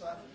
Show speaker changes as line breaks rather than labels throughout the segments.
Zeit.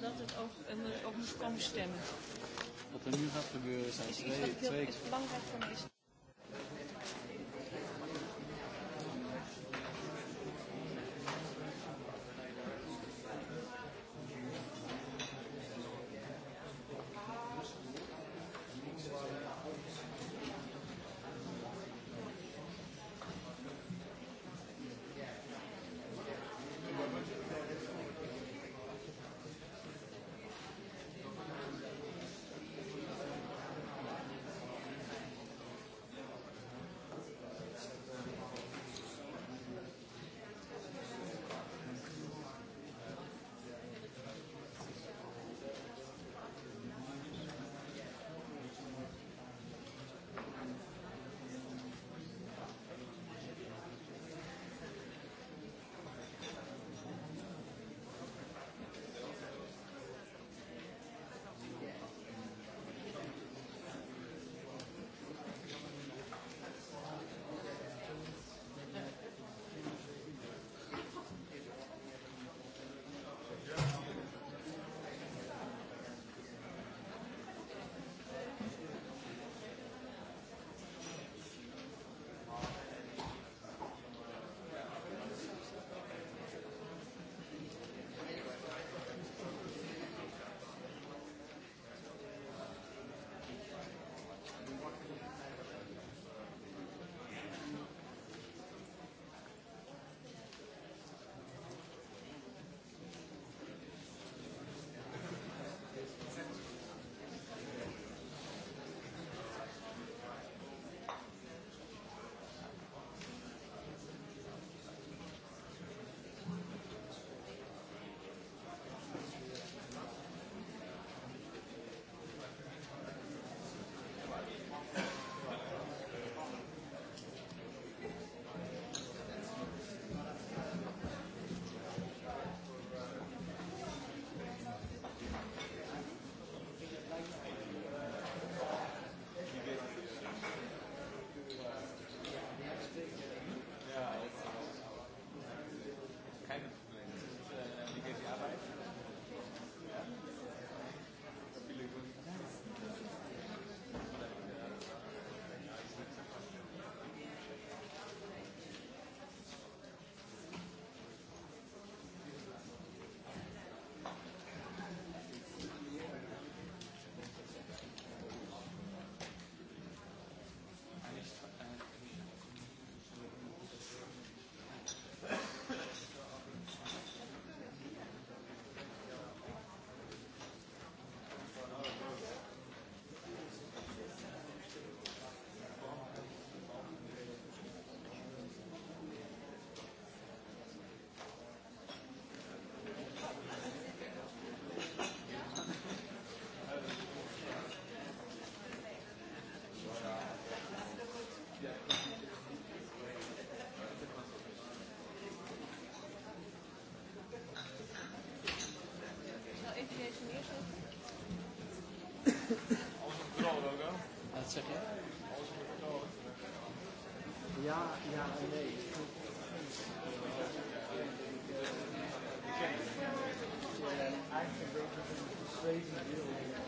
dat het ook, en eh, ook moest komen stemmen.
Wat er nu gaat gebeuren zijn twee... Het is belangrijk
voor mij. That's okay. Ja, ja en nee. Eh, eigenlijk een beetje een versleten wereld.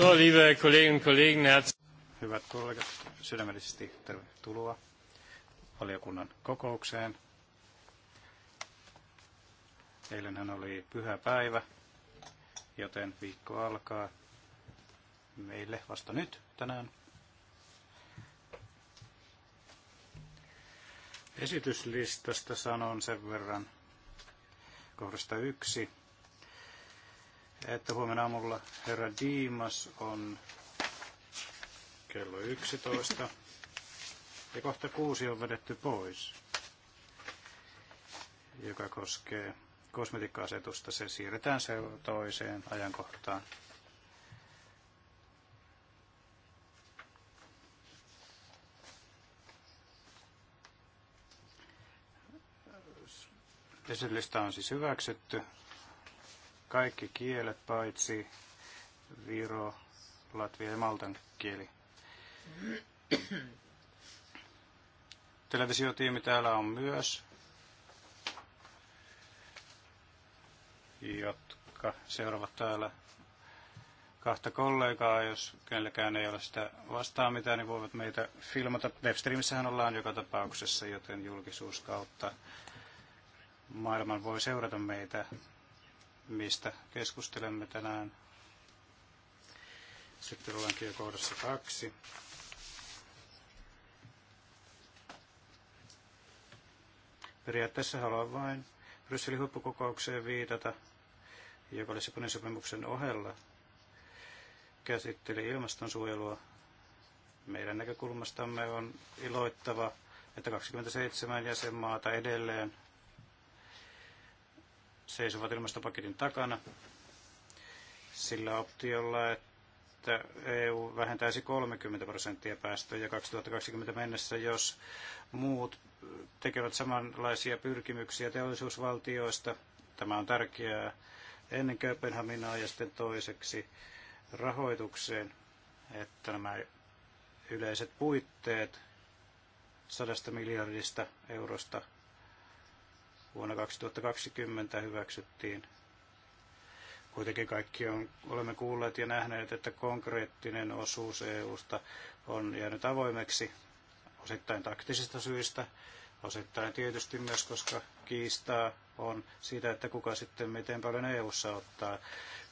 So, liebe Kolleginnen und Kollegen, Hyvät kollegat, sydämellisesti tervetuloa valiokunnan kokoukseen. Eilenhän oli pyhä päivä, joten viikko alkaa meille vasta nyt tänään. Esityslistasta sanon sen verran kohdasta yksi että huomenna aamulla herra Diimas on kello 11 ja kohta kuusi on vedetty pois, joka koskee kosmetiikka-asetusta. Se siirretään se toiseen ajankohtaan. Esityslista on siis hyväksytty kaikki kielet paitsi Viro, Latvia ja Maltan kieli. Televisiotiimi täällä on myös, jotka seuraavat täällä kahta kollegaa, jos kenelläkään ei ole sitä vastaan mitään, niin voivat meitä filmata. Webstreamissähän ollaan joka tapauksessa, joten julkisuus kautta maailman voi seurata meitä mistä keskustelemme tänään. Sitten ollaankin kohdassa kaksi. Periaatteessa haluan vain Brysselin huippukokoukseen viitata, joka Lissabonin sopimuksen ohella käsitteli ilmastonsuojelua. Meidän näkökulmastamme on iloittava, että 27 jäsenmaata edelleen seisovat ilmastopaketin takana sillä optiolla, että EU vähentäisi 30 prosenttia päästöjä 2020 mennessä, jos muut tekevät samanlaisia pyrkimyksiä teollisuusvaltioista. Tämä on tärkeää ennen Kööpenhaminaa ja sitten toiseksi rahoitukseen, että nämä yleiset puitteet sadasta miljardista eurosta vuonna 2020 hyväksyttiin. Kuitenkin kaikki on, olemme kuulleet ja nähneet, että konkreettinen osuus EUsta on jäänyt avoimeksi osittain taktisista syistä, osittain tietysti myös, koska kiistaa on siitä, että kuka sitten miten paljon EUssa ottaa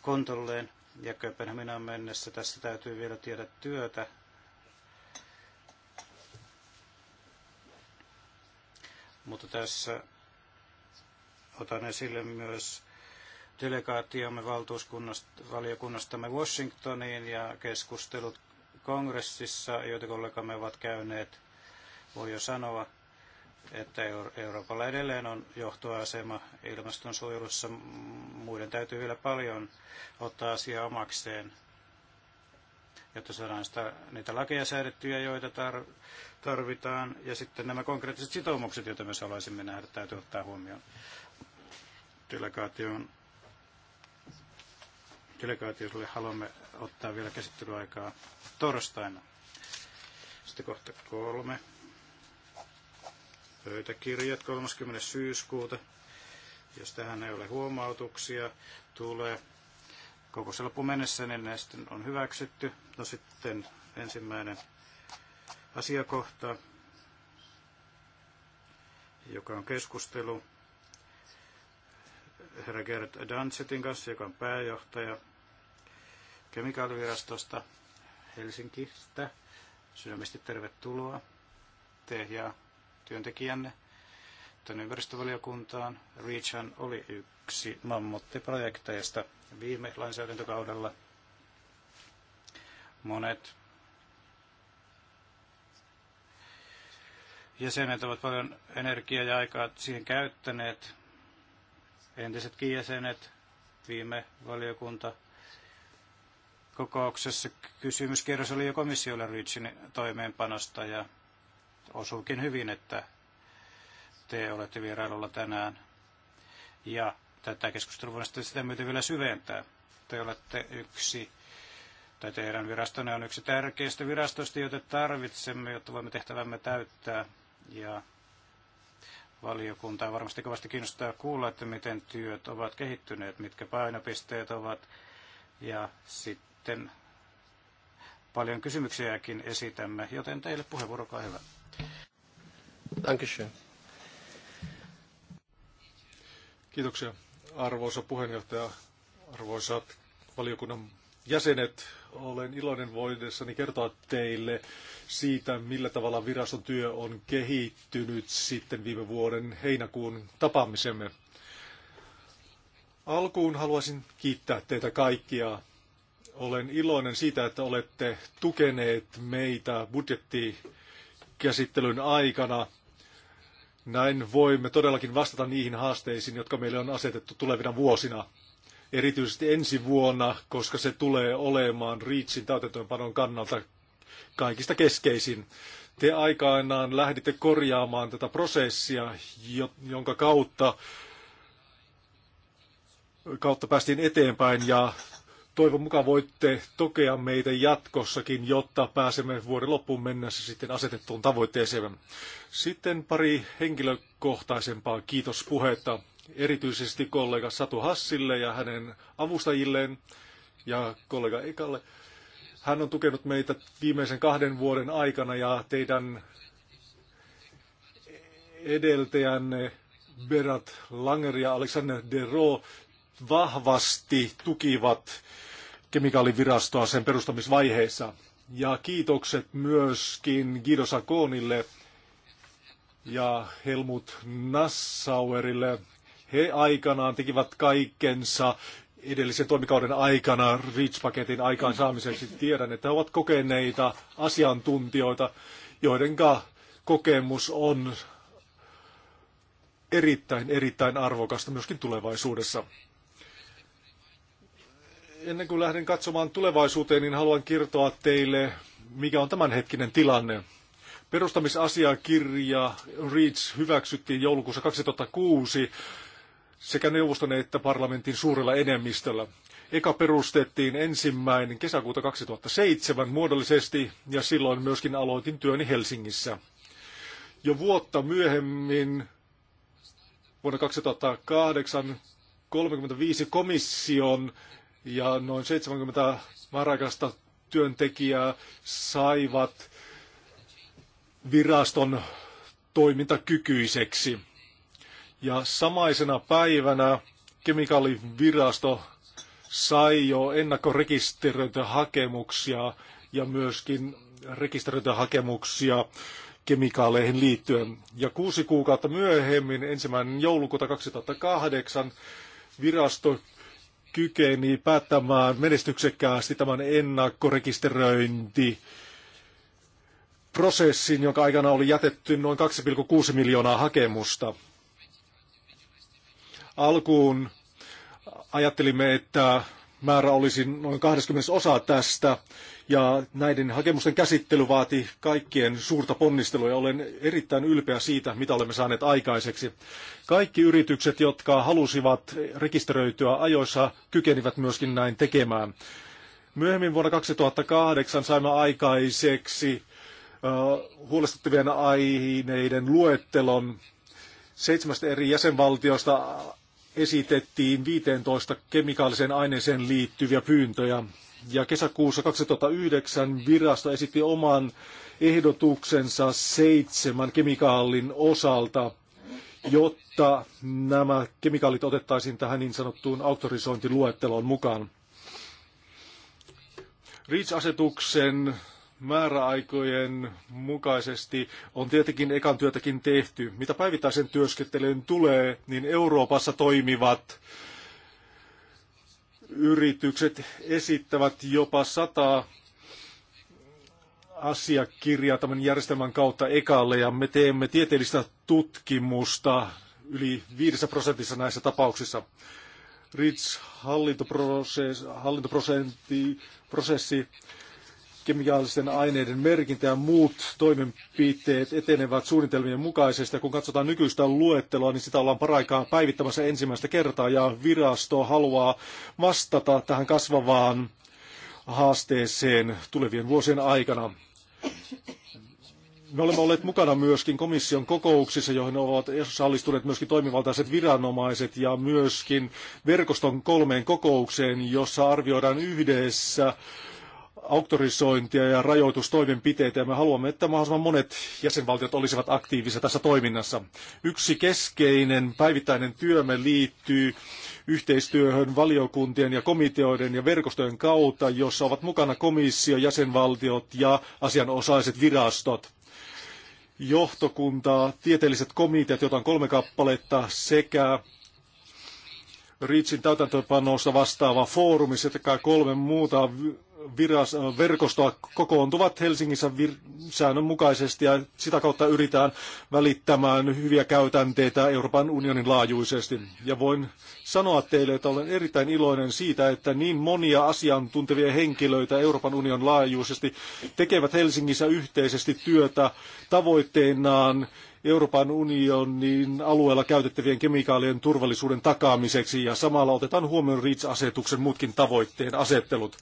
kontolleen. Ja Kööpenhaminan mennessä tässä täytyy vielä tiedä työtä. Mutta tässä Otan esille myös delegaatiomme valiokunnastamme Washingtoniin ja keskustelut kongressissa, joita kollegamme ovat käyneet. Voi jo sanoa, että Euroopalla edelleen on johtoasema ilmastonsuojelussa. Muiden täytyy vielä paljon ottaa asiaa omakseen, jotta saadaan sitä, niitä lakeja säädettyjä, joita tarvitaan. Ja sitten nämä konkreettiset sitoumukset, joita myös haluaisimme nähdä, täytyy ottaa huomioon delegaation, delegaatiolle haluamme ottaa vielä käsittelyaikaa torstaina. Sitten kohta kolme. Pöytäkirjat 30. syyskuuta. Jos tähän ei ole huomautuksia, tulee koko se loppu mennessä, niin ne sitten on hyväksytty. No sitten ensimmäinen asiakohta, joka on keskustelu herra Gerd Dansetin kanssa, joka on pääjohtaja kemikaalivirastosta Helsingistä. Sydämesti tervetuloa te ja työntekijänne tänne ympäristövaliokuntaan. Reachan oli yksi mammuttiprojekteista viime lainsäädäntökaudella. Monet jäsenet ovat paljon energiaa ja aikaa siihen käyttäneet entisetkin jäsenet, viime valiokunta kokouksessa kysymyskierros oli jo komissiolle Reachin toimeenpanosta ja osuukin hyvin, että te olette vierailulla tänään. Ja tätä keskustelua voidaan sitten sitä myötä vielä syventää. Te olette yksi, tai teidän virastonne on yksi tärkeistä virastoista, joita tarvitsemme, jotta voimme tehtävämme täyttää. Ja valiokuntaa. Varmasti kovasti kiinnostaa kuulla, että miten työt ovat kehittyneet, mitkä painopisteet ovat. Ja sitten paljon kysymyksiäkin esitämme, joten teille puheenvuoro, olkaa hyvä. Kiitoksia,
arvoisa puheenjohtaja, arvoisat valiokunnan jäsenet, olen iloinen voidessani kertoa teille siitä, millä tavalla viraston työ on kehittynyt sitten viime vuoden heinäkuun tapaamisemme. Alkuun haluaisin kiittää teitä kaikkia. Olen iloinen siitä, että olette tukeneet meitä budjettikäsittelyn aikana. Näin voimme todellakin vastata niihin haasteisiin, jotka meille on asetettu tulevina vuosina erityisesti ensi vuonna, koska se tulee olemaan Reachin täytäntöönpanon kannalta kaikista keskeisin. Te aikanaan lähditte korjaamaan tätä prosessia, jonka kautta, kautta päästiin eteenpäin ja toivon mukaan voitte tokea meitä jatkossakin, jotta pääsemme vuoden loppuun mennessä sitten asetettuun tavoitteeseen. Sitten pari henkilökohtaisempaa kiitospuhetta erityisesti kollega Satu Hassille ja hänen avustajilleen ja kollega Ekalle. Hän on tukenut meitä viimeisen kahden vuoden aikana ja teidän edeltäjänne Berat Langer ja Alexander Dero vahvasti tukivat kemikaalivirastoa sen perustamisvaiheessa. Ja kiitokset myöskin Guido Sakonille ja Helmut Nassauerille he aikanaan tekivät kaikkensa edellisen toimikauden aikana REACH-paketin aikaansaamiseksi. Tiedän, että he ovat kokeneita asiantuntijoita, joiden kokemus on erittäin, erittäin arvokasta myöskin tulevaisuudessa. Ennen kuin lähden katsomaan tulevaisuuteen, niin haluan kertoa teille, mikä on tämänhetkinen tilanne. Perustamisasiakirja REACH hyväksyttiin joulukuussa 2006 sekä neuvoston että parlamentin suurella enemmistöllä. Eka perustettiin ensimmäinen kesäkuuta 2007 muodollisesti ja silloin myöskin aloitin työni Helsingissä. Jo vuotta myöhemmin, vuonna 2008, 35 komission ja noin 70 määräaikaista työntekijää saivat viraston toimintakykyiseksi. Ja samaisena päivänä kemikaalivirasto sai jo ennakkorekisteröitä hakemuksia ja myöskin rekisteröitä hakemuksia kemikaaleihin liittyen. Ja kuusi kuukautta myöhemmin, ensimmäinen joulukuuta 2008, virasto kykeni päättämään menestyksekkäästi tämän ennakkorekisteröinti prosessin, jonka aikana oli jätetty noin 2,6 miljoonaa hakemusta. Alkuun ajattelimme, että määrä olisi noin 20 osa tästä, ja näiden hakemusten käsittely vaati kaikkien suurta ponnistelua, ja olen erittäin ylpeä siitä, mitä olemme saaneet aikaiseksi. Kaikki yritykset, jotka halusivat rekisteröityä ajoissa, kykenivät myöskin näin tekemään. Myöhemmin vuonna 2008 saimme aikaiseksi uh, huolestuttavien aineiden luettelon seitsemästä eri jäsenvaltiosta esitettiin 15 kemikaaliseen aineeseen liittyviä pyyntöjä. Ja kesäkuussa 2009 virasto esitti oman ehdotuksensa seitsemän kemikaalin osalta, jotta nämä kemikaalit otettaisiin tähän niin sanottuun auktorisointiluetteloon mukaan. REACH-asetuksen määräaikojen mukaisesti on tietenkin ekan työtäkin tehty. Mitä päivittäisen työskentelyyn tulee, niin Euroopassa toimivat yritykset esittävät jopa sata asiakirjaa tämän järjestelmän kautta ekalle ja me teemme tieteellistä tutkimusta yli 5 prosentissa näissä tapauksissa. RITS hallintoprosessi, hallintoprosessi kemiallisten aineiden merkintä ja muut toimenpiteet etenevät suunnitelmien mukaisesti. Kun katsotaan nykyistä luetteloa, niin sitä ollaan paraikaa päivittämässä ensimmäistä kertaa ja virasto haluaa vastata tähän kasvavaan haasteeseen tulevien vuosien aikana. Me olemme olleet mukana myöskin komission kokouksissa, joihin ovat osallistuneet myöskin toimivaltaiset viranomaiset ja myöskin verkoston kolmeen kokoukseen, jossa arvioidaan yhdessä auktorisointia ja rajoitustoimenpiteitä ja me haluamme, että mahdollisimman monet jäsenvaltiot olisivat aktiivisia tässä toiminnassa. Yksi keskeinen päivittäinen työmme liittyy yhteistyöhön valiokuntien ja komiteoiden ja verkostojen kautta, jossa ovat mukana komissio, jäsenvaltiot ja asianosaiset virastot johtokuntaa, tieteelliset komiteat, joita on kolme kappaletta, sekä Riitsin täytäntöönpanosta vastaava foorumi sekä kolme muuta viras, äh, verkostoa kokoontuvat Helsingissä vir, säännönmukaisesti ja sitä kautta yritetään välittämään hyviä käytänteitä Euroopan unionin laajuisesti. Ja voin sanoa teille, että olen erittäin iloinen siitä, että niin monia asiantuntevia henkilöitä Euroopan unionin laajuisesti tekevät Helsingissä yhteisesti työtä tavoitteenaan Euroopan unionin alueella käytettävien kemikaalien turvallisuuden takaamiseksi ja samalla otetaan huomioon REACH-asetuksen muutkin tavoitteen asettelut.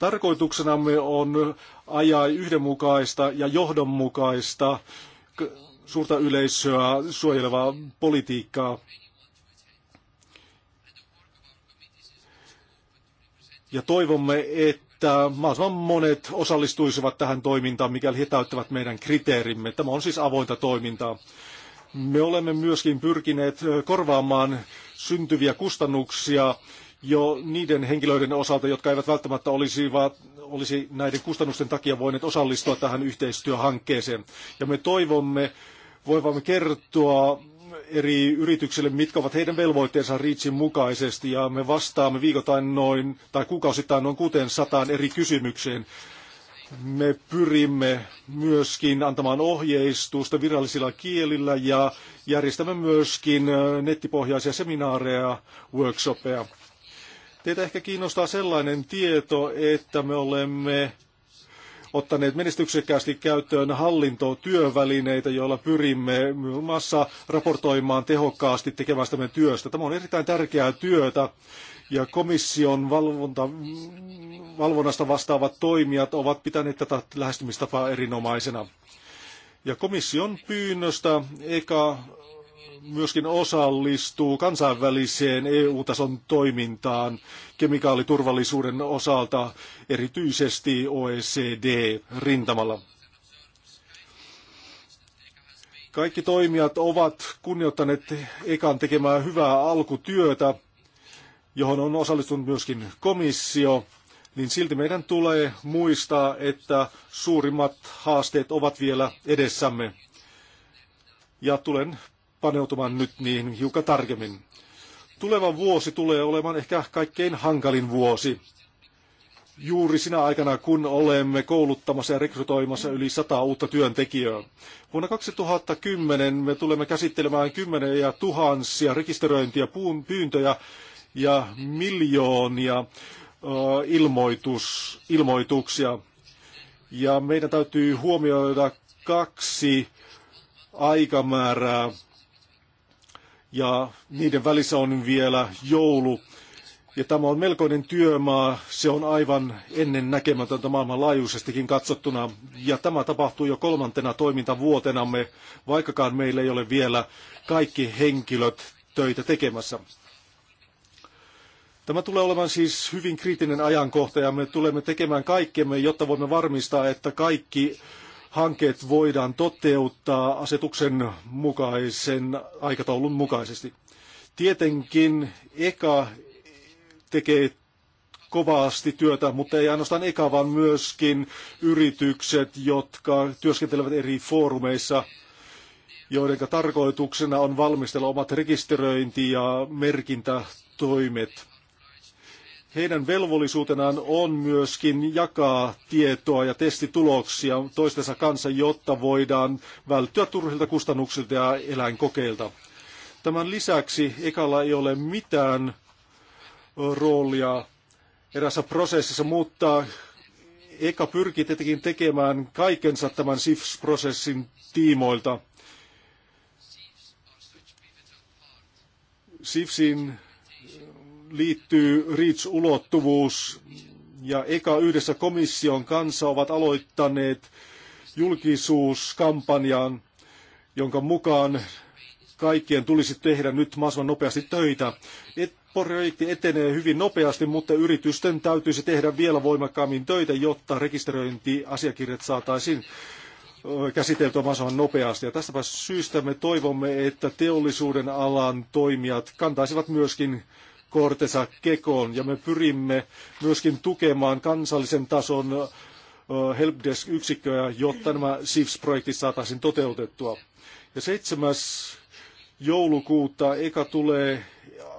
Tarkoituksenamme on ajaa yhdenmukaista ja johdonmukaista suurta yleisöä suojelevaa politiikkaa. Ja toivomme, että mahdollisimman monet osallistuisivat tähän toimintaan, mikäli he täyttävät meidän kriteerimme. Tämä on siis avointa toimintaa. Me olemme myöskin pyrkineet korvaamaan syntyviä kustannuksia jo niiden henkilöiden osalta, jotka eivät välttämättä olisi, vaan olisi näiden kustannusten takia voineet osallistua tähän yhteistyöhankkeeseen. Ja me toivomme, voivamme kertoa eri yrityksille, mitkä ovat heidän velvoitteensa riitsin mukaisesti, ja me vastaamme viikoittain noin, tai kuukausittain noin 600 eri kysymykseen. Me pyrimme myöskin antamaan ohjeistusta virallisilla kielillä ja järjestämme myöskin nettipohjaisia seminaareja, workshopeja. Teitä ehkä kiinnostaa sellainen tieto, että me olemme ottaneet menestyksekkäästi käyttöön hallintotyövälineitä, joilla pyrimme muun muassa raportoimaan tehokkaasti tekemästämme työstä. Tämä on erittäin tärkeää työtä ja komission valvonta, valvonnasta vastaavat toimijat ovat pitäneet tätä lähestymistapaa erinomaisena. Ja komission pyynnöstä eka myöskin osallistuu kansainväliseen EU-tason toimintaan kemikaaliturvallisuuden osalta, erityisesti OECD-rintamalla. Kaikki toimijat ovat kunnioittaneet ekan tekemää hyvää alkutyötä, johon on osallistunut myöskin komissio niin silti meidän tulee muistaa, että suurimmat haasteet ovat vielä edessämme. Ja tulen paneutumaan nyt niihin hiukan tarkemmin. Tuleva vuosi tulee olemaan ehkä kaikkein hankalin vuosi. Juuri sinä aikana, kun olemme kouluttamassa ja rekrytoimassa yli sata uutta työntekijää. Vuonna 2010 me tulemme käsittelemään ja tuhansia rekisteröintiä pyyntöjä ja miljoonia ilmoitus, ilmoituksia. Ja meidän täytyy huomioida kaksi aikamäärää ja niiden välissä on vielä joulu. Ja tämä on melkoinen työmaa, se on aivan ennen näkemätöntä maailmanlaajuisestikin katsottuna. Ja tämä tapahtuu jo kolmantena toimintavuotenamme, vaikkakaan meillä ei ole vielä kaikki henkilöt töitä tekemässä. Tämä tulee olemaan siis hyvin kriittinen ajankohta ja me tulemme tekemään kaikkemme, jotta voimme varmistaa, että kaikki hankkeet voidaan toteuttaa asetuksen mukaisen aikataulun mukaisesti. Tietenkin EKA tekee kovasti työtä, mutta ei ainoastaan EKA, vaan myöskin yritykset, jotka työskentelevät eri foorumeissa, joiden tarkoituksena on valmistella omat rekisteröinti- ja merkintätoimet. Heidän velvollisuutenaan on myöskin jakaa tietoa ja testituloksia toistensa kanssa, jotta voidaan välttyä turhilta kustannuksilta ja eläinkokeilta. Tämän lisäksi Ekalla ei ole mitään roolia erässä prosessissa, mutta Eka pyrkii tietenkin tekemään kaikensa tämän SIFS-prosessin tiimoilta. SIFSin liittyy REACH-ulottuvuus ja EKA yhdessä komission kanssa ovat aloittaneet julkisuuskampanjan, jonka mukaan kaikkien tulisi tehdä nyt mahdollisimman nopeasti töitä. Et, projekti etenee hyvin nopeasti, mutta yritysten täytyisi tehdä vielä voimakkaammin töitä, jotta rekisteröintiasiakirjat saataisiin käsiteltyä mahdollisimman nopeasti. Ja tästä syystä me toivomme, että teollisuuden alan toimijat kantaisivat myöskin kortensa kekoon ja me pyrimme myöskin tukemaan kansallisen tason helpdesk-yksikköä, jotta nämä SIFS-projektit saataisiin toteutettua. Ja 7. joulukuuta Eka tulee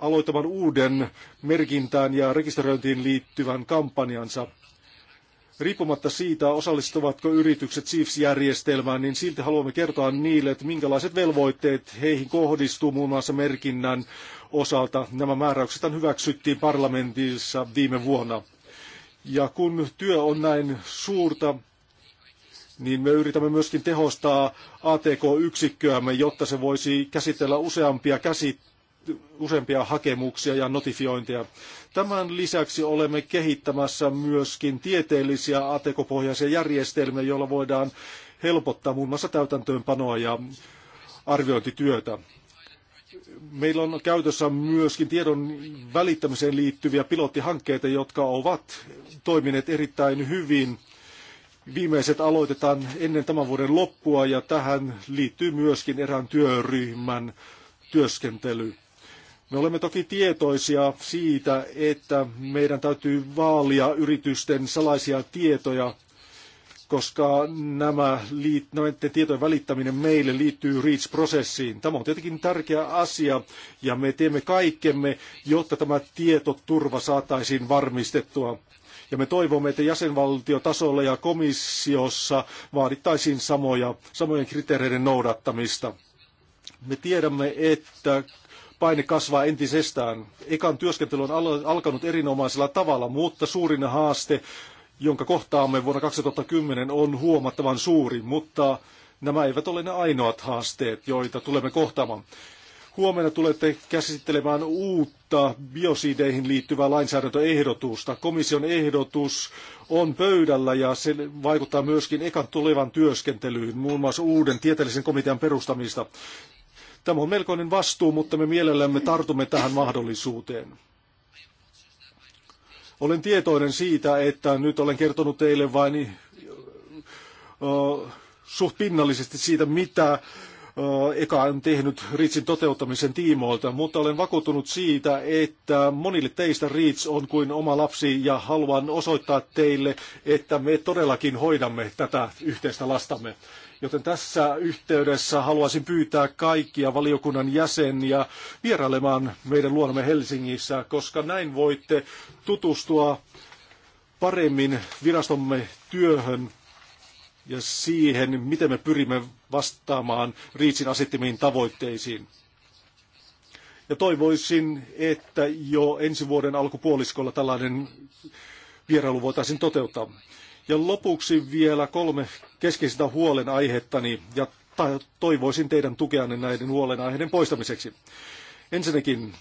aloittamaan uuden merkintään ja rekisteröintiin liittyvän kampanjansa. Riippumatta siitä, osallistuvatko yritykset SIFS-järjestelmään, niin silti haluamme kertoa niille, että minkälaiset velvoitteet heihin kohdistuu muun muassa merkinnän osalta. Nämä määräykset hyväksyttiin parlamentissa viime vuonna. Ja kun työ on näin suurta, niin me yritämme myöskin tehostaa ATK-yksikköämme, jotta se voisi käsitellä useampia käsit useampia hakemuksia ja notifiointeja. Tämän lisäksi olemme kehittämässä myöskin tieteellisiä ATK-pohjaisia järjestelmiä, joilla voidaan helpottaa muun muassa täytäntöönpanoa ja arviointityötä meillä on käytössä myöskin tiedon välittämiseen liittyviä pilottihankkeita, jotka ovat toimineet erittäin hyvin. Viimeiset aloitetaan ennen tämän vuoden loppua ja tähän liittyy myöskin erään työryhmän työskentely. Me olemme toki tietoisia siitä, että meidän täytyy vaalia yritysten salaisia tietoja koska nämä näiden tietojen välittäminen meille liittyy REACH-prosessiin. Tämä on tietenkin tärkeä asia ja me teemme kaikkemme, jotta tämä tietoturva saataisiin varmistettua. Ja me toivomme, että jäsenvaltiotasolla ja komissiossa vaadittaisiin samoja, samojen kriteereiden noudattamista. Me tiedämme, että paine kasvaa entisestään. Ekan työskentely on alkanut erinomaisella tavalla, mutta suurin haaste jonka kohtaamme vuonna 2010 on huomattavan suuri, mutta nämä eivät ole ne ainoat haasteet, joita tulemme kohtaamaan. Huomenna tulette käsittelemään uutta biosideihin liittyvää lainsäädäntöehdotusta. Komission ehdotus on pöydällä ja se vaikuttaa myöskin ekan tulevan työskentelyyn, muun muassa uuden tieteellisen komitean perustamista. Tämä on melkoinen vastuu, mutta me mielellämme tartumme tähän mahdollisuuteen. Olen tietoinen siitä, että nyt olen kertonut teille vain suht pinnallisesti siitä, mitä Eka on tehnyt Riitsin toteuttamisen tiimoilta, mutta olen vakuuttunut siitä, että monille teistä Riits on kuin oma lapsi ja haluan osoittaa teille, että me todellakin hoidamme tätä yhteistä lastamme. Joten tässä yhteydessä haluaisin pyytää kaikkia valiokunnan jäseniä vierailemaan meidän luonamme Helsingissä, koska näin voitte tutustua paremmin virastomme työhön ja siihen, miten me pyrimme vastaamaan Riitsin asettamiin tavoitteisiin. Ja toivoisin, että jo ensi vuoden alkupuoliskolla tällainen vierailu voitaisiin toteuttaa. Ja lopuksi vielä kolme keskeistä huolenaihettani ja toivoisin teidän tukeanne näiden huolenaiheiden poistamiseksi. Ensinnäkin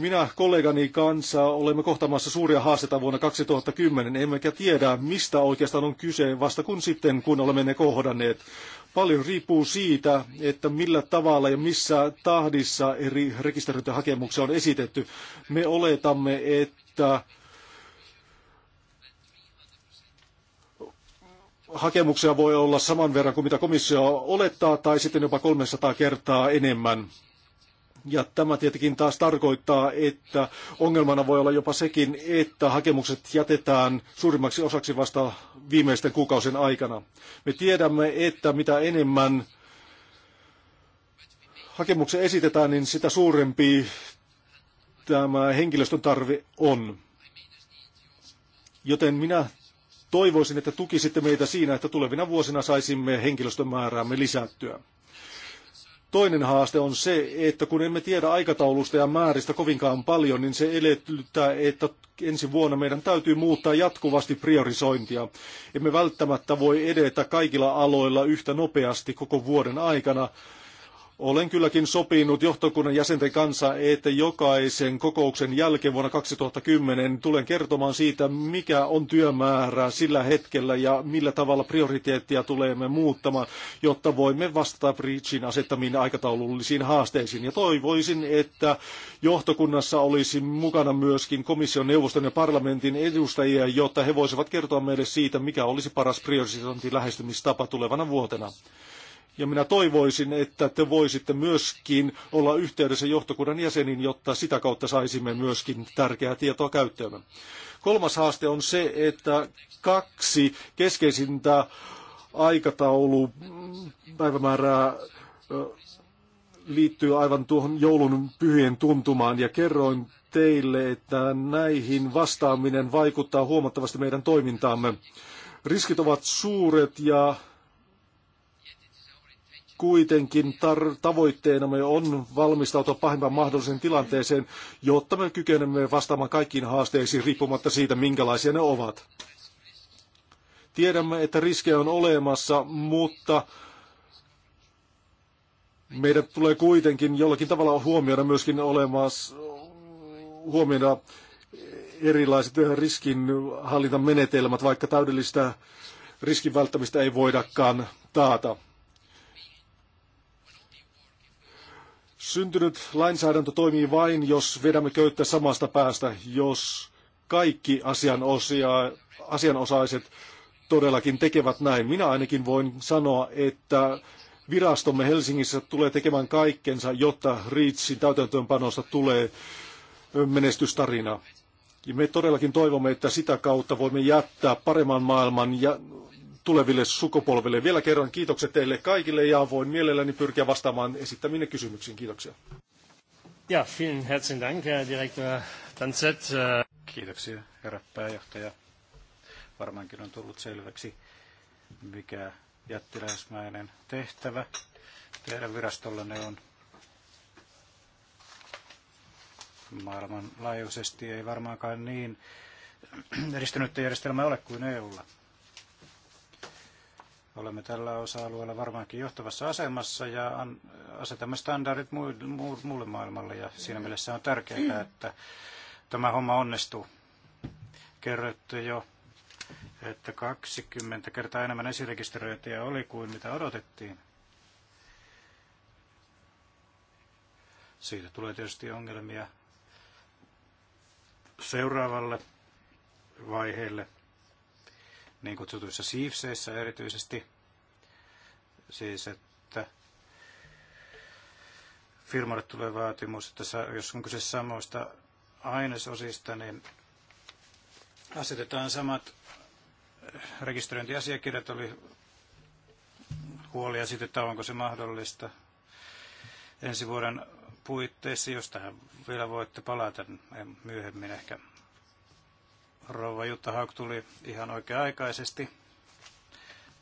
minä kollegani kanssa olemme kohtaamassa suuria haasteita vuonna 2010, emmekä tiedä mistä oikeastaan on kyse vasta kun sitten, kun olemme ne kohdanneet. Paljon riippuu siitä, että millä tavalla ja missä tahdissa eri rekisteröintihakemuksia on esitetty. Me oletamme, että hakemuksia voi olla saman verran kuin mitä komissio olettaa, tai sitten jopa 300 kertaa enemmän. Ja tämä tietenkin taas tarkoittaa, että ongelmana voi olla jopa sekin, että hakemukset jätetään suurimmaksi osaksi vasta viimeisten kuukausien aikana. Me tiedämme, että mitä enemmän hakemuksia esitetään, niin sitä suurempi tämä henkilöstön tarve on. Joten minä toivoisin, että tukisitte meitä siinä, että tulevina vuosina saisimme henkilöstön määräämme lisättyä. Toinen haaste on se, että kun emme tiedä aikataulusta ja määristä kovinkaan paljon, niin se edellyttää, että ensi vuonna meidän täytyy muuttaa jatkuvasti priorisointia. Emme välttämättä voi edetä kaikilla aloilla yhtä nopeasti koko vuoden aikana, olen kylläkin sopinut johtokunnan jäsenten kanssa, että jokaisen kokouksen jälkeen vuonna 2010 tulen kertomaan siitä, mikä on työmäärä sillä hetkellä ja millä tavalla prioriteettia tulemme muuttamaan, jotta voimme vastata Breachin asettamiin aikataulullisiin haasteisiin. Ja toivoisin, että johtokunnassa olisi mukana myöskin komission neuvoston ja parlamentin edustajia, jotta he voisivat kertoa meille siitä, mikä olisi paras priorisointi lähestymistapa tulevana vuotena. Ja minä toivoisin, että te voisitte myöskin olla yhteydessä johtokunnan jäseniin, jotta sitä kautta saisimme myöskin tärkeää tietoa käyttöömme. Kolmas haaste on se, että kaksi keskeisintä aikataulu päivämäärää liittyy aivan tuohon joulun pyhien tuntumaan ja kerroin teille, että näihin vastaaminen vaikuttaa huomattavasti meidän toimintaamme. Riskit ovat suuret ja kuitenkin tar- tavoitteenamme on valmistautua pahimman mahdollisen tilanteeseen, jotta me kykenemme vastaamaan kaikkiin haasteisiin riippumatta siitä, minkälaisia ne ovat. Tiedämme, että riskejä on olemassa, mutta meidän tulee kuitenkin jollakin tavalla huomioida myöskin olemassa, huomioida erilaiset riskinhallintamenetelmät, vaikka täydellistä riskin välttämistä ei voidakaan taata. Syntynyt lainsäädäntö toimii vain, jos vedämme köyttä samasta päästä, jos kaikki asianosia, asianosaiset todellakin tekevät näin. Minä ainakin voin sanoa, että virastomme Helsingissä tulee tekemään kaikkensa, jotta Riitsin täytäntöönpanosta tulee menestystarina. Ja me todellakin toivomme, että sitä kautta voimme jättää paremman maailman ja tuleville sukupolville. Vielä kerran kiitokset teille kaikille ja voin mielelläni pyrkiä vastaamaan esittäminen kysymyksiin. Kiitoksia.
Ja, vielen herzlichen Dank, Herr Direktor Tanzet. Kiitoksia, herra pääjohtaja. Varmaankin on tullut selväksi, mikä jättiläismäinen tehtävä teidän virastollanne on. Maailmanlaajuisesti ei varmaankaan niin edistynyt järjestelmä ole kuin EUlla. Olemme tällä osa-alueella varmaankin johtavassa asemassa ja asetamme standardit muulle maailmalle ja siinä mielessä on tärkeää, että tämä homma onnistuu. Kerroitte jo, että 20 kertaa enemmän esirekisteröintiä oli kuin mitä odotettiin. Siitä tulee tietysti ongelmia seuraavalle vaiheelle – niin kutsutuissa siivseissä erityisesti. Siis, että firmalle tulee vaatimus, että jos on kyse samoista ainesosista, niin asetetaan samat rekisteröintiasiakirjat. Oli huolia siitä, että onko se mahdollista ensi vuoden puitteissa, jos tähän vielä voitte palata niin myöhemmin ehkä. Rouva Jutta Hauk tuli ihan oikea-aikaisesti.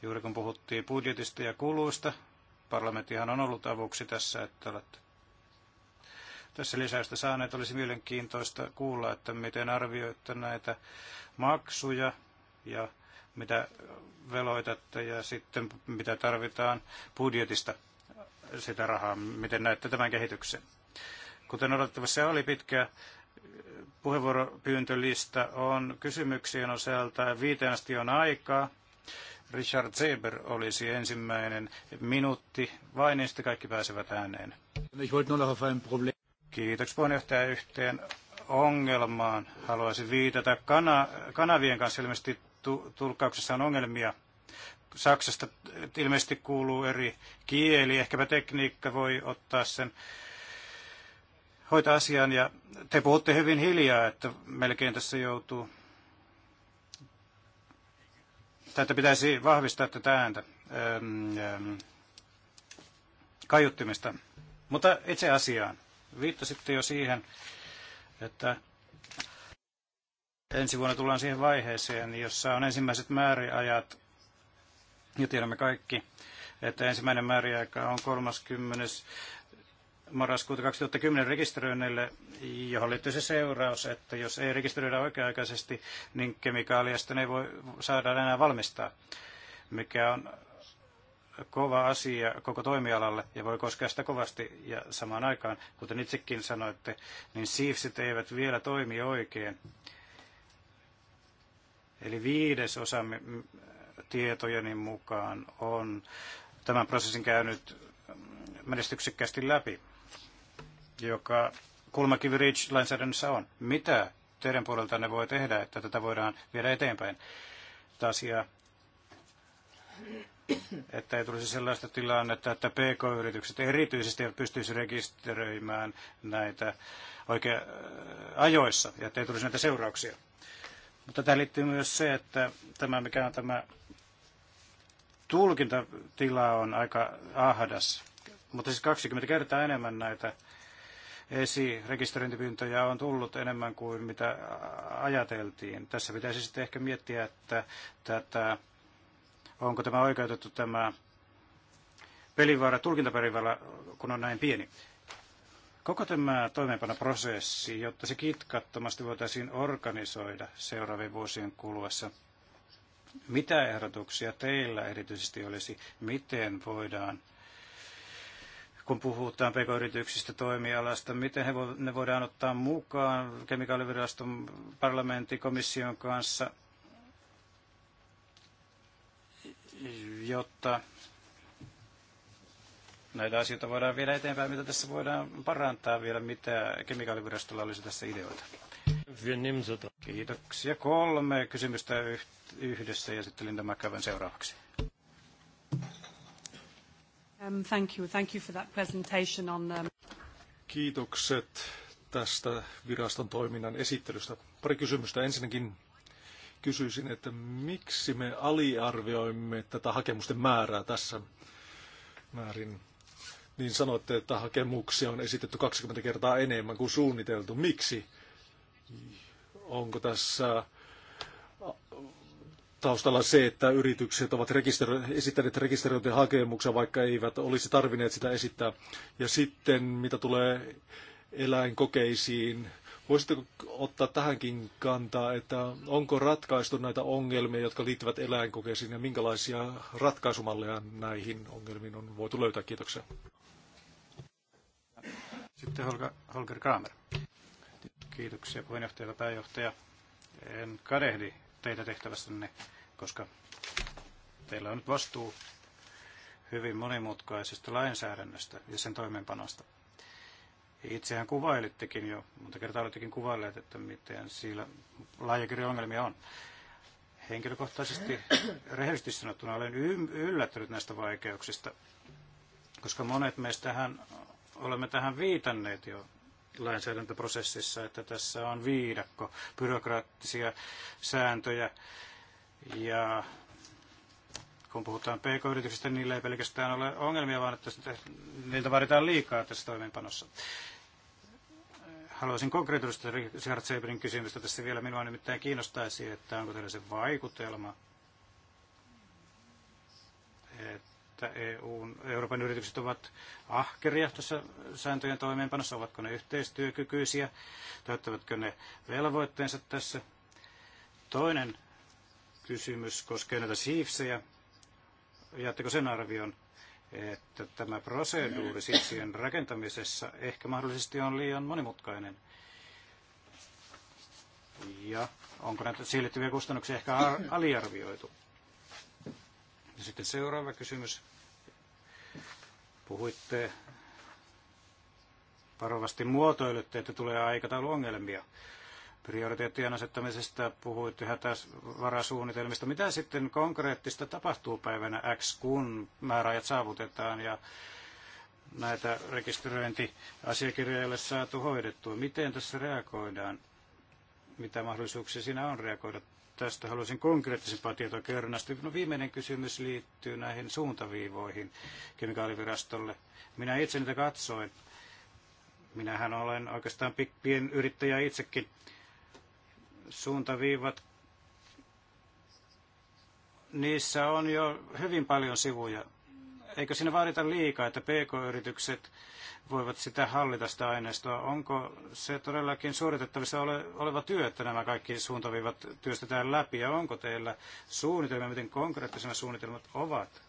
Juuri kun puhuttiin budjetista ja kuluista, parlamenttihan on ollut avuksi tässä, että olette tässä lisäystä saaneet. Olisi mielenkiintoista kuulla, että miten arvioitte näitä maksuja ja mitä veloitatte ja sitten mitä tarvitaan budjetista sitä rahaa. Miten näette tämän kehityksen? Kuten odottavassa oli pitkä Puheenvuoropyyntölista on kysymyksien osalta. Viiteen asti on aikaa. Richard Zeber olisi ensimmäinen minuutti, vain niin sitten kaikki pääsevät ääneen. Kiitoksia puheenjohtaja yhteen ongelmaan. Haluaisin viitata kana, kanavien kanssa ilmeisesti tulkkauksessa on ongelmia. Saksasta ilmeisesti kuuluu eri kieli, ehkäpä tekniikka voi ottaa sen hoita asian. Ja te puhutte hyvin hiljaa, että melkein tässä joutuu, Tätä pitäisi vahvistaa tätä ääntä, ähm, ähm, kaiuttimista. Mutta itse asiaan. Viittasitte jo siihen, että ensi vuonna tullaan siihen vaiheeseen, jossa on ensimmäiset määriajat, ja tiedämme kaikki, että ensimmäinen määriaika on 30 marraskuuta 2010 rekisteröinneille, johon liittyy se seuraus, että jos ei rekisteröidä oikea-aikaisesti, niin kemikaalia sitten ei voi saada enää valmistaa, mikä on kova asia koko toimialalle ja voi koskea sitä kovasti. Ja samaan aikaan, kuten itsekin sanoitte, niin siivsit eivät vielä toimi oikein. Eli viides osa tietojeni mukaan on tämän prosessin käynyt menestyksekkäästi läpi joka kulmakivi REACH-lainsäädännössä on. Mitä teidän puolelta ne voi tehdä, että tätä voidaan viedä eteenpäin? Tasia, että ei tulisi sellaista tilannetta, että PK-yritykset erityisesti pystyisi rekisteröimään näitä oikea äh, ajoissa, ja ettei tulisi näitä seurauksia. Mutta tähän liittyy myös se, että tämä, mikä on tämä tulkintatila on aika ahdas. Mutta siis 20 kertaa enemmän näitä esirekisteröintipyyntöjä on tullut enemmän kuin mitä ajateltiin. Tässä pitäisi sitten ehkä miettiä, että tätä, onko tämä oikeutettu tämä pelivaara, tulkintapelivaara, kun on näin pieni. Koko tämä toimeenpanoprosessi, jotta se kitkattomasti voitaisiin organisoida seuraavien vuosien kuluessa, mitä ehdotuksia teillä erityisesti olisi, miten voidaan kun puhutaan pk-yrityksistä toimialasta, miten he vo, ne voidaan ottaa mukaan kemikaaliviraston parlamentin komission kanssa, jotta näitä asioita voidaan viedä eteenpäin, mitä tässä voidaan parantaa vielä, mitä kemikaalivirastolla olisi tässä ideoita. Kiitoksia. Kolme kysymystä yhdessä ja sitten Linda Mäkävän seuraavaksi.
Um, thank you. Thank you for that presentation on um,
Kiitokset tästä viraston toiminnan esittelystä. Pari kysymystä. Ensinnäkin kysyisin, että miksi me aliarvioimme tätä hakemusten määrää tässä määrin? Niin sanoitte, että hakemuksia on esitetty 20 kertaa enemmän kuin suunniteltu. Miksi? Onko tässä taustalla se, että yritykset ovat rekisterö- esittäneet rekisteröintihakemuksen, vaikka eivät olisi tarvinneet sitä esittää. Ja sitten mitä tulee eläinkokeisiin, voisitteko ottaa tähänkin kantaa, että onko ratkaistu näitä ongelmia, jotka liittyvät eläinkokeisiin ja minkälaisia ratkaisumalleja näihin ongelmiin on voitu löytää? Kiitoksia.
Sitten Holger, Holger Kramer. Kiitoksia puheenjohtaja ja pääjohtaja. En kadehdi teitä tehtävästänne, koska teillä on nyt vastuu hyvin monimutkaisesta lainsäädännöstä ja sen toimeenpanosta. Itsehän kuvailittekin jo, monta kertaa olettekin kuvailleet, että miten siellä ongelmia on. Henkilökohtaisesti, rehellisesti sanottuna, olen yllättynyt näistä vaikeuksista, koska monet meistä tähän, olemme tähän viitanneet jo lainsäädäntöprosessissa, että tässä on viidakko byrokraattisia sääntöjä ja kun puhutaan pk-yrityksistä, niillä ei pelkästään ole ongelmia, vaan että niiltä vaaditaan liikaa tässä toimeenpanossa. Haluaisin konkreettisesti Richard Seberin kysymystä tässä vielä. Minua nimittäin kiinnostaisi, että onko teillä se vaikutelma, että EUn, Euroopan yritykset ovat ahkeria tuossa sääntöjen toimeenpanossa, ovatko ne yhteistyökykyisiä, täyttävätkö ne velvoitteensa tässä. Toinen kysymys koskee näitä siivsejä. Jaatteko sen arvion, että tämä proseduuri siivsien rakentamisessa ehkä mahdollisesti on liian monimutkainen? Ja onko näitä siirrettyviä kustannuksia ehkä aliarvioitu? sitten seuraava kysymys. Puhuitte varovasti muotoilytte, että tulee aikatauluongelmia. Prioriteettien asettamisesta puhuitte hätävarasuunnitelmista. Mitä sitten konkreettista tapahtuu päivänä X, kun määräajat saavutetaan ja näitä rekisteröintiasiakirjoja ei ole saatu hoidettua? Miten tässä reagoidaan? Mitä mahdollisuuksia siinä on reagoida tästä haluaisin konkreettisempaa tietoa kernasta. No viimeinen kysymys liittyy näihin suuntaviivoihin kemikaalivirastolle. Minä itse niitä katsoin. Minähän olen oikeastaan yrittäjä itsekin. Suuntaviivat niissä on jo hyvin paljon sivuja. Eikö siinä vaadita liikaa, että PK-yritykset voivat sitä hallita sitä aineistoa? Onko se todellakin suoritettavissa ole, oleva työ, että nämä kaikki suuntaviivat työstetään läpi? Ja onko teillä suunnitelmia, miten konkreettisena suunnitelmat ovat?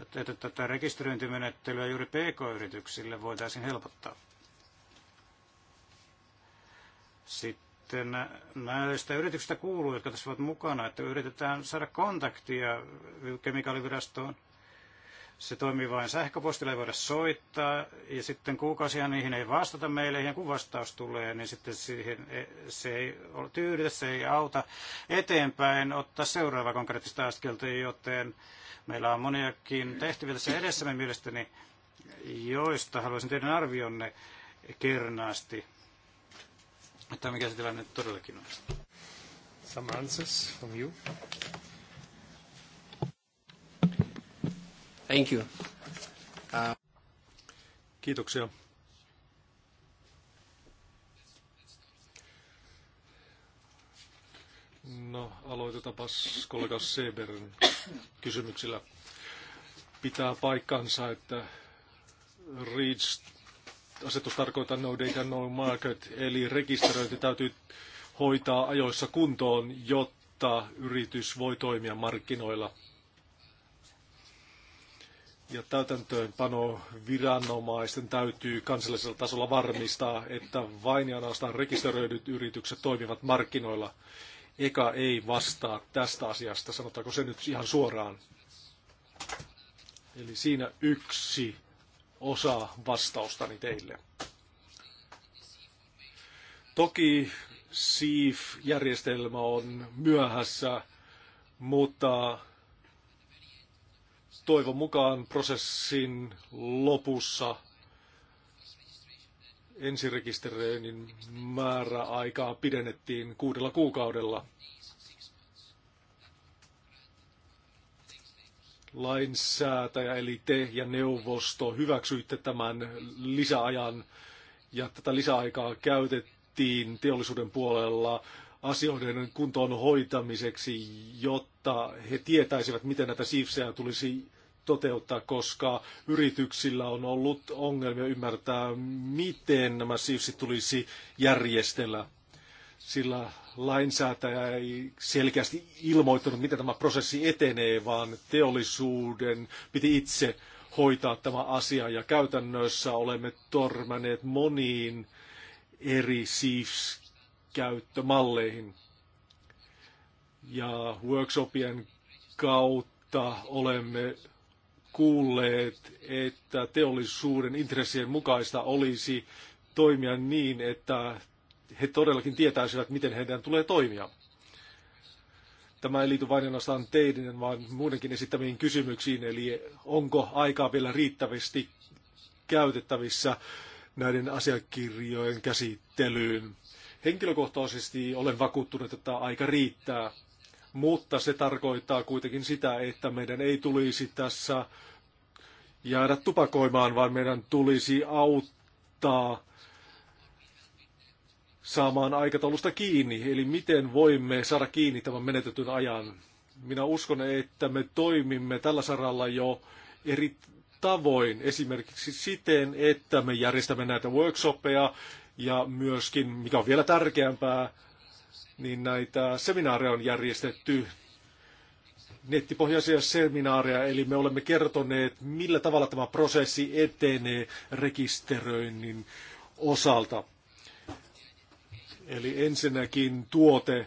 Että tätä rekisteröintimenettelyä juuri PK-yrityksille voitaisiin helpottaa. Sitten äh, näistä yrityksistä kuuluu, jotka tässä ovat mukana, että yritetään saada kontaktia kemikaalivirastoon – se toimii vain sähköpostilla, ei voida soittaa, ja sitten kuukausia niihin ei vastata meille, ja kun vastaus tulee, niin sitten siihen e, se ei tyydytä, se ei auta eteenpäin ottaa seuraavaa konkreettista askelta, joten meillä on moniakin tehtäviä tässä edessämme mielestäni, joista haluaisin teidän arvionne kernaasti, että mikä se tilanne todellakin on. Some answers from you.
Thank you. Uh... Kiitoksia. No, aloitetaanpas kollega Seberin kysymyksillä. Pitää paikkansa, että REACH-asetus tarkoittaa no data, no market, eli rekisteröinti täytyy hoitaa ajoissa kuntoon, jotta yritys voi toimia markkinoilla – ja täytäntöönpano viranomaisten täytyy kansallisella tasolla varmistaa, että vain ja ainoastaan rekisteröidyt yritykset toimivat markkinoilla. Eka ei vastaa tästä asiasta, sanotaanko se nyt ihan suoraan. Eli siinä yksi osa vastaustani teille. Toki SIF-järjestelmä on myöhässä, mutta toivon mukaan prosessin lopussa ensirekisteröinnin määräaikaa pidennettiin kuudella kuukaudella. Lainsäätäjä eli te ja neuvosto hyväksyitte tämän lisäajan ja tätä lisäaikaa käytettiin teollisuuden puolella asioiden kuntoon hoitamiseksi, jotta he tietäisivät, miten näitä siivsejä tulisi toteuttaa, koska yrityksillä on ollut ongelmia ymmärtää, miten nämä siivsit tulisi järjestellä. Sillä lainsäätäjä ei selkeästi ilmoittanut, miten tämä prosessi etenee, vaan teollisuuden piti itse hoitaa tämä asia. Ja käytännössä olemme törmänneet moniin eri siivskäyttömalleihin. Ja workshopien kautta olemme kuulleet, että teollisuuden intressien mukaista olisi toimia niin, että he todellakin tietäisivät, miten heidän tulee toimia. Tämä ei liity vain ainoastaan teidän, vaan muidenkin esittämiin kysymyksiin, eli onko aikaa vielä riittävästi käytettävissä näiden asiakirjojen käsittelyyn. Henkilökohtaisesti olen vakuuttunut, että aika riittää, mutta se tarkoittaa kuitenkin sitä, että meidän ei tulisi tässä jäädä tupakoimaan, vaan meidän tulisi auttaa saamaan aikataulusta kiinni. Eli miten voimme saada kiinni tämän menetetyn ajan. Minä uskon, että me toimimme tällä saralla jo eri tavoin, esimerkiksi siten, että me järjestämme näitä workshoppeja ja myöskin, mikä on vielä tärkeämpää, niin näitä seminaareja on järjestetty nettipohjaisia seminaareja, eli me olemme kertoneet, millä tavalla tämä prosessi etenee rekisteröinnin osalta. Eli ensinnäkin tuote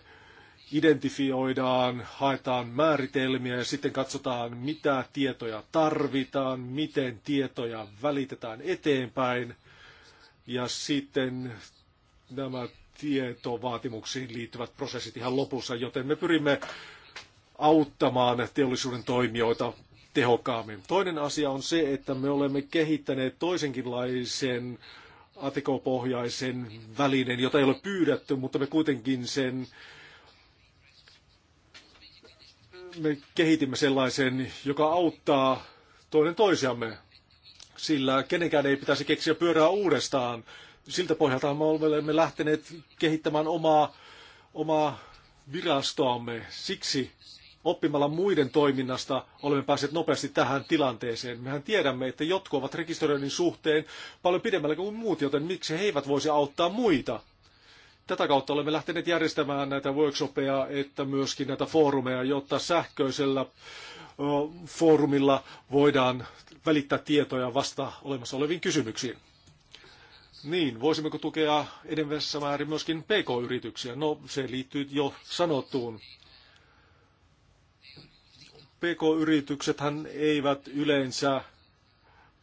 identifioidaan, haetaan määritelmiä ja sitten katsotaan, mitä tietoja tarvitaan, miten tietoja välitetään eteenpäin ja sitten nämä tietovaatimuksiin liittyvät prosessit ihan lopussa, joten me pyrimme auttamaan teollisuuden toimijoita tehokkaammin. Toinen asia on se, että me olemme kehittäneet toisenkinlaisen atikopohjaisen välinen, jota ei ole pyydetty, mutta me kuitenkin sen me kehitimme sellaisen, joka auttaa toinen toisiamme, sillä kenenkään ei pitäisi keksiä pyörää uudestaan. Siltä pohjalta me olemme lähteneet kehittämään omaa, omaa virastoamme. Siksi oppimalla muiden toiminnasta olemme päässeet nopeasti tähän tilanteeseen. Mehän tiedämme, että jotkut ovat rekisteröinnin suhteen paljon pidemmällä kuin muut, joten miksi he eivät voisi auttaa muita? Tätä kautta olemme lähteneet järjestämään näitä workshopeja, että myöskin näitä foorumeja, jotta sähköisellä foorumilla voidaan välittää tietoja vasta olemassa oleviin kysymyksiin. Niin, voisimmeko tukea enemmässä määrin myöskin PK-yrityksiä? No, se liittyy jo sanottuun. PK-yrityksethän eivät yleensä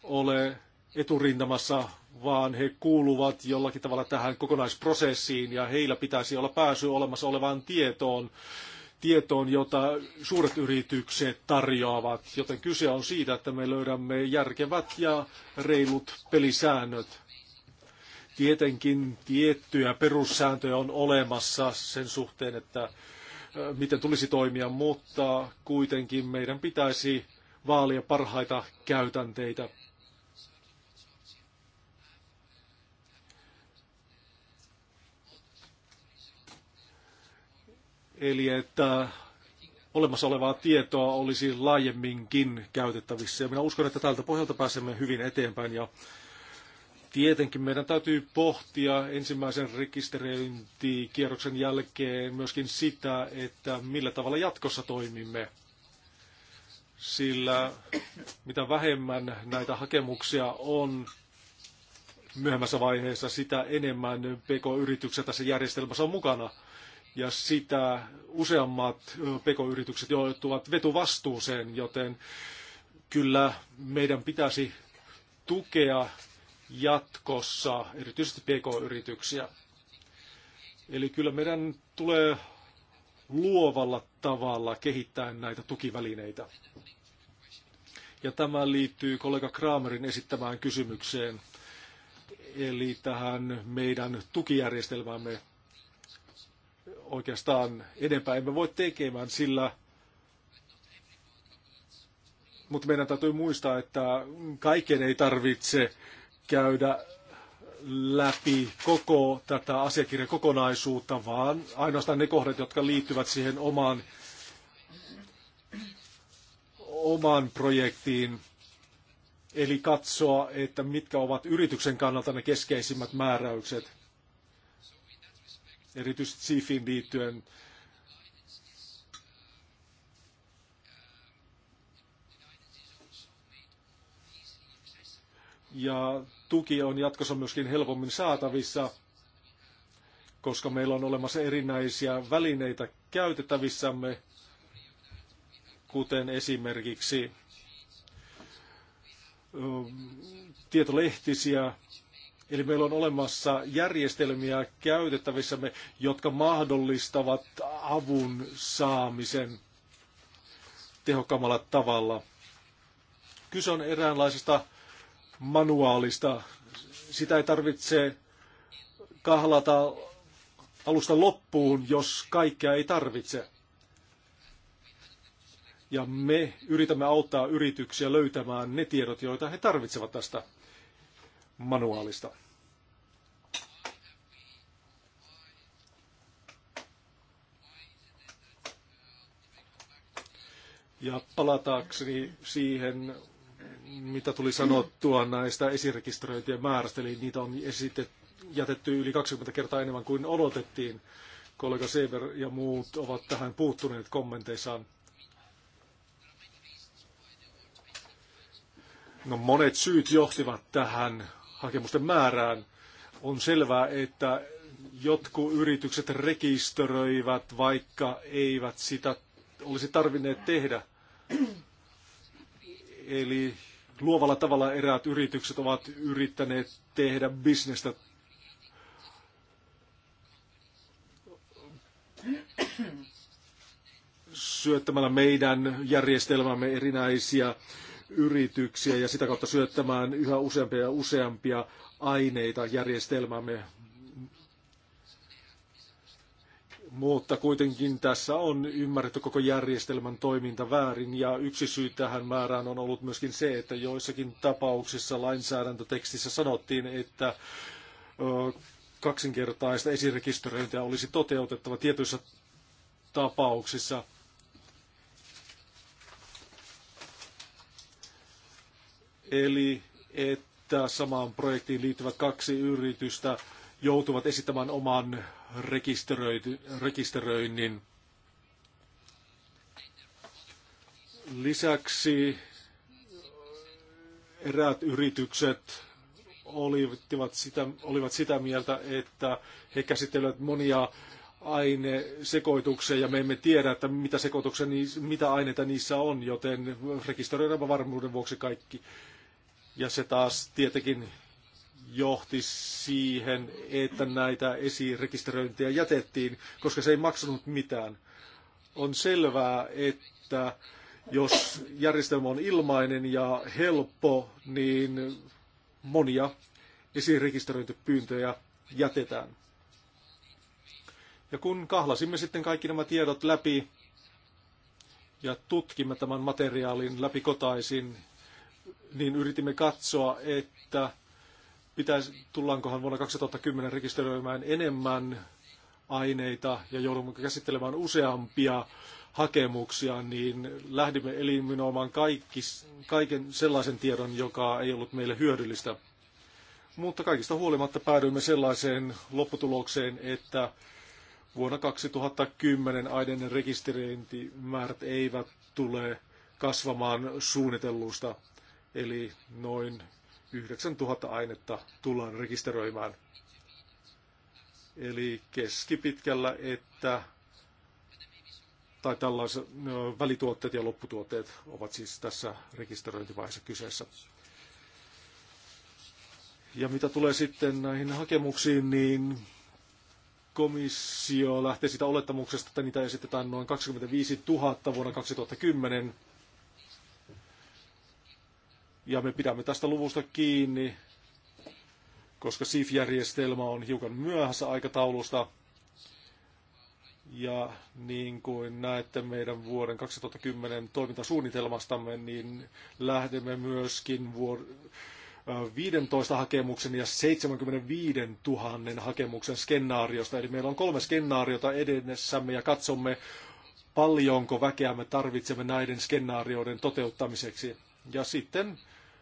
ole eturintamassa, vaan he kuuluvat jollakin tavalla tähän kokonaisprosessiin ja heillä pitäisi olla pääsy olemassa olevaan tietoon, tietoon, jota suuret yritykset tarjoavat. Joten kyse on siitä, että me löydämme järkevät ja reilut pelisäännöt. Tietenkin tiettyjä perussääntöjä on olemassa sen suhteen, että miten tulisi toimia, mutta kuitenkin meidän pitäisi vaalia parhaita käytänteitä. Eli että olemassa olevaa tietoa olisi laajemminkin käytettävissä. Ja minä uskon, että tältä pohjalta pääsemme hyvin eteenpäin ja Tietenkin meidän täytyy pohtia ensimmäisen rekisteröintikierroksen jälkeen myöskin sitä, että millä tavalla jatkossa toimimme. Sillä mitä vähemmän näitä hakemuksia on myöhemmässä vaiheessa, sitä enemmän PK-yrityksiä tässä järjestelmässä on mukana. Ja sitä useammat PK-yritykset joutuvat vetuvastuuseen, joten kyllä meidän pitäisi tukea jatkossa, erityisesti PK-yrityksiä. Eli kyllä meidän tulee luovalla tavalla kehittää näitä tukivälineitä. Ja tämä liittyy kollega Kramerin esittämään kysymykseen, eli tähän meidän tukijärjestelmäämme oikeastaan enempää emme voi tekemään, sillä mutta meidän täytyy muistaa, että kaiken ei tarvitse käydä läpi koko tätä asiakirjakokonaisuutta, vaan ainoastaan ne kohdat, jotka liittyvät siihen omaan, omaan projektiin. Eli katsoa, että mitkä ovat yrityksen kannalta ne keskeisimmät määräykset, erityisesti SIFin liittyen. Ja tuki on jatkossa myöskin helpommin saatavissa, koska meillä on olemassa erinäisiä välineitä käytettävissämme, kuten esimerkiksi tietolehtisiä. Eli meillä on olemassa järjestelmiä käytettävissämme, jotka mahdollistavat avun saamisen tehokkaammalla tavalla. Kyse on eräänlaisesta manuaalista. Sitä ei tarvitse kahlata alusta loppuun, jos kaikkea ei tarvitse. Ja me yritämme auttaa yrityksiä löytämään ne tiedot, joita he tarvitsevat tästä manuaalista. Ja palataakseni siihen, mitä tuli sanottua näistä esirekisteröintien määrästä, eli niitä on esitet, jätetty yli 20 kertaa enemmän kuin odotettiin. Kollega Seber ja muut ovat tähän puuttuneet kommenteissaan. No monet syyt johtivat tähän hakemusten määrään. On selvää, että jotkut yritykset rekisteröivät, vaikka eivät sitä olisi tarvinneet tehdä. Eli luovalla tavalla eräät yritykset ovat yrittäneet tehdä bisnestä syöttämällä meidän järjestelmämme erinäisiä yrityksiä ja sitä kautta syöttämään yhä useampia ja useampia aineita järjestelmämme mutta kuitenkin tässä on ymmärretty koko järjestelmän toiminta väärin ja yksi syy tähän määrään on ollut myöskin se, että joissakin tapauksissa lainsäädäntötekstissä sanottiin, että kaksinkertaista esirekisteröintiä olisi toteutettava tietyissä tapauksissa. Eli että samaan projektiin liittyvät kaksi yritystä joutuvat esittämään oman rekisteröinnin. Lisäksi eräät yritykset olivat sitä, olivat sitä mieltä, että he käsittelevät monia ainesekoituksia ja me emme tiedä, että mitä, sekoituksia, mitä aineita niissä on, joten rekisteröidäänpä varmuuden vuoksi kaikki. Ja se taas tietenkin johti siihen, että näitä esirekisteröintiä jätettiin, koska se ei maksanut mitään. On selvää, että jos järjestelmä on ilmainen ja helppo, niin monia esirekisteröintipyyntöjä jätetään. Ja kun kahlasimme sitten kaikki nämä tiedot läpi ja tutkimme tämän materiaalin läpikotaisin, niin yritimme katsoa, että pitäisi, tullaankohan vuonna 2010 rekisteröimään enemmän aineita ja joudumme käsittelemään useampia hakemuksia, niin lähdimme eliminoimaan kaikki, kaiken sellaisen tiedon, joka ei ollut meille hyödyllistä. Mutta kaikista huolimatta päädyimme sellaiseen lopputulokseen, että vuonna 2010 aineiden rekisteröintimäärät eivät tule kasvamaan suunnitellusta, eli noin 9000 ainetta tullaan rekisteröimään. Eli keskipitkällä että tai tällaiset no, välituotteet ja lopputuotteet ovat siis tässä rekisteröintivaiheessa kyseessä. Ja mitä tulee sitten näihin hakemuksiin, niin komissio lähtee sitä olettamuksesta, että niitä esitetään noin 25 000 vuonna 2010 ja me pidämme tästä luvusta kiinni, koska SIF-järjestelmä on hiukan myöhässä aikataulusta. Ja niin kuin näette meidän vuoden 2010 toimintasuunnitelmastamme, niin lähdemme myöskin vuor- 15 äh, hakemuksen ja 75 000 hakemuksen skenaariosta. Eli meillä on kolme skenaariota edessämme ja katsomme, paljonko väkeä me tarvitsemme näiden skenaarioiden toteuttamiseksi. Ja sitten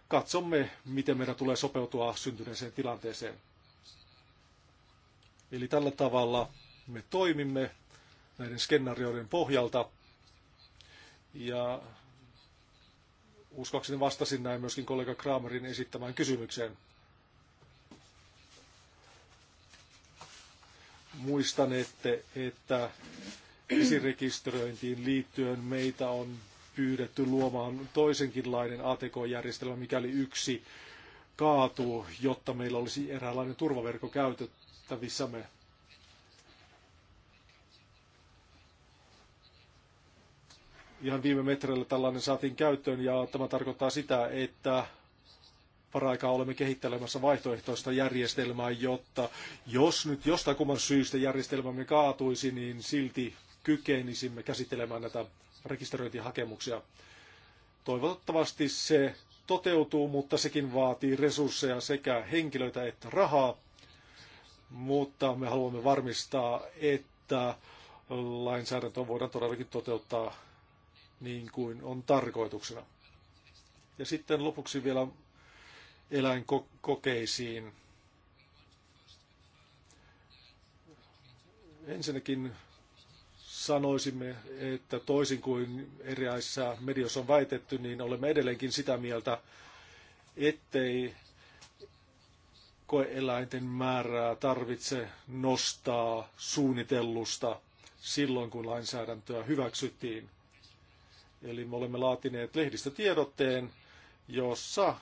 katsomme, miten meidän tulee sopeutua syntyneeseen tilanteeseen. Eli tällä tavalla me toimimme näiden skenaarioiden pohjalta. Ja uskoakseni vastasin näin myöskin kollega Kramerin esittämään kysymykseen. Muistanette, että esirekisteröintiin liittyen meitä on pyydetty luomaan toisenkinlainen ATK-järjestelmä, mikäli yksi kaatuu, jotta meillä olisi eräänlainen turvaverkko käytettävissämme. Ihan viime metreillä tällainen saatiin käyttöön ja tämä tarkoittaa sitä, että paraikaa olemme kehittelemässä vaihtoehtoista järjestelmää, jotta jos nyt jostain kumman syystä järjestelmämme kaatuisi, niin silti kykenisimme käsittelemään näitä rekisteröintihakemuksia. Toivottavasti se toteutuu, mutta sekin vaatii resursseja sekä henkilöitä että rahaa. Mutta me haluamme varmistaa, että lainsäädäntö voidaan todellakin toteuttaa niin kuin on tarkoituksena. Ja sitten lopuksi vielä eläinkokeisiin. Ensinnäkin sanoisimme, että toisin kuin eräissä medioissa on väitetty, niin olemme edelleenkin sitä mieltä, ettei koeeläinten määrää tarvitse nostaa suunnitellusta silloin, kun lainsäädäntöä hyväksyttiin. Eli me olemme laatineet lehdistötiedotteen, jossa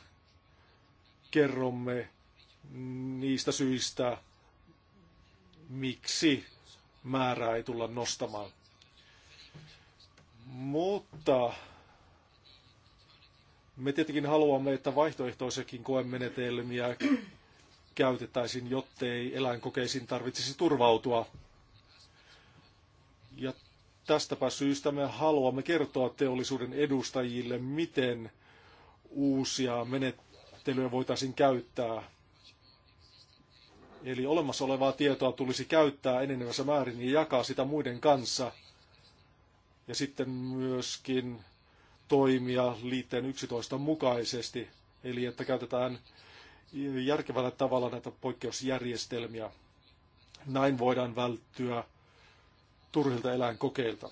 kerromme niistä syistä, miksi määrää ei tulla nostamaan. Mutta me tietenkin haluamme, että vaihtoehtoisekin koemenetelmiä käytettäisiin, jottei eläinkokeisiin tarvitsisi turvautua. Ja tästäpä syystä me haluamme kertoa teollisuuden edustajille, miten uusia menettelyjä voitaisiin käyttää Eli olemassa olevaa tietoa tulisi käyttää enenevässä määrin ja jakaa sitä muiden kanssa. Ja sitten myöskin toimia liitteen 11 mukaisesti, eli että käytetään järkevällä tavalla näitä poikkeusjärjestelmiä. Näin voidaan välttyä turhilta eläinkokeilta.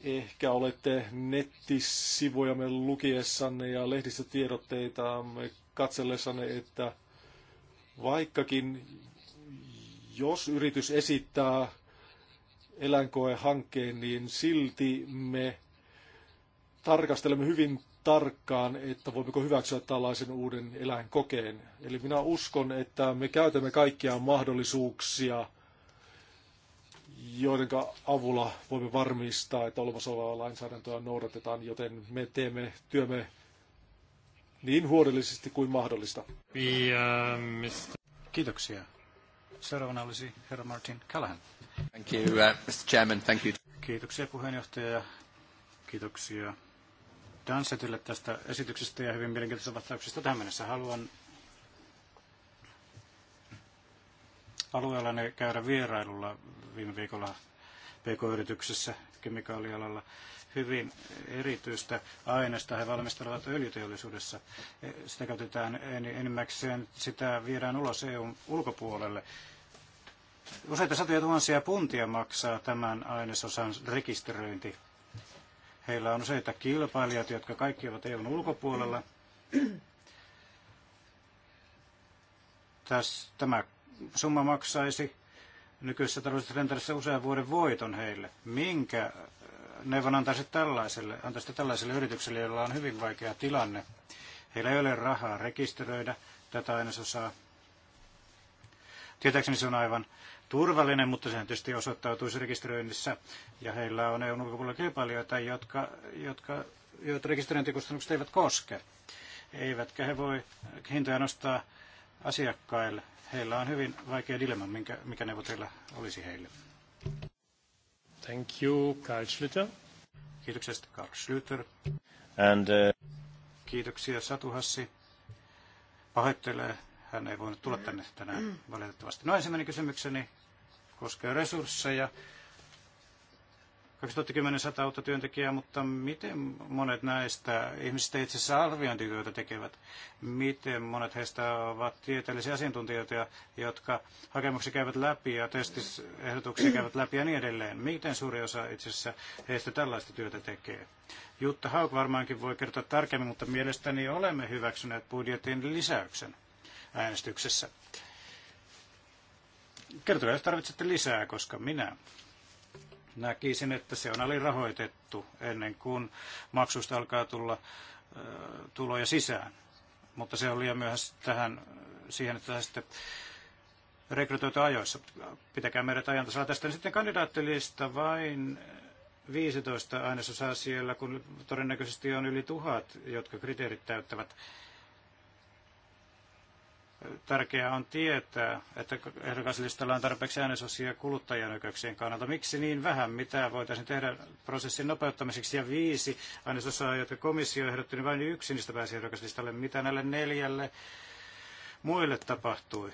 Ehkä olette nettisivujamme lukiessanne ja lehdistötiedotteitamme katsellessanne, että Vaikkakin jos yritys esittää eläinkoehankkeen, niin silti me tarkastelemme hyvin tarkkaan, että voimmeko hyväksyä tällaisen uuden eläinkokeen. Eli minä uskon, että me käytämme kaikkia mahdollisuuksia, joiden avulla voimme varmistaa, että olemassa olevaa lainsäädäntöä noudatetaan, joten me teemme työmme niin huolellisesti kuin mahdollista.
Kiitoksia. Seuraavana olisi herra Martin Callahan.
Thank you, uh, Mr. Chairman. Thank you.
Kiitoksia puheenjohtaja ja kiitoksia Dansetille tästä esityksestä ja hyvin mielenkiintoisesta vastauksesta tähän mennessä. Haluan alueellani käydä vierailulla viime viikolla PK-yrityksessä kemikaalialalla hyvin erityistä aineesta he valmistelevat öljyteollisuudessa. Sitä käytetään enimmäkseen, sitä viedään ulos EUn ulkopuolelle. Useita satoja tuhansia puntia maksaa tämän ainesosan rekisteröinti. Heillä on useita kilpailijat, jotka kaikki ovat EUn ulkopuolella. Täs, tämä summa maksaisi nykyisessä taloudellisessa lentärissä usean vuoden voiton heille. Minkä neuvon antaisi tällaiselle, antaisi tällaiselle yritykselle, jolla on hyvin vaikea tilanne. Heillä ei ole rahaa rekisteröidä tätä ainesosaa. Tietääkseni se on aivan turvallinen, mutta sehän tietysti osoittautuisi rekisteröinnissä. Ja heillä on EUn ulkopuolella kilpailijoita, jotka, jotka, joita rekisteröintikustannukset eivät koske. Eivätkä he voi hintoja nostaa asiakkaille. Heillä on hyvin vaikea dilemma, mikä, mikä neuvotella olisi heille. Thank you, Karl Schlüter. Kiitoksia Karl Schlüter. And, uh... Kiitoksia Satu Hassi. Pahoittelee, hän ei voinut tulla tänne tänään valitettavasti. No ensimmäinen kysymykseni koskee resursseja. 2010 100 uutta työntekijää, mutta miten monet näistä ihmisistä itse asiassa arviointityötä tekevät? Miten monet heistä ovat tieteellisiä asiantuntijoita, jotka hakemuksia käyvät läpi ja testisehdotuksia käyvät läpi ja niin edelleen? Miten suuri osa itse asiassa heistä tällaista työtä tekee? Jutta Hauk varmaankin voi kertoa tarkemmin, mutta mielestäni olemme hyväksyneet budjetin lisäyksen äänestyksessä. Kertokaa, jos tarvitsette lisää, koska minä Näkisin, että se on alirahoitettu ennen kuin maksusta alkaa tulla tuloja sisään. Mutta se on liian myöhässä tähän, siihen, että sitten rekrytoitu ajoissa. Pitäkää meidät ajantasalla tästä. Niin sitten kandidaattilista vain 15 ainesosaa siellä, kun todennäköisesti on yli tuhat, jotka kriteerit täyttävät tärkeää on tietää, että ehdokaslistalla on tarpeeksi äänesosia kuluttajanäköksien kannalta. Miksi niin vähän? Mitä voitaisiin tehdä prosessin nopeuttamiseksi? Ja viisi äänesosaa, joita komissio ehdotti, niin vain yksi niistä pääsi ehdokaslistalle. Mitä näille neljälle muille tapahtui?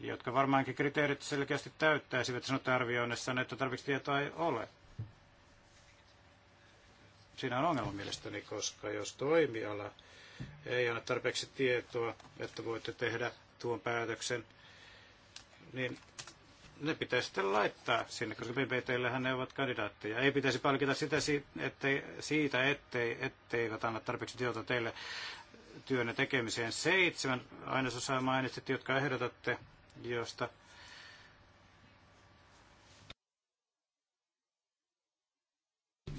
jotka varmaankin kriteerit selkeästi täyttäisivät, sanotaan arvioinnissa, että tarpeeksi tietoa ei ole. Siinä on ongelma mielestäni, koska jos toimiala ei ole tarpeeksi tietoa, että voitte tehdä tuon päätöksen, niin ne pitäisi sitten laittaa sinne, koska PPTllähän ne ovat kandidaatteja. Ei pitäisi palkita sitä ettei, siitä, ettei, etteivät anna tarpeeksi tietoa teille työnne tekemiseen. Seitsemän ainesosaa mainitsit, jotka ehdotatte, josta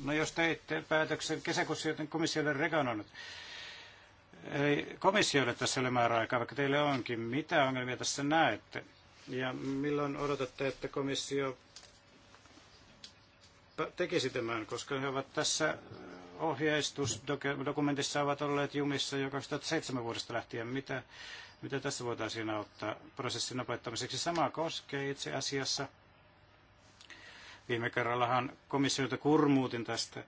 No jos teitte päätöksen kesäkuussa, joten komissiolle on ei komissiolle tässä ole määräaikaa, vaikka teille onkin. Mitä ongelmia tässä näette? Ja milloin odotatte, että komissio tekisi tämän, koska he ovat tässä äh, ohjeistusdokumentissa ovat olleet jumissa jo 2007 vuodesta lähtien. Mitä, mitä tässä voitaisiin auttaa prosessin nopeuttamiseksi? Sama koskee itse asiassa. Viime kerrallahan komissiota kurmuutin tästä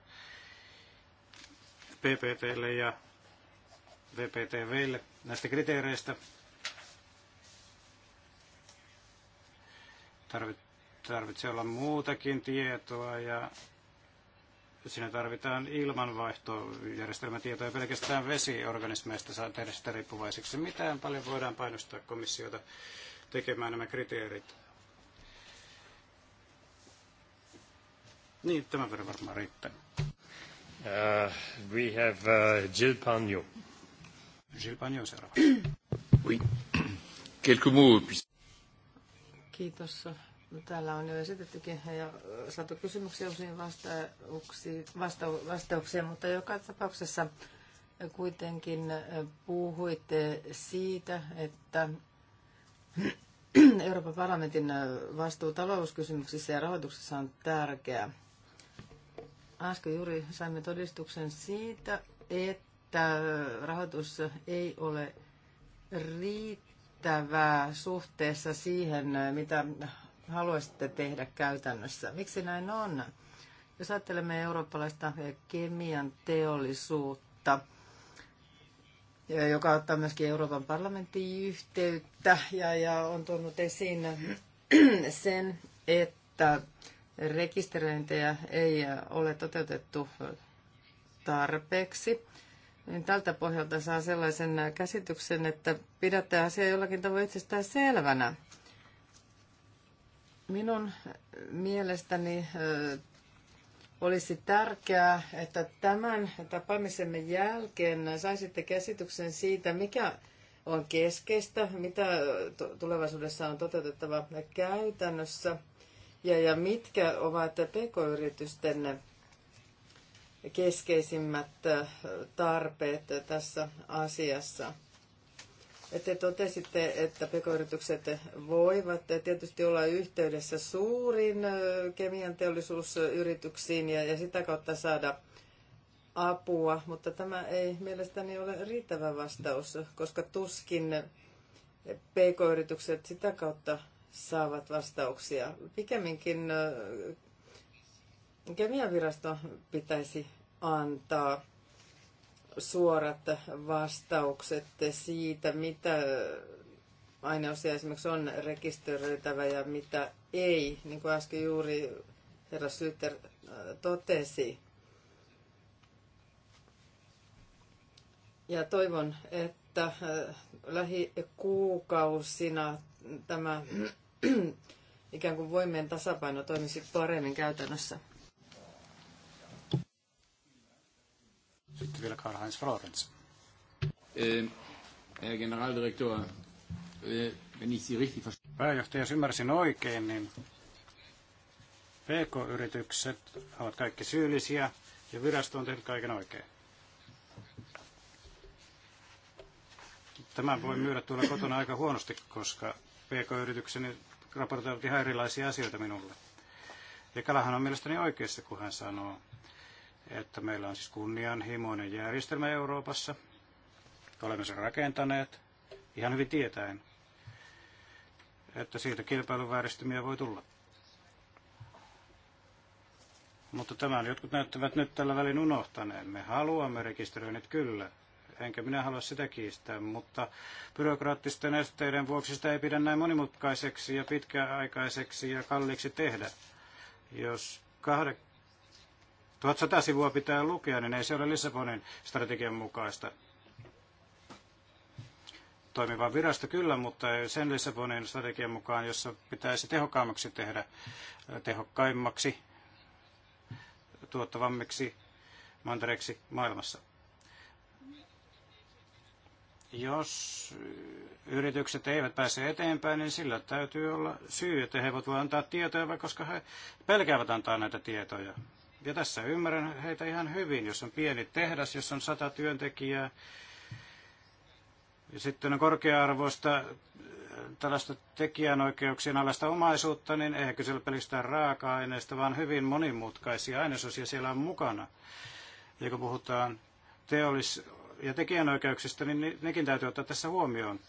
PPTlle ja VPTVille näistä kriteereistä. Tarvitsee olla muutakin tietoa ja siinä tarvitaan ilmanvaihtojärjestelmätietoja pelkästään vesiorganismeista saa tehdä sitä riippuvaiseksi. Mitään paljon voidaan painostaa komissiota tekemään nämä kriteerit. Niin, tämän verran varmaan riittää. Uh, we have uh, Jill Panjo.
Kiitos. No, täällä on jo esitettykin ja saatu kysymyksiä usein vasta, vastauksia, mutta joka tapauksessa kuitenkin puhuitte siitä, että Euroopan parlamentin vastuu talouskysymyksissä ja rahoituksessa on tärkeä. Äsken juuri saimme todistuksen siitä, että että rahoitus ei ole riittävää suhteessa siihen, mitä haluaisitte tehdä käytännössä. Miksi näin on? Jos ajattelemme eurooppalaista kemian teollisuutta, joka ottaa myöskin Euroopan parlamentin yhteyttä ja, ja on tuonut esiin sen, että rekisteröintejä ei ole toteutettu tarpeeksi niin tältä pohjalta saa sellaisen käsityksen, että pidätte asiaa jollakin tavoin itsestään selvänä. Minun mielestäni olisi tärkeää, että tämän tapaamisemme jälkeen saisitte käsityksen siitä, mikä on keskeistä, mitä tulevaisuudessa on toteutettava käytännössä ja, ja mitkä ovat pk-yritysten keskeisimmät tarpeet tässä asiassa. Te totesitte, että pekoyritykset voivat tietysti olla yhteydessä suuriin kemian teollisuusyrityksiin ja, sitä kautta saada apua, mutta tämä ei mielestäni ole riittävä vastaus, koska tuskin pk-yritykset sitä kautta saavat vastauksia. Pikemminkin virasto pitäisi antaa suorat vastaukset siitä, mitä aineosia esimerkiksi on rekisteröitävä ja mitä ei. Niin kuin äsken juuri herra Syter äh, totesi. Ja toivon, että äh, lähikuukausina tämä ikään kuin voimien tasapaino toimisi paremmin käytännössä.
Sitten vielä Karl-Heinz Florenz. Eh, eh, Pääjohtaja, jos ymmärsin oikein, niin PK-yritykset ovat kaikki syyllisiä ja virasto on tehnyt kaiken oikein. Tämän voi myydä tuolla kotona aika huonosti, koska PK-yritykseni raportoivat ihan erilaisia asioita minulle. Ja Kalahan on mielestäni oikeassa, kun hän sanoo, että meillä on siis kunnianhimoinen järjestelmä Euroopassa. Olemme sen rakentaneet ihan hyvin tietäen, että siitä kilpailuvääristymiä voi tulla. Mutta tämän jotkut näyttävät nyt tällä välin unohtaneen. Me haluamme rekisteröinnit kyllä, enkä minä halua sitä kiistää, mutta byrokraattisten esteiden vuoksi sitä ei pidä näin monimutkaiseksi ja pitkäaikaiseksi ja kalliiksi tehdä. Jos 1100 sivua pitää lukea, niin ei se ole Lissabonin strategian mukaista. Toimiva virasto kyllä, mutta ei sen Lissabonin strategian mukaan, jossa pitäisi tehokkaammaksi tehdä, tehokkaimmaksi, tuottavammiksi mantereeksi maailmassa jos yritykset eivät pääse eteenpäin, niin sillä täytyy olla syy, että he voivat antaa tietoja, koska he pelkäävät antaa näitä tietoja. Ja tässä ymmärrän heitä ihan hyvin, jos on pieni tehdas, jos on sata työntekijää. Ja sitten on korkea-arvoista äh, tällaista tekijänoikeuksien alaista omaisuutta, niin eihän kysellä ole pelkästään raaka-aineista, vaan hyvin monimutkaisia ainesosia siellä on mukana. Ja kun puhutaan teollis- ja tekijänoikeuksista, niin nekin täytyy ottaa tässä huomioon.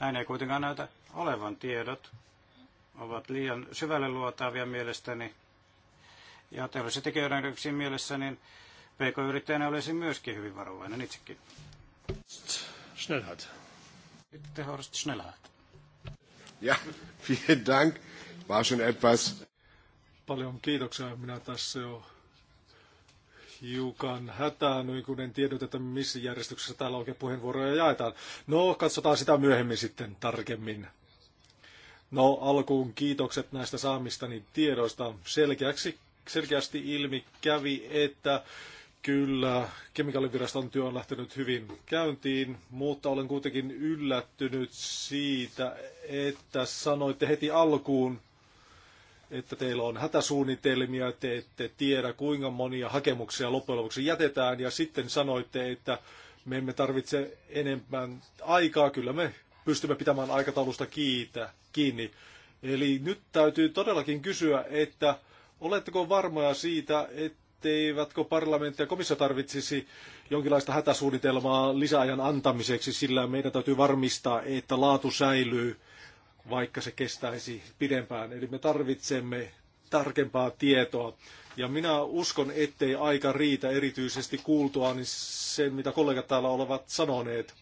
Näin ei kuitenkaan näytä olevan tiedot ovat liian syvälle luotaavia mielestäni. Ja teollisen tekijöiden yksin mielessä, niin PK-yrittäjänä olisi myöskin hyvin varovainen itsekin. Schnellhardt. Sitten Horst Schnellhardt.
Ja, vielen Dank. War schon etwas. Paljon kiitoksia. Minä tässä jo hiukan hätäännyin, kun en tiedä, että missä järjestyksessä täällä oikein puheenvuoroja jaetaan. No, katsotaan sitä myöhemmin sitten tarkemmin. No alkuun kiitokset näistä saamistani tiedoista. Selkeäksi, selkeästi ilmi kävi, että kyllä kemikaaliviraston työ on lähtenyt hyvin käyntiin, mutta olen kuitenkin yllättynyt siitä, että sanoitte heti alkuun, että teillä on hätäsuunnitelmia, te ette tiedä kuinka monia hakemuksia loppujen lopuksi jätetään ja sitten sanoitte, että me emme tarvitse enemmän aikaa, kyllä me pystymme pitämään aikataulusta kiitä, kiinni. Eli nyt täytyy todellakin kysyä, että oletteko varmoja siitä, etteivätkö parlamentti ja komissio tarvitsisi jonkinlaista hätäsuunnitelmaa lisäajan antamiseksi, sillä meidän täytyy varmistaa, että laatu säilyy, vaikka se kestäisi pidempään. Eli me tarvitsemme tarkempaa tietoa. Ja minä uskon, ettei aika riitä erityisesti kuultua niin sen, mitä kollegat täällä olevat sanoneet.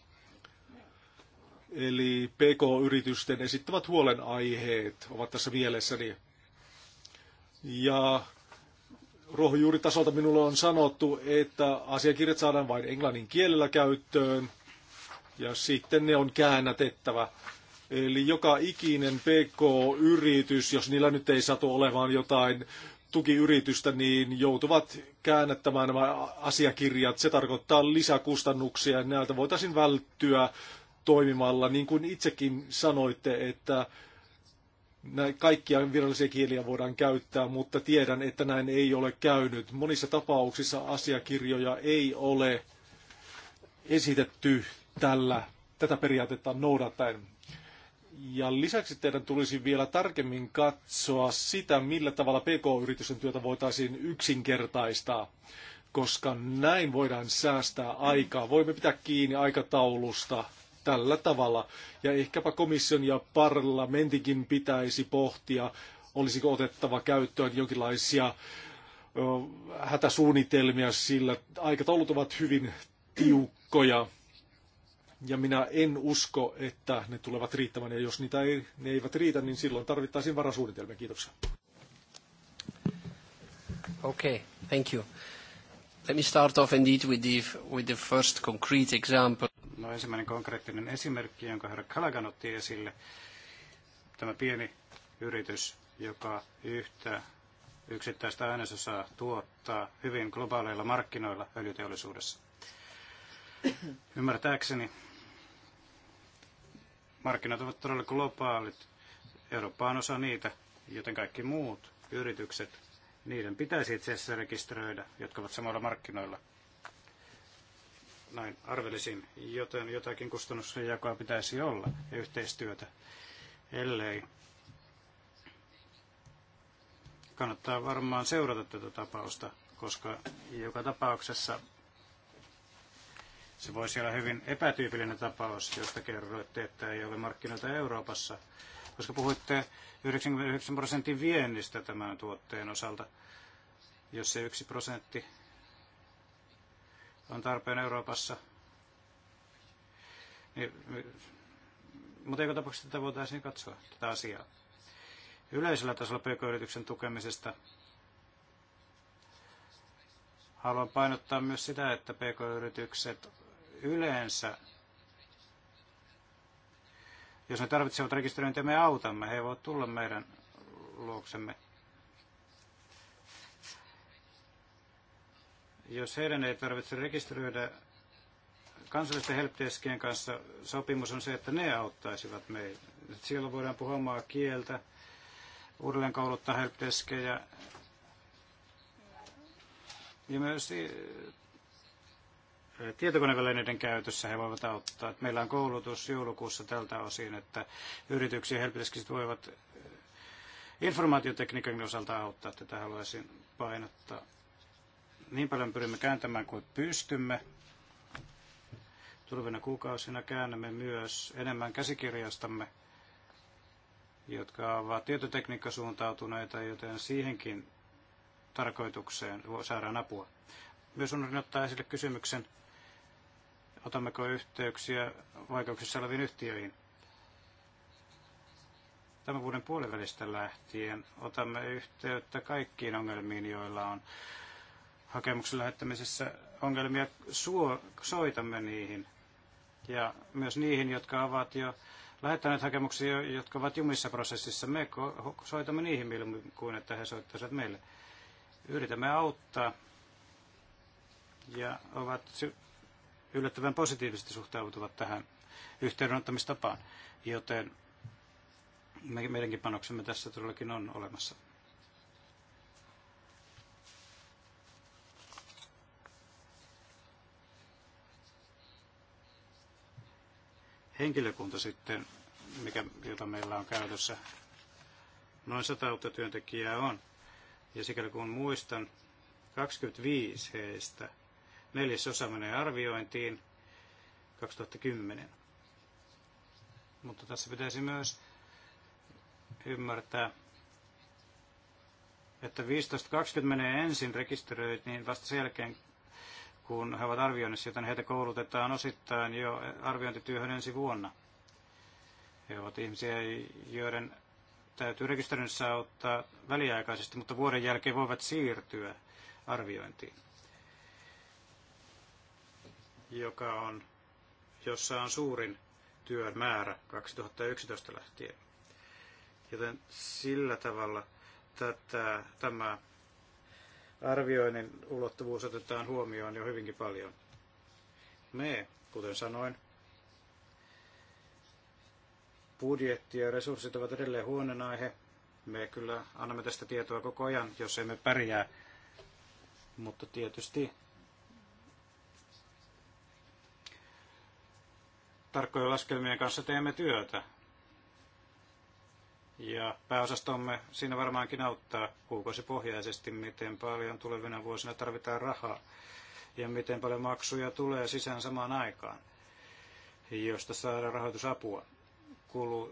Eli PK-yritysten esittävät huolenaiheet ovat tässä mielessäni. Ja ruohonjuuritasolta minulle on sanottu, että asiakirjat saadaan vain englannin kielellä käyttöön ja sitten ne on käännätettävä. Eli joka ikinen PK-yritys, jos niillä nyt ei satu olemaan jotain tukiyritystä, niin joutuvat käännättämään nämä asiakirjat. Se tarkoittaa lisäkustannuksia ja näiltä voitaisiin välttyä toimimalla, niin kuin itsekin sanoitte, että näin kaikkia virallisia kieliä voidaan käyttää, mutta tiedän, että näin ei ole käynyt. Monissa tapauksissa asiakirjoja ei ole esitetty tällä, tätä periaatetta noudattaen. Ja lisäksi teidän tulisi vielä tarkemmin katsoa sitä, millä tavalla PK-yritysten työtä voitaisiin yksinkertaistaa, koska näin voidaan säästää aikaa. Voimme pitää kiinni aikataulusta tällä tavalla. Ja ehkäpä komission ja parlamentikin pitäisi pohtia, olisiko otettava käyttöön jonkinlaisia ö, hätäsuunnitelmia, sillä aikataulut ovat hyvin tiukkoja. Ja minä en usko, että ne tulevat riittämään, ja jos niitä ei, ne eivät riitä, niin silloin tarvittaisiin varasuunnitelmia. Kiitoksia.
Okay, thank you. Let me start off indeed with the, with the first concrete example. No ensimmäinen konkreettinen esimerkki, jonka herra Kalagan otti esille, tämä pieni yritys, joka yhtä yksittäistä ainesosaa tuottaa hyvin globaaleilla markkinoilla öljyteollisuudessa. Ymmärtääkseni markkinat ovat todella globaalit. Eurooppa on osa niitä, joten kaikki muut yritykset, niiden pitäisi itse asiassa rekisteröidä, jotka ovat samoilla markkinoilla – näin arvelisin, joten jotakin kustannusjakoa pitäisi olla ja yhteistyötä, ellei. Kannattaa varmaan seurata tätä tapausta, koska joka tapauksessa se voisi olla hyvin epätyypillinen tapaus, josta kerroitte, että ei ole markkinoita Euroopassa, koska puhuitte 99 prosentin viennistä tämän tuotteen osalta. Jos se yksi prosentti on tarpeen Euroopassa. Niin, mutta eikö tapauksessa tätä voitaisiin katsoa, tätä asiaa. Yleisellä tasolla pk-yrityksen tukemisesta haluan painottaa myös sitä, että pk-yritykset yleensä, jos ne tarvitsevat rekisteröintiä, me autamme. He voivat tulla meidän luoksemme Jos heidän ei tarvitse rekisteröidä kansallisten helpdeskien kanssa, sopimus on se, että ne auttaisivat meitä. Siellä voidaan puhua omaa kieltä, uudelleen kouluttaa helpdeskejä ja myös eh, tietokonevälineiden käytössä he voivat auttaa. Meillä on koulutus joulukuussa tältä osin, että yrityksiä helpdeskit voivat eh, informaatiotekniikan osalta auttaa. Tätä haluaisin painottaa. Niin paljon pyrimme kääntämään kuin pystymme. Tulevina kuukausina käännämme myös enemmän käsikirjastamme, jotka ovat tietotekniikkasuuntautuneita, joten siihenkin tarkoitukseen saadaan apua. Myös unohdin ottaa esille kysymyksen, otammeko yhteyksiä vaikeuksissa oleviin yhtiöihin. Tämän vuoden puolivälistä lähtien otamme yhteyttä kaikkiin ongelmiin, joilla on hakemuksen lähettämisessä ongelmia, suo, soitamme niihin ja myös niihin, jotka ovat jo lähettäneet hakemuksia, jotka ovat jumissa prosessissa. Me soitamme niihin mieluummin kuin, että he soittaisivat meille. Yritämme auttaa ja ovat yllättävän positiivisesti suhtautuvat tähän yhteydenottamistapaan, joten meidänkin panoksemme tässä todellakin on olemassa. henkilökunta sitten, mikä, jota meillä on käytössä, noin 100 uutta työntekijää on. Ja sikäli kun muistan, 25 heistä neljäsosa menee arviointiin 2010. Mutta tässä pitäisi myös ymmärtää, että 15-20 menee ensin rekisteröitiin, vasta sen jälkeen kun he ovat arvioinnissa, joten heitä koulutetaan osittain jo arviointityöhön ensi vuonna. He ovat ihmisiä, joiden täytyy rekisteröinnissä ottaa väliaikaisesti, mutta vuoden jälkeen voivat siirtyä arviointiin, joka on, jossa on suurin työn määrä 2011 lähtien. Joten sillä tavalla tätä, tämä arvioinnin ulottuvuus otetaan huomioon jo hyvinkin paljon. Me, kuten sanoin, budjetti ja resurssit ovat edelleen aihe. Me kyllä annamme tästä tietoa koko ajan, jos emme pärjää. Mutta tietysti tarkkojen laskelmien kanssa teemme työtä. Ja pääosastomme siinä varmaankin auttaa kuukausipohjaisesti, miten paljon tulevina vuosina tarvitaan rahaa ja miten paljon maksuja tulee sisään samaan aikaan, josta saadaan rahoitusapua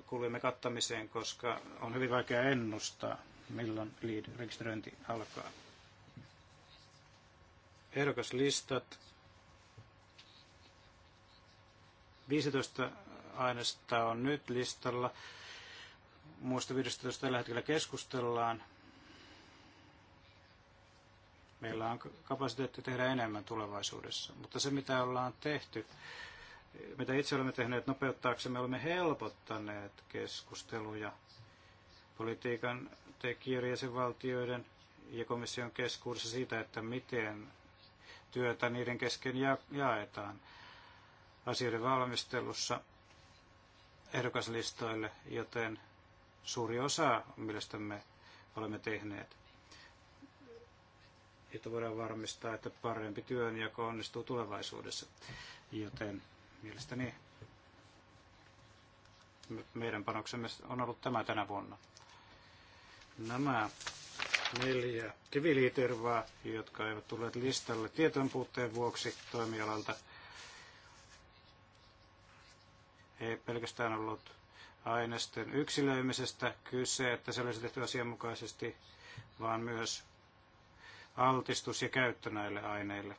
kuluimme kattamiseen, koska on hyvin vaikea ennustaa, milloin lead-rekisteröinti alkaa. Ehdokaslistat. 15 aineesta on nyt listalla. Muusta 15 tällä hetkellä keskustellaan. Meillä on kapasiteetti tehdä enemmän tulevaisuudessa, mutta se mitä ollaan tehty, mitä itse olemme tehneet nopeuttaaksemme, olemme helpottaneet keskusteluja politiikan tekijöiden, valtioiden ja komission keskuudessa siitä, että miten työtä niiden kesken ja- jaetaan asioiden valmistelussa ehdokaslistoille, joten suuri osa me olemme tehneet, jotta voidaan varmistaa, että parempi työnjako onnistuu tulevaisuudessa. Joten mielestäni meidän panoksemme on ollut tämä tänä vuonna. Nämä neljä kiviliitervaa, jotka eivät tulleet listalle tietojen puutteen vuoksi toimialalta, ei pelkästään ollut aineisten yksilöimisestä kyse, että se olisi tehty asianmukaisesti, vaan myös altistus ja käyttö näille aineille.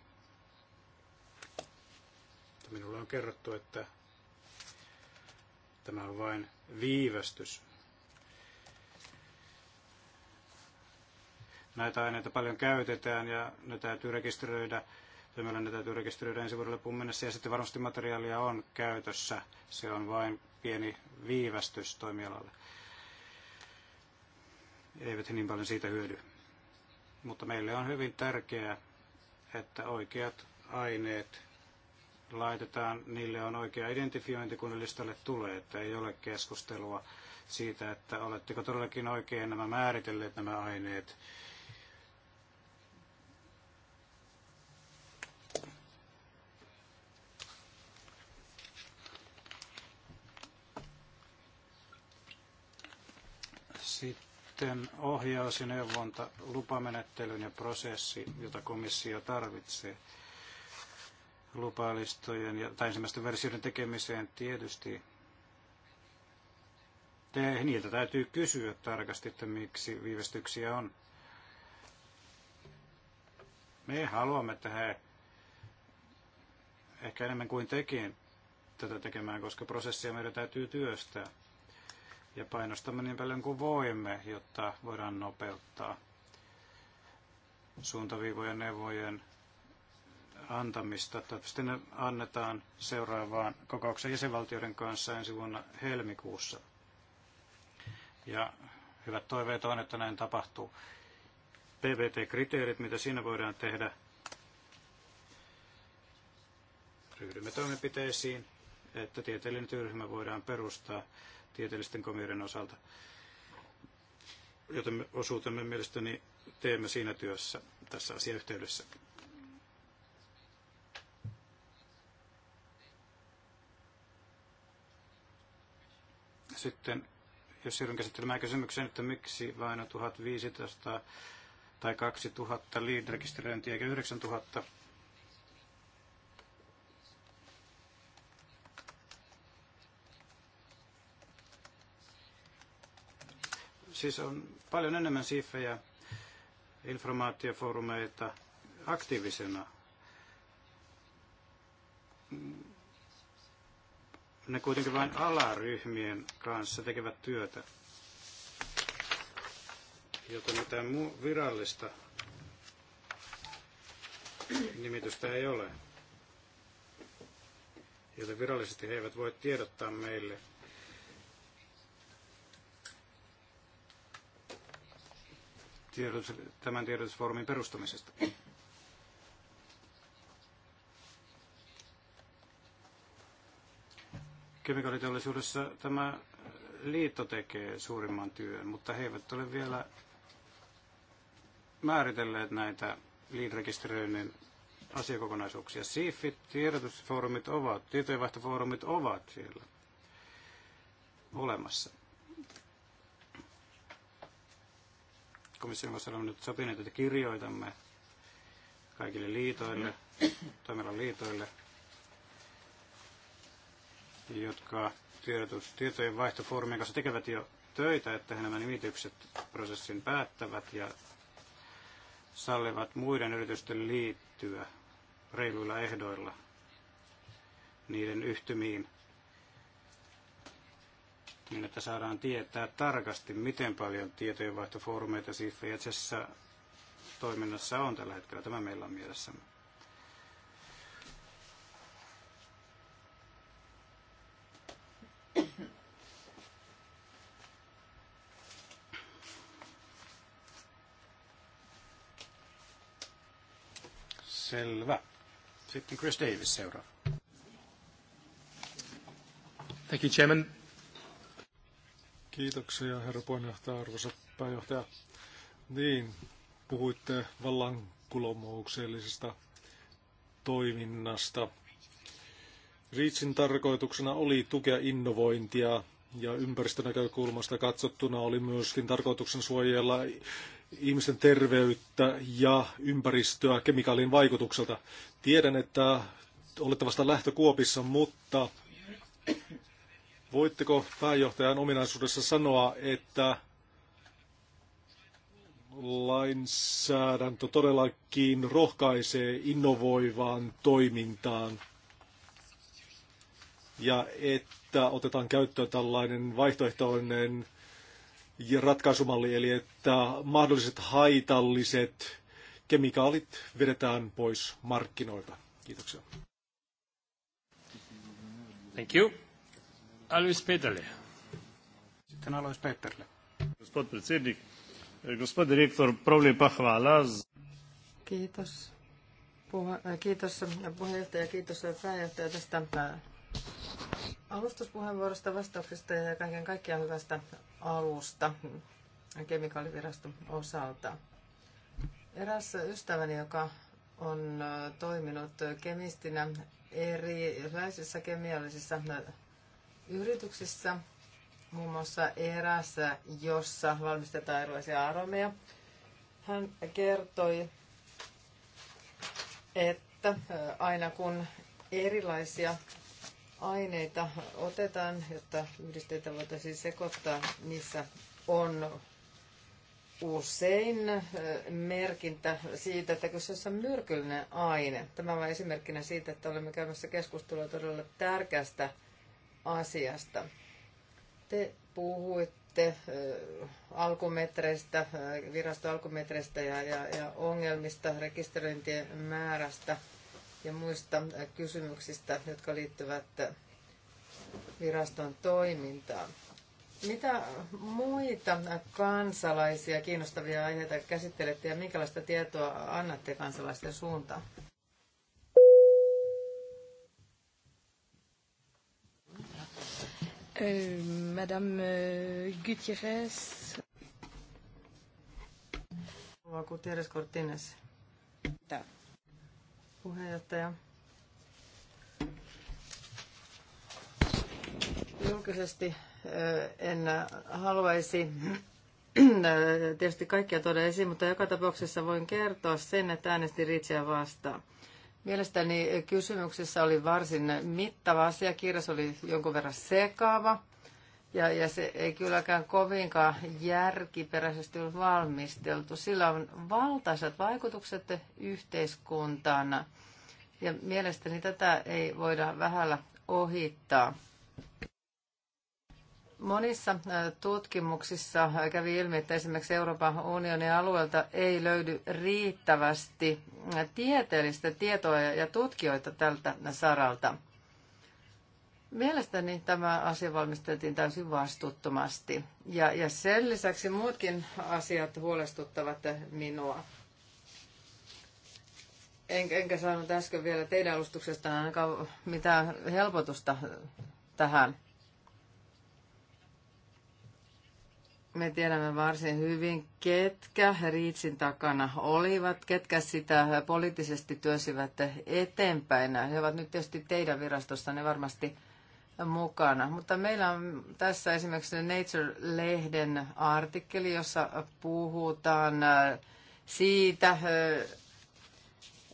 Minulle on kerrottu, että tämä on vain viivästys. Näitä aineita paljon käytetään ja ne täytyy rekisteröidä Meillä ne täytyy rekisteröidä ensi vuodelle mennessä ja sitten varmasti materiaalia on käytössä. Se on vain pieni viivästys toimialalle. Eivät he niin paljon siitä hyödy. Mutta meille on hyvin tärkeää, että oikeat aineet laitetaan, niille on oikea identifiointi, kun listalle tulee, että ei ole keskustelua siitä, että oletteko todellakin oikein nämä määritelleet nämä aineet Sitten ohjaus ja neuvonta lupamenettelyn ja prosessi, jota komissio tarvitsee lupalistojen ja, tai ensimmäisten versioiden tekemiseen tietysti. Te, niiltä täytyy kysyä tarkasti, että miksi viivästyksiä on. Me haluamme, että he ehkä enemmän kuin tekin tätä tekemään, koska prosessia meidän täytyy työstää ja painostamme niin paljon kuin voimme, jotta voidaan nopeuttaa suuntaviivojen neuvojen antamista. Sitten ne annetaan seuraavaan kokouksen jäsenvaltioiden kanssa ensi vuonna helmikuussa. Ja hyvät toiveet on, että näin tapahtuu. PVT-kriteerit, mitä siinä voidaan tehdä, ryhdymme toimenpiteisiin, että tieteellinen työryhmä voidaan perustaa tieteellisten komioiden osalta. Joten osuutemme mielestäni teemme siinä työssä tässä asiayhteydessä. Sitten, jos siirryn käsittelemään kysymykseen, että miksi vain 1500 tai 2000 lead-rekisteröintiä eikä 9000, Siis on paljon enemmän siifejä informaatiofoorumeita aktiivisena. Ne kuitenkin vain alaryhmien kanssa tekevät työtä, joten mitään muu virallista nimitystä ei ole. Joten virallisesti he eivät voi tiedottaa meille tiedotus, tämän tiedotusfoorumin perustamisesta. Kemikaaliteollisuudessa tämä liitto tekee suurimman työn, mutta he eivät ole vielä määritelleet näitä liitrekisteröinnin asiakokonaisuuksia. SIFit, tiedotusfoorumit ovat, tietojenvaihtofoorumit ovat siellä olemassa. komission kanssa olemme nyt sopineet, että kirjoitamme kaikille liitoille, toimialan liitoille, jotka tietojen vaihtofoorumien kanssa tekevät jo töitä, että he nämä nimitykset prosessin päättävät ja sallivat muiden yritysten liittyä reiluilla ehdoilla niiden yhtymiin niin että saadaan tietää tarkasti, miten paljon tietojenvaihtofoorumeita SIFA ja Tsessa toiminnassa on tällä hetkellä. Tämä meillä on mielessä. Selvä. Sitten Chris Davis seuraa. Thank you, Chairman. Kiitoksia, herra puheenjohtaja, arvoisa
pääjohtaja. Niin, puhuitte vallankulomouksellisesta toiminnasta. Riitsin tarkoituksena oli tukea innovointia ja ympäristönäkökulmasta katsottuna oli myöskin tarkoituksen suojella ihmisten terveyttä ja ympäristöä kemikaalin vaikutukselta. Tiedän, että olette vasta lähtökuopissa, mutta Voitteko pääjohtajan ominaisuudessa sanoa, että lainsäädäntö todellakin rohkaisee innovoivaan toimintaan ja että otetaan käyttöön tällainen vaihtoehtoinen ratkaisumalli, eli että mahdolliset haitalliset kemikaalit vedetään
pois markkinoilta. Kiitoksia. Thank you. Alois Peterle. Sitten Alois Peterle. Gospod predsednik, gospod direktor, prav lepa hvala.
Kiitos. Puh- eh, kiitos eh, puheenjohtaja, kiitos eh, pääjohtaja tästä alustuspuheenvuorosta, vastauksesta ja kaiken kaikkiaan hyvästä alusta kemikaaliviraston osalta. Eräs ystäväni, joka on toiminut kemistinä erilaisissa kemiallisissa yrityksissä, muun muassa erässä, jossa valmistetaan erilaisia aromeja. Hän kertoi, että aina kun erilaisia aineita otetaan, jotta yhdisteitä voitaisiin sekoittaa, niissä on usein merkintä siitä, että kyseessä on myrkyllinen aine. Tämä on esimerkkinä siitä, että olemme käymässä keskustelua todella tärkeästä asiasta. Te puhuitte alkumetreistä, virasto alkumetreistä ja, ja, ja ongelmista, rekisteröintien määrästä ja muista kysymyksistä, jotka liittyvät viraston toimintaan. Mitä muita kansalaisia kiinnostavia aiheita käsittelette ja minkälaista tietoa annatte kansalaisten suuntaan? Euh, Madame euh, Gutierrez. Gutierrez Cortines. Tää. Puheenjohtaja. Julkisesti äh, en haluaisi äh, tietysti kaikkia tuoda esiin, mutta joka tapauksessa voin kertoa sen, että äänestin Ritsiä vastaan. Mielestäni kysymyksessä oli varsin mittava asia, Kirjas oli jonkun verran sekaava ja, ja se ei kylläkään kovinkaan järkiperäisesti ole valmisteltu. Sillä on valtaiset vaikutukset yhteiskuntaan ja mielestäni tätä ei voida vähällä ohittaa. Monissa äh, tutkimuksissa kävi ilmi, että esimerkiksi Euroopan unionin alueelta ei löydy riittävästi äh, tieteellistä tietoa ja tutkijoita tältä saralta. Mielestäni tämä asia valmisteltiin täysin vastuuttomasti. Ja, ja sen lisäksi muutkin asiat huolestuttavat minua. En, enkä saanut äsken vielä teidän alustuksestanne ainakaan mitään helpotusta äh, tähän. me tiedämme varsin hyvin, ketkä Riitsin takana olivat, ketkä sitä poliittisesti työsivät eteenpäin. He ovat nyt tietysti teidän virastossanne varmasti mukana. Mutta meillä on tässä esimerkiksi Nature-lehden artikkeli, jossa puhutaan äh, siitä, äh,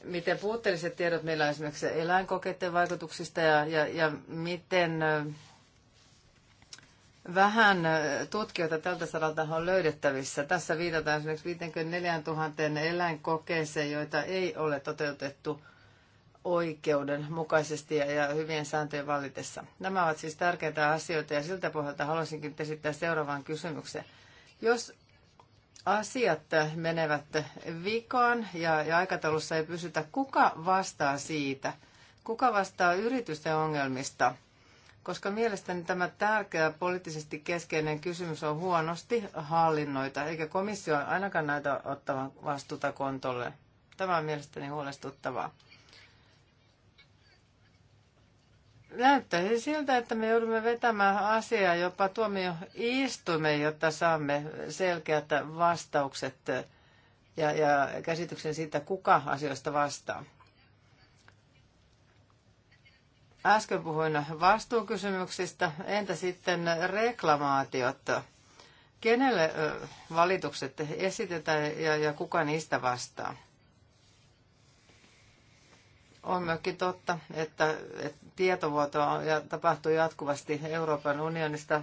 miten puutteelliset tiedot meillä on esimerkiksi eläinkokeiden vaikutuksista ja, ja, ja miten äh, vähän äh, tutkijoita tältä saralta on löydettävissä. Tässä viitataan esimerkiksi 54 000 eläinkokeeseen, joita ei ole toteutettu oikeudenmukaisesti ja, hyvien sääntöjen vallitessa. Nämä ovat siis tärkeitä asioita ja siltä pohjalta haluaisinkin esittää seuraavan kysymyksen. Jos asiat menevät vikaan ja, ja aikataulussa ei pysytä, kuka vastaa siitä? Kuka vastaa yritysten ongelmista – koska mielestäni tämä tärkeä poliittisesti keskeinen kysymys on huonosti hallinnoita, eikä komissio ainakaan näitä ottavan vastuuta kontolle. Tämä on mielestäni huolestuttavaa. Näyttäisi siltä, että me joudumme vetämään asiaa jopa tuomioistuimeen, jotta saamme selkeät vastaukset ja, ja käsityksen siitä, kuka asioista vastaa. Äsken puhuin vastuukysymyksistä. Entä sitten reklamaatiot? Kenelle valitukset esitetään ja, ja kuka niistä vastaa? On myöskin totta, että, että tietovuotoa tapahtuu jatkuvasti Euroopan unionista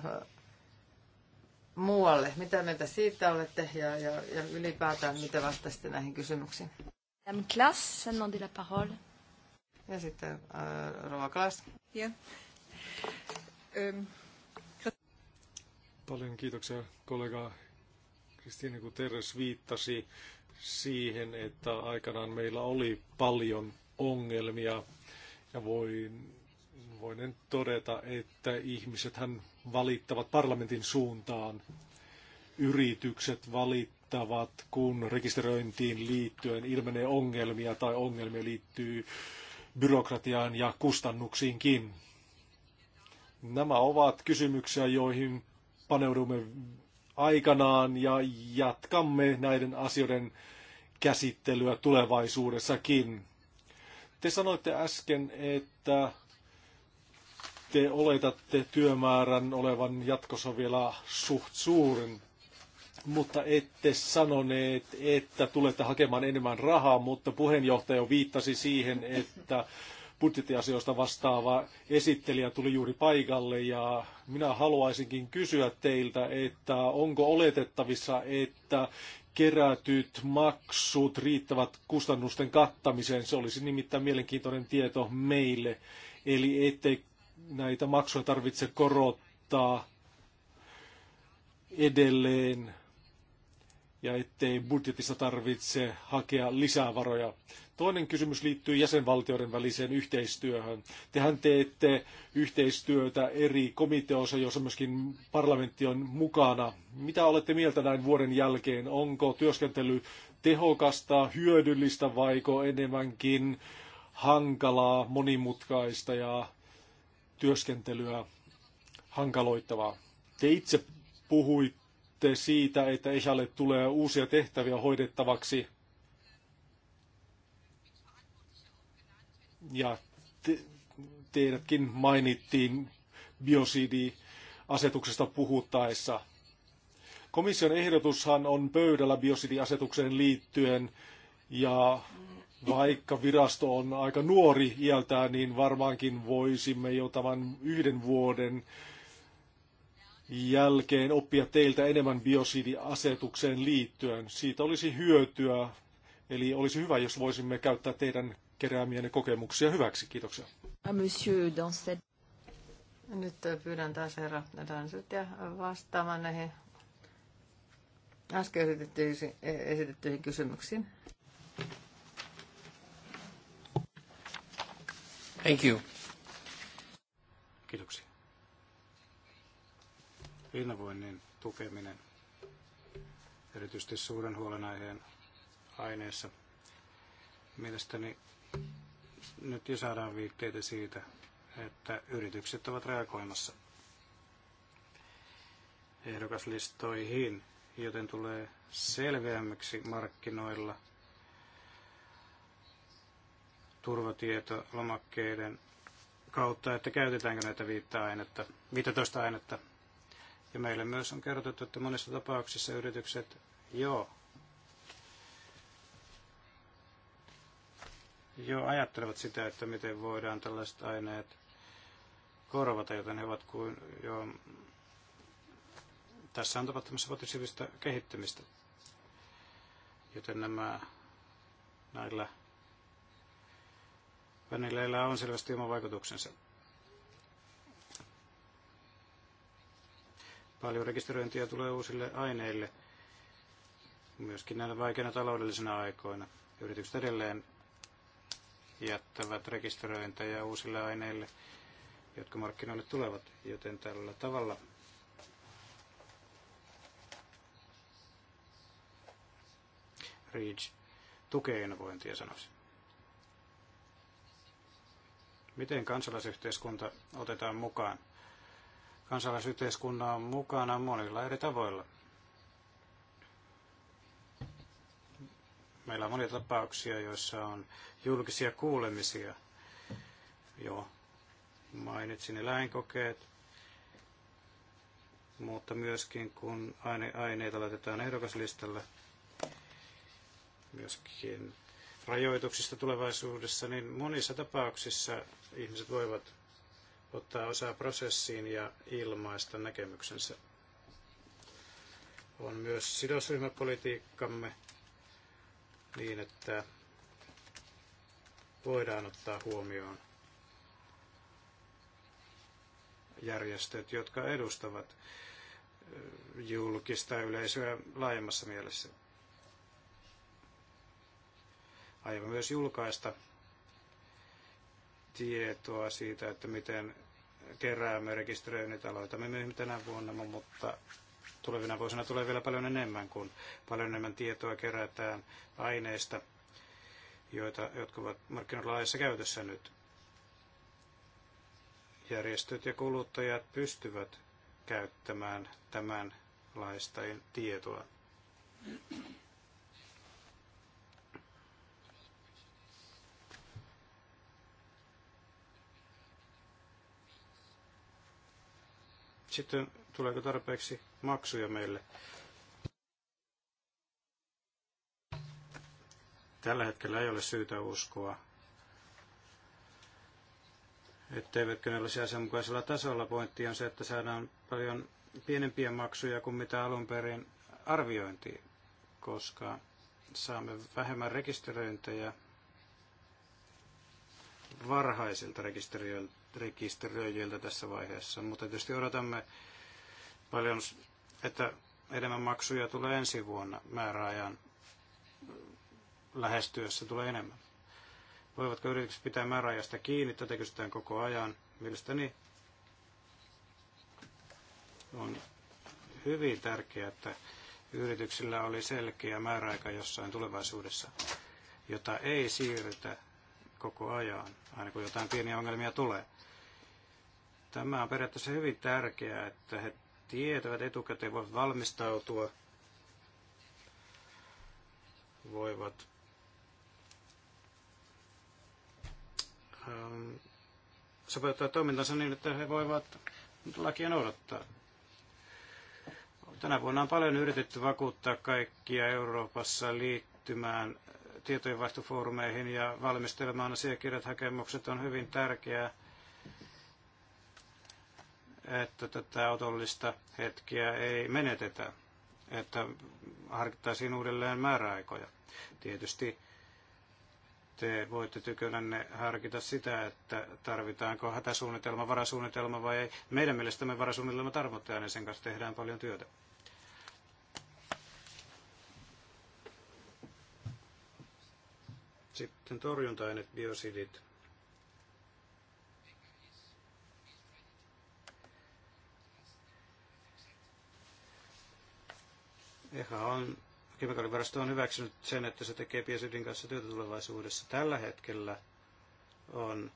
muualle. Mitä mieltä siitä olette ja, ja, ja ylipäätään mitä vastaisitte näihin kysymyksiin? sen on la parole. Ja sitten äh, Rova Klas. Ja. Ähm,
paljon kiitoksia kollega Kristiina, kun Teres viittasi siihen, että aikanaan meillä oli paljon ongelmia ja voin, voinen todeta, että ihmiset hän valittavat parlamentin suuntaan. Yritykset valittavat, kun rekisteröintiin liittyen ilmenee ongelmia tai ongelmia liittyy äh, byrokratiaan ja kustannuksiinkin. Nämä ovat kysymyksiä, joihin paneudumme aikanaan ja jatkamme näiden asioiden käsittelyä tulevaisuudessakin. Te sanoitte äsken, että te oletatte työmäärän olevan jatkossa vielä suht suurin mutta ette sanoneet, että tulette hakemaan enemmän rahaa, mutta puheenjohtaja viittasi siihen, että budjettiasioista vastaava esittelijä tuli juuri paikalle ja minä haluaisinkin kysyä teiltä, että onko oletettavissa, että kerätyt maksut riittävät kustannusten kattamiseen. Se olisi nimittäin mielenkiintoinen tieto meille. Eli ettei näitä maksuja tarvitse korottaa edelleen ja ettei budjetissa tarvitse hakea lisää varoja. Toinen kysymys liittyy jäsenvaltioiden väliseen yhteistyöhön. Tehän teette yhteistyötä eri komiteoissa, joissa myöskin parlamentti on mukana. Mitä olette mieltä näin vuoden jälkeen? Onko työskentely tehokasta, hyödyllistä vaiko enemmänkin hankalaa, monimutkaista ja työskentelyä hankaloittavaa? Te itse puhuitte puhuitte siitä, että Esalle tulee uusia tehtäviä hoidettavaksi. Ja te, teidätkin mainittiin biosidiasetuksesta puhuttaessa. Komission ehdotushan on pöydällä biosidiasetukseen liittyen ja vaikka virasto on aika nuori iältään, niin varmaankin voisimme jo tämän yhden vuoden jälkeen oppia teiltä enemmän biosidiasetukseen liittyen. Siitä olisi hyötyä, eli olisi hyvä, jos voisimme käyttää teidän keräämienne kokemuksia hyväksi. Kiitoksia.
Ah, monsieur Nyt pyydän taas herra Danset ja vastaamaan näihin äsken esitettyihin, esitettyihin kysymyksiin.
Thank you. Kiitoksia innovoinnin tukeminen, erityisesti suuren huolenaiheen aineessa. Mielestäni nyt jo saadaan viitteitä siitä, että yritykset ovat reagoimassa ehdokaslistoihin, joten tulee selveämmäksi markkinoilla turvatieto lomakkeiden kautta, että käytetäänkö näitä viittaa ainetta, 15 ainetta ja meille myös on kerrottu, että monissa tapauksissa yritykset jo, jo ajattelevat sitä, että miten voidaan tällaiset aineet korvata, joten he ovat kuin jo... Tässä on tapahtumassa positiivista kehittymistä, joten nämä näillä välineillä on selvästi oma vaikutuksensa. Paljon rekisteröintiä tulee uusille aineille, myöskin näillä vaikeina taloudellisina aikoina. Yritykset edelleen jättävät rekisteröintejä uusille aineille, jotka markkinoille tulevat, joten tällä tavalla REACH tukee innovointia, sanoisin. Miten kansalaisyhteiskunta otetaan mukaan? kansalaisyhteiskunnan mukana monilla eri tavoilla. Meillä on monia tapauksia, joissa on julkisia kuulemisia. Jo mainitsin eläinkokeet, mutta myöskin kun aine- aineita laitetaan ehdokaslistalle, myöskin rajoituksista tulevaisuudessa, niin monissa tapauksissa ihmiset voivat ottaa osaa prosessiin ja ilmaista näkemyksensä. On myös sidosryhmäpolitiikkamme niin, että voidaan ottaa huomioon järjestöt, jotka edustavat julkista yleisöä laajemmassa mielessä. Aivan myös julkaista tietoa siitä, että miten keräämme, rekisteröinnit Me myöhemmin tänä vuonna, mutta tulevina vuosina tulee vielä paljon enemmän, kun paljon enemmän tietoa kerätään aineista, joita, jotka ovat markkinoilla käytössä nyt. Järjestöt ja kuluttajat pystyvät käyttämään tämän laista tietoa. Sitten tuleeko tarpeeksi maksuja meille? Tällä hetkellä ei ole syytä uskoa, etteivätkö ne olisi asianmukaisella tasolla. Pointti on se, että saadaan paljon pienempiä maksuja kuin mitä alun perin arviointiin, koska saamme vähemmän rekisteröintejä varhaisilta rekisteröiltä rekisteröijiltä tässä vaiheessa. Mutta tietysti odotamme paljon, että enemmän maksuja tulee ensi vuonna määräajan lähestyessä tulee enemmän. Voivatko yritykset pitää määräajasta kiinni? Tätä kysytään koko ajan. Mielestäni on hyvin tärkeää, että yrityksillä oli selkeä määräaika jossain tulevaisuudessa, jota ei siirretä koko ajan, aina kun jotain pieniä ongelmia tulee. Tämä on periaatteessa hyvin tärkeää, että he tietävät etukäteen, voivat valmistautua, voivat ähm, sopeuttaa toimintansa niin, että he voivat lakia noudattaa. Tänä vuonna on paljon yritetty vakuuttaa kaikkia Euroopassa liittymään tietojenvaihtofoorumeihin ja valmistelemaan asiakirjat, hakemukset on hyvin tärkeää että tätä otollista hetkeä ei menetetä, että harkittaisiin uudelleen määräaikoja. Tietysti te voitte tykönänne harkita sitä, että tarvitaanko hätäsuunnitelma, varasuunnitelma vai ei. Meidän mielestämme varasuunnitelma tarvitaan ja sen kanssa tehdään paljon työtä. Sitten torjunta-aineet, biosidit. Eka on kemikaalivarasto on hyväksynyt sen, että se tekee piesydin kanssa työtä tulevaisuudessa. Tällä hetkellä on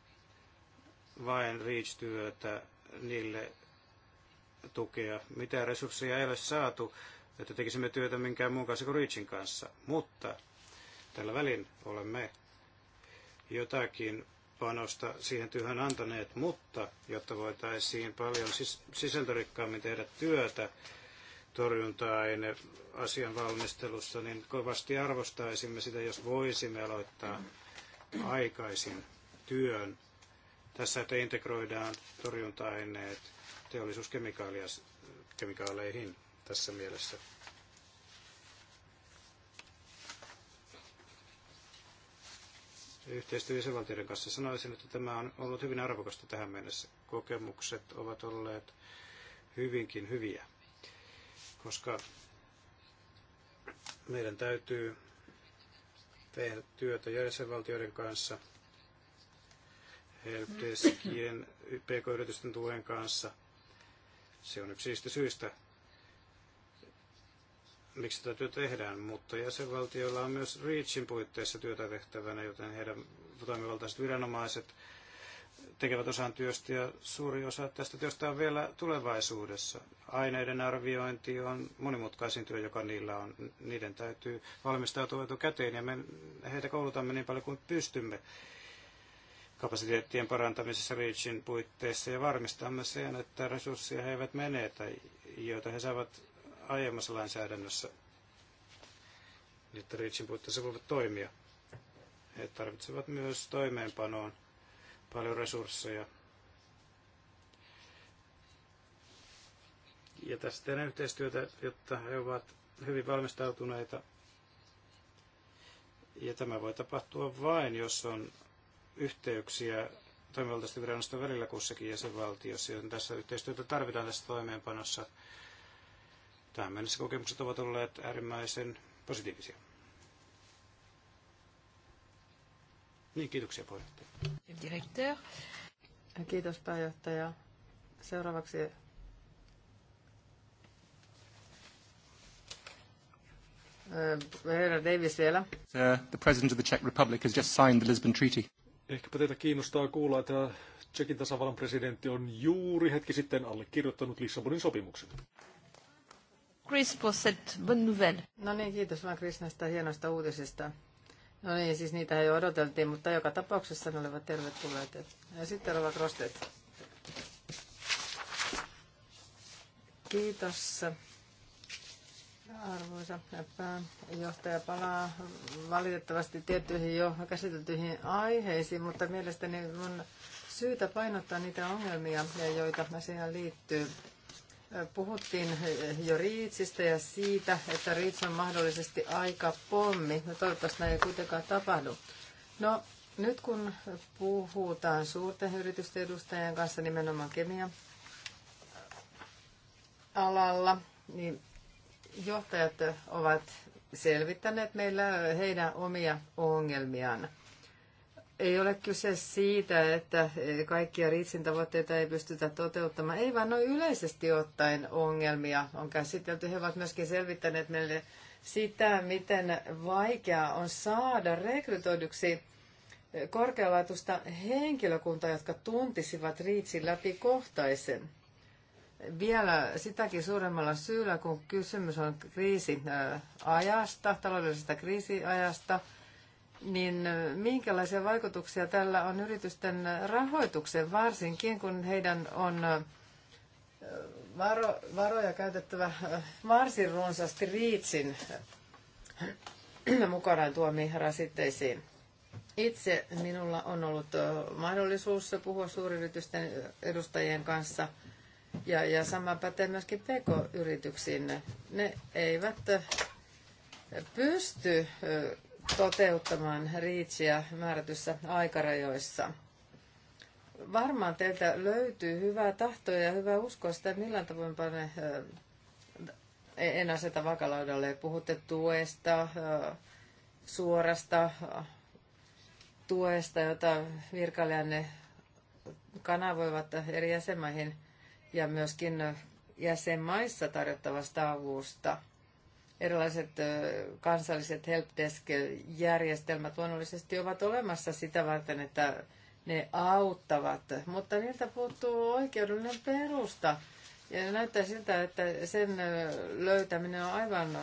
vain REACH-työtä niille tukea. Mitä resursseja ei ole saatu, että tekisimme työtä minkään muun kanssa kuin REACHin kanssa. Mutta tällä välin olemme jotakin panosta siihen työhön antaneet, mutta jotta voitaisiin paljon sis- sisältörikkaammin tehdä työtä, torjunta-aine asian valmistelussa, niin kovasti arvostaisimme sitä, jos voisimme aloittaa aikaisin työn tässä, että integroidaan torjunta-aineet teollisuuskemikaaleihin tässä mielessä. Yhteistyö jäsenvaltioiden kanssa sanoisin, että tämä on ollut hyvin arvokasta tähän mennessä. Kokemukset ovat olleet hyvinkin hyviä koska meidän täytyy tehdä työtä jäsenvaltioiden kanssa, helpdeskien, pk-yritysten tuen kanssa. Se on yksi niistä syistä, miksi tätä työtä tehdään, mutta jäsenvaltioilla on myös REACHin puitteissa työtä tehtävänä, joten heidän toimivaltaiset viranomaiset tekevät osan työstä ja suuri osa tästä työstä on vielä tulevaisuudessa. Aineiden arviointi on monimutkaisin työ, joka niillä on. Niiden täytyy valmistautua etukäteen ja me heitä koulutamme niin paljon kuin pystymme kapasiteettien parantamisessa REACHin puitteissa ja varmistamme sen, että resursseja he eivät menetä, joita he saavat aiemmassa lainsäädännössä, niin että REACHin puitteissa voivat toimia. He tarvitsevat myös toimeenpanoon paljon resursseja. Ja tässä tehdään yhteistyötä, jotta he ovat hyvin valmistautuneita. Ja tämä voi tapahtua vain, jos on yhteyksiä toimivaltaisten viranomaisten välillä kussakin jäsenvaltiossa, joten tässä yhteistyötä tarvitaan tässä toimeenpanossa. Tähän mennessä kokemukset ovat olleet äärimmäisen positiivisia. Niin, kiitoksia
puheenjohtaja. Kiitos pääjohtaja. Seuraavaksi Herra Davis vielä.
The President of the Czech Republic has just signed the Lisbon Treaty.
Ehkäpä teitä kiinnostaa kuulla, että Tsekin tasavallan presidentti on juuri hetki sitten allekirjoittanut Lissabonin sopimuksen.
Chris Posset, bonne nouvelle. No niin, kiitos vaan Chris näistä hienoista uutisista. No niin, siis niitä jo odoteltiin, mutta joka tapauksessa ne olivat tervetulleet. Ja sitten olivat rosteet. Kiitos. Arvoisa pääjohtaja palaa valitettavasti tiettyihin jo käsiteltyihin aiheisiin, mutta mielestäni on syytä painottaa niitä ongelmia, joita siihen liittyy. Puhuttiin jo Riitsistä ja siitä, että Riits on mahdollisesti aika pommi. No, toivottavasti näin ei kuitenkaan tapahdu. No, nyt kun puhutaan suurten yritysten edustajien kanssa nimenomaan kemian alalla, niin johtajat ovat selvittäneet meillä heidän omia ongelmiaan ei ole kyse siitä, että eh, kaikkia Riitsin tavoitteita ei pystytä toteuttamaan. Ei vaan noin yleisesti ottaen ongelmia on käsitelty. He ovat myöskin selvittäneet meille sitä, miten vaikeaa on saada rekrytoiduksi eh, korkealaatuista henkilökuntaa, jotka tuntisivat Riitsin läpi kohtaisen. Vielä sitäkin suuremmalla syyllä, kun kysymys on kriisiajasta, eh, taloudellisesta kriisiajasta – niin minkälaisia vaikutuksia tällä on yritysten rahoitukseen, varsinkin kun heidän on varo, varoja käytettävä varsin runsaasti riitsin mukanaan tuomiin rasitteisiin. Itse minulla on ollut mahdollisuus puhua suuryritysten edustajien kanssa ja, ja sama pätee myöskin pk-yrityksiin. Ne eivät pysty toteuttamaan riitsiä määrätyssä aikarajoissa. Varmaan teiltä löytyy hyvää tahtoa ja hyvää uskoa sitä, millään tavoin panne, e- en aseta vakalaudalle. Puhutte tuesta, suorasta tuesta, jota virkailijanne kanavoivat eri jäsenmaihin ja myöskin jäsenmaissa tarjottavasta avusta – erilaiset kansalliset helpdesk-järjestelmät luonnollisesti ovat olemassa sitä varten, että ne auttavat, mutta niiltä puuttuu oikeudellinen perusta. Ja näyttää siltä, että sen löytäminen on aivan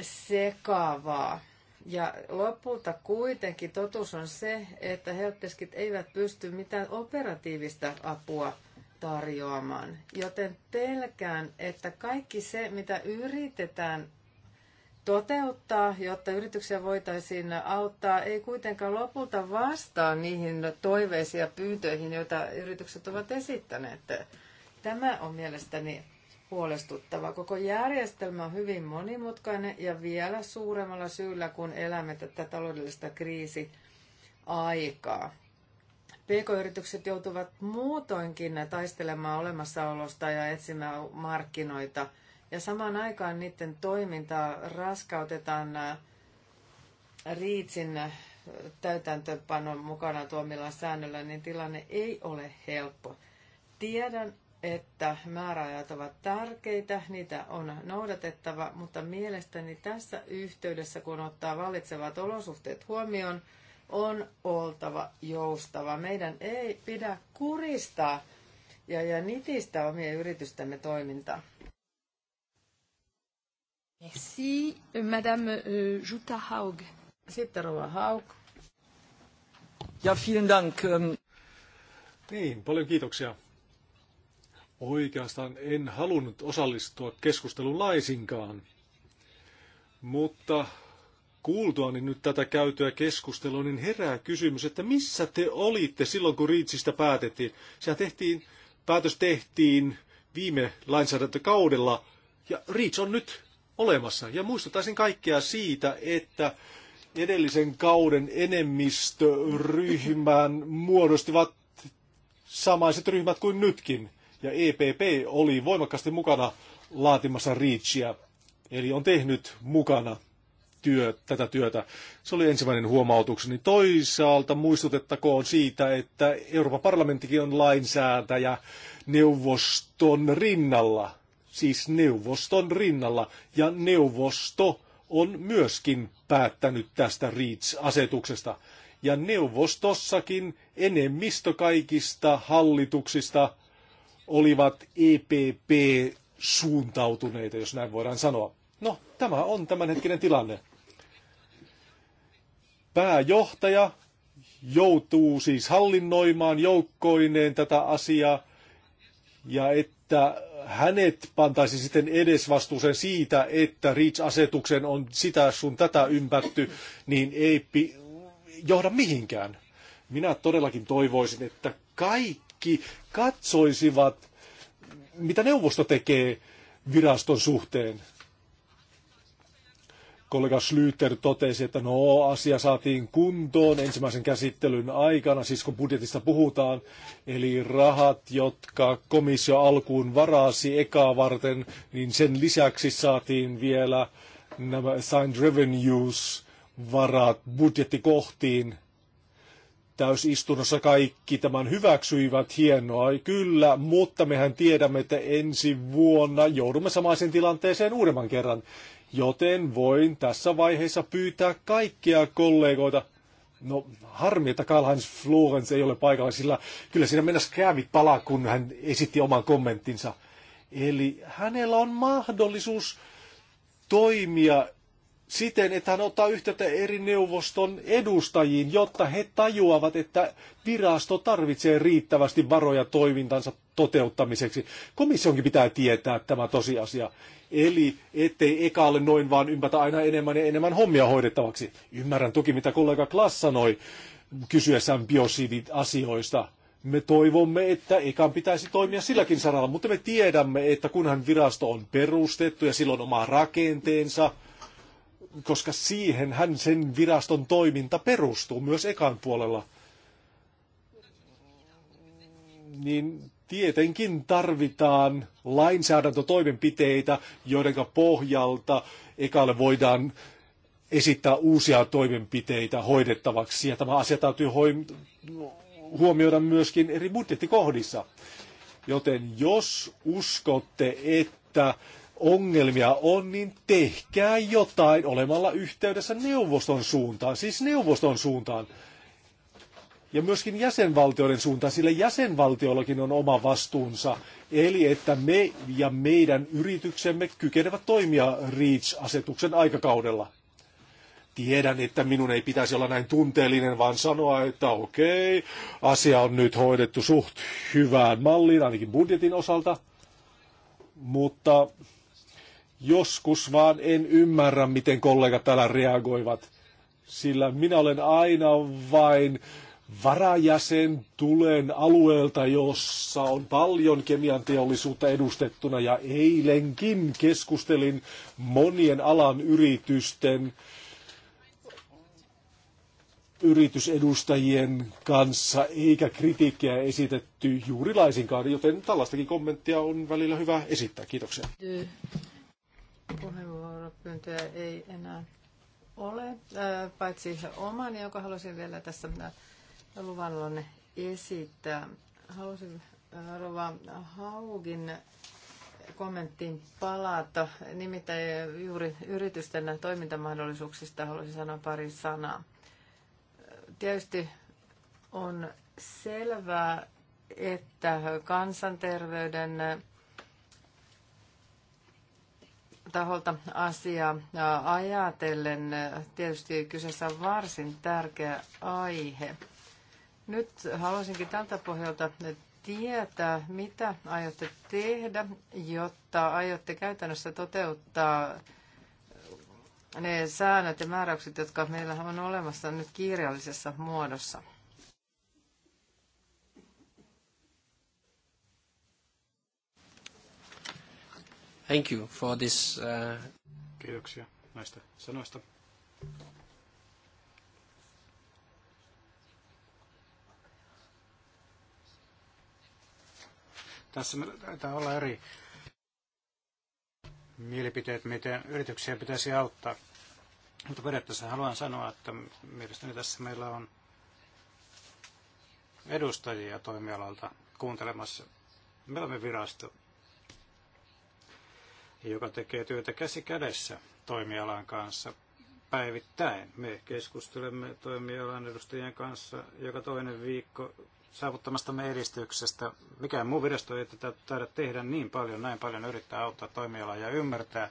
sekavaa. Ja lopulta kuitenkin totuus on se, että helpdeskit eivät pysty mitään operatiivista apua tarjoamaan. Joten pelkään, että kaikki se, mitä yritetään toteuttaa, jotta yrityksiä voitaisiin auttaa, ei kuitenkaan lopulta vastaa niihin toiveisiin ja pyyntöihin, joita yritykset ovat esittäneet. Tämä on mielestäni huolestuttava. Koko järjestelmä on hyvin monimutkainen ja vielä suuremmalla syyllä, kun elämme tätä taloudellista kriisiaikaa. PK-yritykset joutuvat muutoinkin taistelemaan olemassaolosta ja etsimään markkinoita. Ja samaan aikaan niiden toimintaa raskautetaan äh, Riitsin äh, täytäntöpanon mukana tuomilla säännöillä, niin tilanne ei ole helppo. Tiedän, että määräajat ovat tärkeitä, niitä on noudatettava, mutta mielestäni tässä yhteydessä, kun ottaa vallitsevat olosuhteet huomioon, on oltava joustava. Meidän ei pidä kuristaa ja, ja nitistä omien yritystemme toimintaa. Merci, Madame euh, Jutta Haug. Sitten Rova Haug.
Ja, vielen Dank. Ähm. Niin, paljon kiitoksia. Oikeastaan en halunnut osallistua keskusteluun laisinkaan, mutta Kuultuani niin nyt tätä käytyä keskustelua, niin herää kysymys, että missä te olitte silloin, kun Riitsistä päätettiin? Sehän tehtiin, päätös tehtiin viime lainsäädäntökaudella, ja Riits on nyt olemassa. Ja muistuttaisin kaikkea siitä, että edellisen kauden enemmistöryhmän muodostivat samaiset ryhmät kuin nytkin. Ja EPP oli voimakkaasti mukana laatimassa Riitsiä, eli on tehnyt mukana – työ, tätä työtä. Se oli ensimmäinen huomautukseni. Toisaalta muistutettakoon siitä, että Euroopan parlamenttikin on lainsäätäjä neuvoston rinnalla. Siis neuvoston rinnalla. Ja neuvosto on myöskin päättänyt tästä REACH-asetuksesta. Ja neuvostossakin enemmistö kaikista hallituksista olivat EPP suuntautuneita, jos näin voidaan sanoa. No, tämä on tämänhetkinen tilanne. Pääjohtaja joutuu siis hallinnoimaan joukkoineen tätä asiaa ja että hänet pantaisi sitten edesvastuuseen siitä, että REACH-asetuksen on sitä sun tätä ympätty, niin ei pi- johda mihinkään. Minä todellakin toivoisin, että kaikki katsoisivat, mitä neuvosto tekee viraston suhteen kollega Schlüter totesi, että no asia saatiin kuntoon ensimmäisen käsittelyn aikana, siis kun budjetista puhutaan, eli rahat, jotka komissio alkuun varasi ekaa varten, niin sen lisäksi saatiin vielä nämä signed revenues varat budjettikohtiin. Täysistunnossa kaikki tämän hyväksyivät, hienoa kyllä, mutta mehän tiedämme, että ensi vuonna joudumme samaiseen tilanteeseen uudemman kerran. Joten voin tässä vaiheessa pyytää kaikkia kollegoita, no harmi, että Karl-Heinz Florence ei ole paikalla, sillä kyllä siinä mennä kävi palaa, kun hän esitti oman kommenttinsa. Eli hänellä on mahdollisuus toimia siten, että hän ottaa yhteyttä eri neuvoston edustajiin, jotta he tajuavat, että virasto tarvitsee riittävästi varoja toimintansa toteuttamiseksi. Komissionkin pitää tietää tämä tosiasia. Eli ettei eka ole noin vaan ympätä aina enemmän ja enemmän hommia hoidettavaksi. Ymmärrän toki, mitä kollega Klass sanoi kysyessään biosidit-asioista. Me toivomme, että ekan pitäisi toimia silläkin saralla, mutta me tiedämme, että kunhan virasto on perustettu ja silloin oma rakenteensa, koska siihen hän sen viraston toiminta perustuu myös ekan puolella. Niin tietenkin tarvitaan lainsäädäntötoimenpiteitä, joiden pohjalta ekalle voidaan esittää uusia toimenpiteitä hoidettavaksi. Ja tämä asia täytyy huomioida myöskin eri budjettikohdissa. Joten jos uskotte, että ongelmia on, niin tehkää jotain olemalla yhteydessä neuvoston suuntaan, siis neuvoston suuntaan. Ja myöskin jäsenvaltioiden suuntaan, sillä jäsenvaltiollakin on oma vastuunsa. Eli että me ja meidän yrityksemme kykenevät toimia REACH-asetuksen aikakaudella. Tiedän, että minun ei pitäisi olla näin tunteellinen, vaan sanoa, että okei, asia on nyt hoidettu suht hyvään malliin, ainakin budjetin osalta. Mutta Joskus vaan en ymmärrä, miten kollegat täällä reagoivat, sillä minä olen aina vain varajäsen tulen alueelta, jossa on paljon kemian teollisuutta edustettuna ja eilenkin keskustelin monien alan yritysten yritysedustajien kanssa, eikä kritiikkiä esitetty juuri laisinkaan, joten tällaistakin kommenttia on välillä hyvä esittää. Kiitoksia.
Puheenvuoropyyntöjä ei enää ole, äh, paitsi omani, jonka halusin vielä tässä äh, luvallanne esittää. Halusin äh, Rova Haugin kommenttiin palata. Nimittäin juuri yritysten toimintamahdollisuuksista haluaisin sanoa pari sanaa. Tietysti on selvää, että kansanterveyden taholta asiaa ajatellen. Tietysti kyseessä on varsin tärkeä aihe. Nyt haluaisinkin tältä pohjalta tietää, mitä aiotte tehdä, jotta aiotte käytännössä toteuttaa ne säännöt ja määräykset, jotka meillä on olemassa nyt kirjallisessa muodossa.
Thank you for this. Uh... Kiitoksia näistä sanoista. Tässä me taitaa olla eri mielipiteet, miten yrityksiä pitäisi auttaa. Mutta periaatteessa haluan sanoa, että mielestäni tässä meillä on edustajia toimialalta kuuntelemassa. Me olemme virasto, joka tekee työtä käsi kädessä toimialan kanssa päivittäin. Me keskustelemme toimialan edustajien kanssa joka toinen viikko saavuttamastamme edistyksestä. Mikään muu virasto ei tätä taida tehdä niin paljon, näin paljon yrittää auttaa toimialaa ja ymmärtää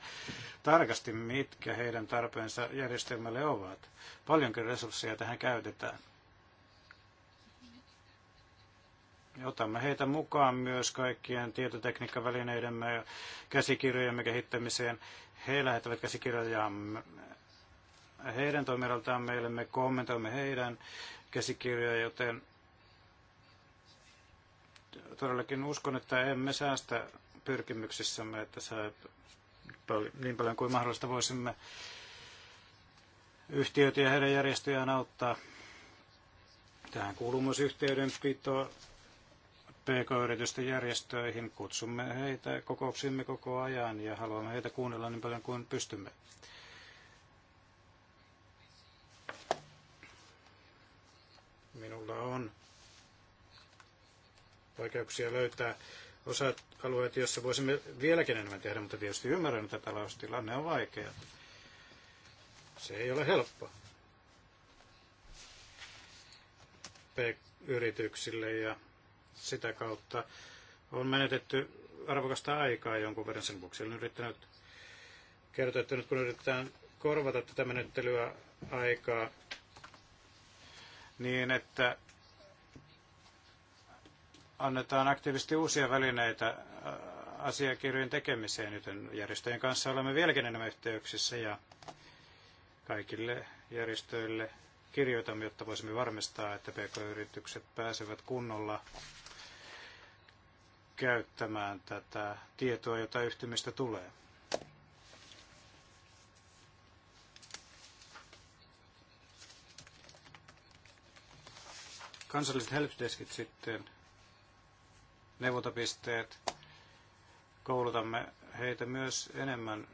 tarkasti, mitkä heidän tarpeensa järjestelmälle ovat. Paljonkin resursseja tähän käytetään. Otamme heitä mukaan myös kaikkien tietotekniikkavälineidemme ja käsikirjojemme kehittämiseen. He lähettävät käsikirjoja heidän toimialaltaan meille, me kommentoimme heidän käsikirjoja, joten todellakin uskon, että emme säästä pyrkimyksissämme, että sä niin paljon kuin mahdollista voisimme yhtiöt ja heidän järjestöjään auttaa. Tähän kuuluu myös yhteydenpito PK-yritysten järjestöihin. Kutsumme heitä kokouksimme koko ajan ja haluamme heitä kuunnella niin paljon kuin pystymme. Minulla on vaikeuksia löytää osat alueet, joissa voisimme vieläkin enemmän tehdä, mutta tietysti ymmärrän, että taloustilanne on vaikea. Se ei ole helppoa yrityksille ja sitä kautta on menetetty arvokasta aikaa jonkun verran sen vuoksi. Olen yrittänyt kertoa, että nyt kun yritetään korvata tätä menettelyä aikaa niin, että annetaan aktiivisesti uusia välineitä äh, asiakirjojen tekemiseen, joten järjestöjen kanssa olemme vieläkin enemmän yhteyksissä ja kaikille järjestöille kirjoitamme, jotta voisimme varmistaa, että pk-yritykset pääsevät kunnolla käyttämään tätä tietoa, jota yhtymistä tulee. Kansalliset helpdeskit sitten, neuvontapisteet, koulutamme heitä myös enemmän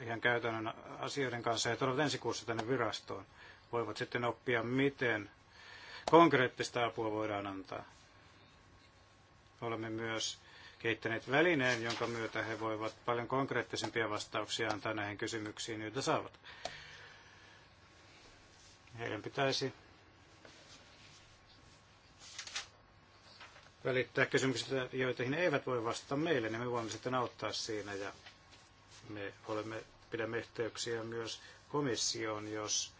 ihan käytännön asioiden kanssa ja tulevat ensi kuussa tänne virastoon. Voivat sitten oppia, miten konkreettista apua voidaan antaa. Olemme myös kehittäneet välineen, jonka myötä he voivat paljon konkreettisempia vastauksia antaa näihin kysymyksiin, joita saavat. Heidän pitäisi välittää kysymyksiä, joita he eivät voi vastata meille, niin me voimme sitten auttaa siinä ja me olemme, pidämme yhteyksiä myös komissioon, jos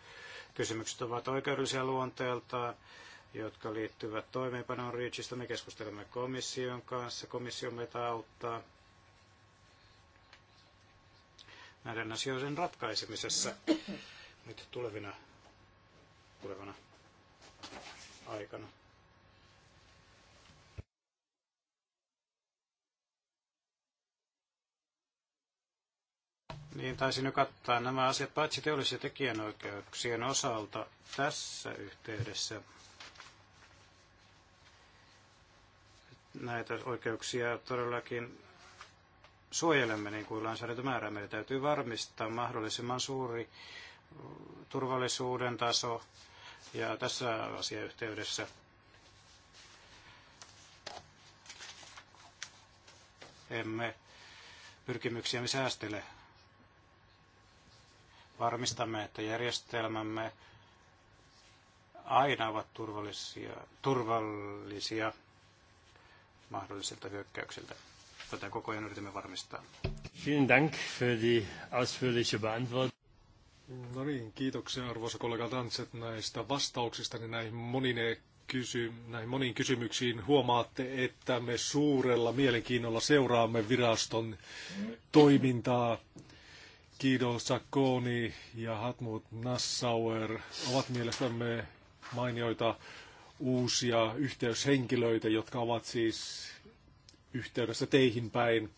kysymykset ovat oikeudellisia luonteeltaan, jotka liittyvät toimeenpanoon REACHista. Me keskustelemme komission kanssa, komissio meitä auttaa näiden asioiden ratkaisemisessa nyt tulevina, tulevana aikana. Niin taisin jo kattaa nämä asiat paitsi teollisia tekijänoikeuksien osalta tässä yhteydessä. Näitä oikeuksia todellakin suojelemme, niin kuin lainsäädäntö määrää. Meidän täytyy varmistaa mahdollisimman suuri turvallisuuden taso. Ja tässä asiayhteydessä emme pyrkimyksiämme säästele varmistamme, että järjestelmämme aina ovat turvallisia, turvallisia mahdollisilta hyökkäyksiltä. Tätä koko ajan yritämme varmistaa. Vielen Dank für die ausführliche Beantwortung. No niin, kiitoksia arvoisa kollega Tantset näistä
vastauksista niin näihin, monine kysy, näihin moniin kysymyksiin. Huomaatte, että me suurella mielenkiinnolla seuraamme viraston toimintaa Guido Sacconi ja Hartmut Nassauer ovat mielestämme mainioita uusia yhteyshenkilöitä, jotka ovat siis yhteydessä teihin päin.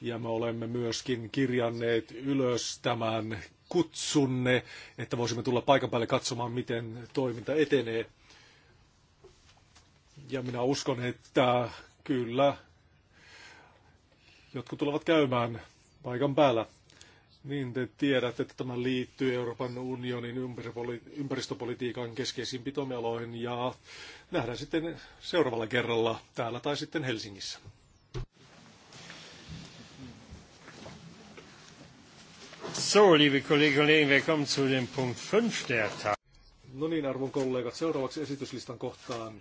Ja me olemme myöskin kirjanneet ylös tämän kutsunne, että voisimme tulla paikan päälle katsomaan, miten toiminta etenee. Ja minä uskon, että kyllä jotkut tulevat käymään paikan päällä. Niin te tiedätte, että tämä liittyy Euroopan unionin ympäristöpolitiikan keskeisiin pitomialoihin ja nähdään sitten seuraavalla kerralla täällä tai sitten Helsingissä.
So, liebe Kolleginnen und Kollegen, zu dem Punkt 5 der Tag.
No niin, arvon kollegat, seuraavaksi esityslistan kohtaan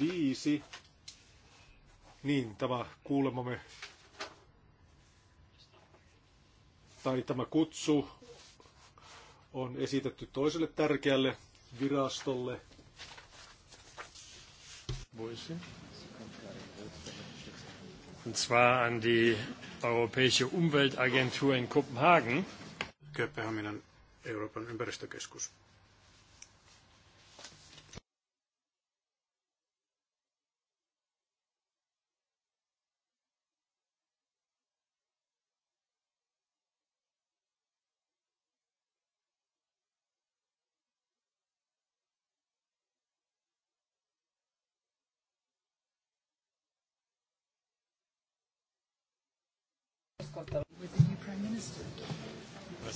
viisi. Niin, tämä kuulemamme tai tämä kutsu on esitetty toiselle tärkeälle virastolle. Voisi.
Und zwar an die Europäische Umweltagentur in Kopenhagen. Kööpenhaminan Euroopan ympäristökeskus.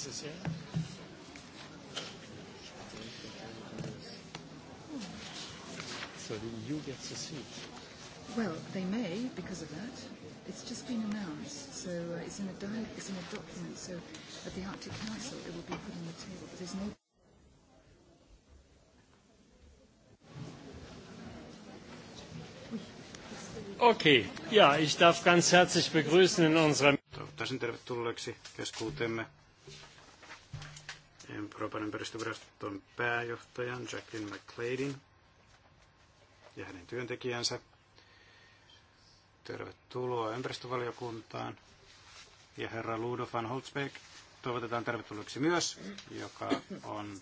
Okei, So the EU gets a seat.
Well, they may because of that. It's just been announced, so uh, it's in a di- it's in a document. So at the Arctic Council, it will be put on the table. But there's no.
Okay,
ja, ich darf ganz herzlich begrüßen in unserem...
tervetulleeksi keskuuteemme Euroopan ympäristöviraston pääjohtajan Jacqueline McCladin ja hänen työntekijänsä. Tervetuloa ympäristövaliokuntaan. Ja herra Ludo van Holtzbeek toivotetaan tervetulleeksi myös, joka on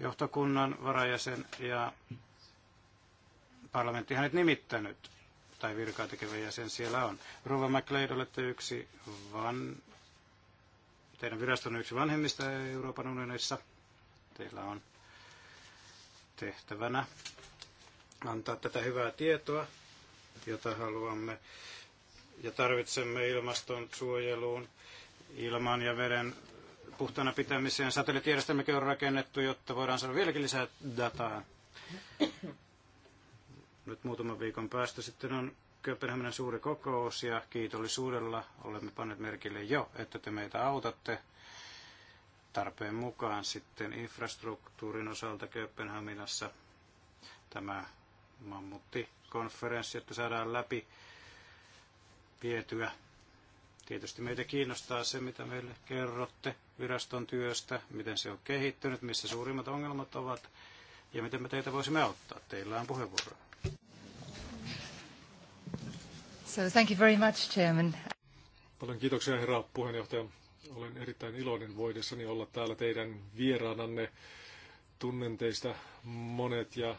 johtokunnan varajäsen ja parlamentti hänet nimittänyt tai virkaa tekevä jäsen siellä on. Rova McLeod, olette yksi van, Teidän viraston yksi vanhemmista Euroopan unionissa. Teillä on tehtävänä antaa tätä hyvää tietoa, jota haluamme ja tarvitsemme ilmaston suojeluun, ilman ja veden puhtana pitämiseen. Satelliittijärjestelmäkin on rakennettu, jotta voidaan saada vieläkin lisää dataa. Nyt muutaman viikon päästä sitten on Kööpenhaminan suuri kokous ja kiitollisuudella olemme panneet merkille jo, että te meitä autatte tarpeen mukaan sitten infrastruktuurin osalta Kööpenhaminassa tämä mammuttikonferenssi, että saadaan läpi vietyä. Tietysti meitä kiinnostaa se, mitä meille kerrotte viraston työstä, miten se on kehittynyt, missä suurimmat ongelmat ovat ja miten me teitä voisimme auttaa. Teillä on puheenvuoroja.
So thank you very much, Chairman.
Paljon kiitoksia, herra
puheenjohtaja. Olen erittäin iloinen voidessani olla täällä teidän vieraananne. Tunnen teistä monet ja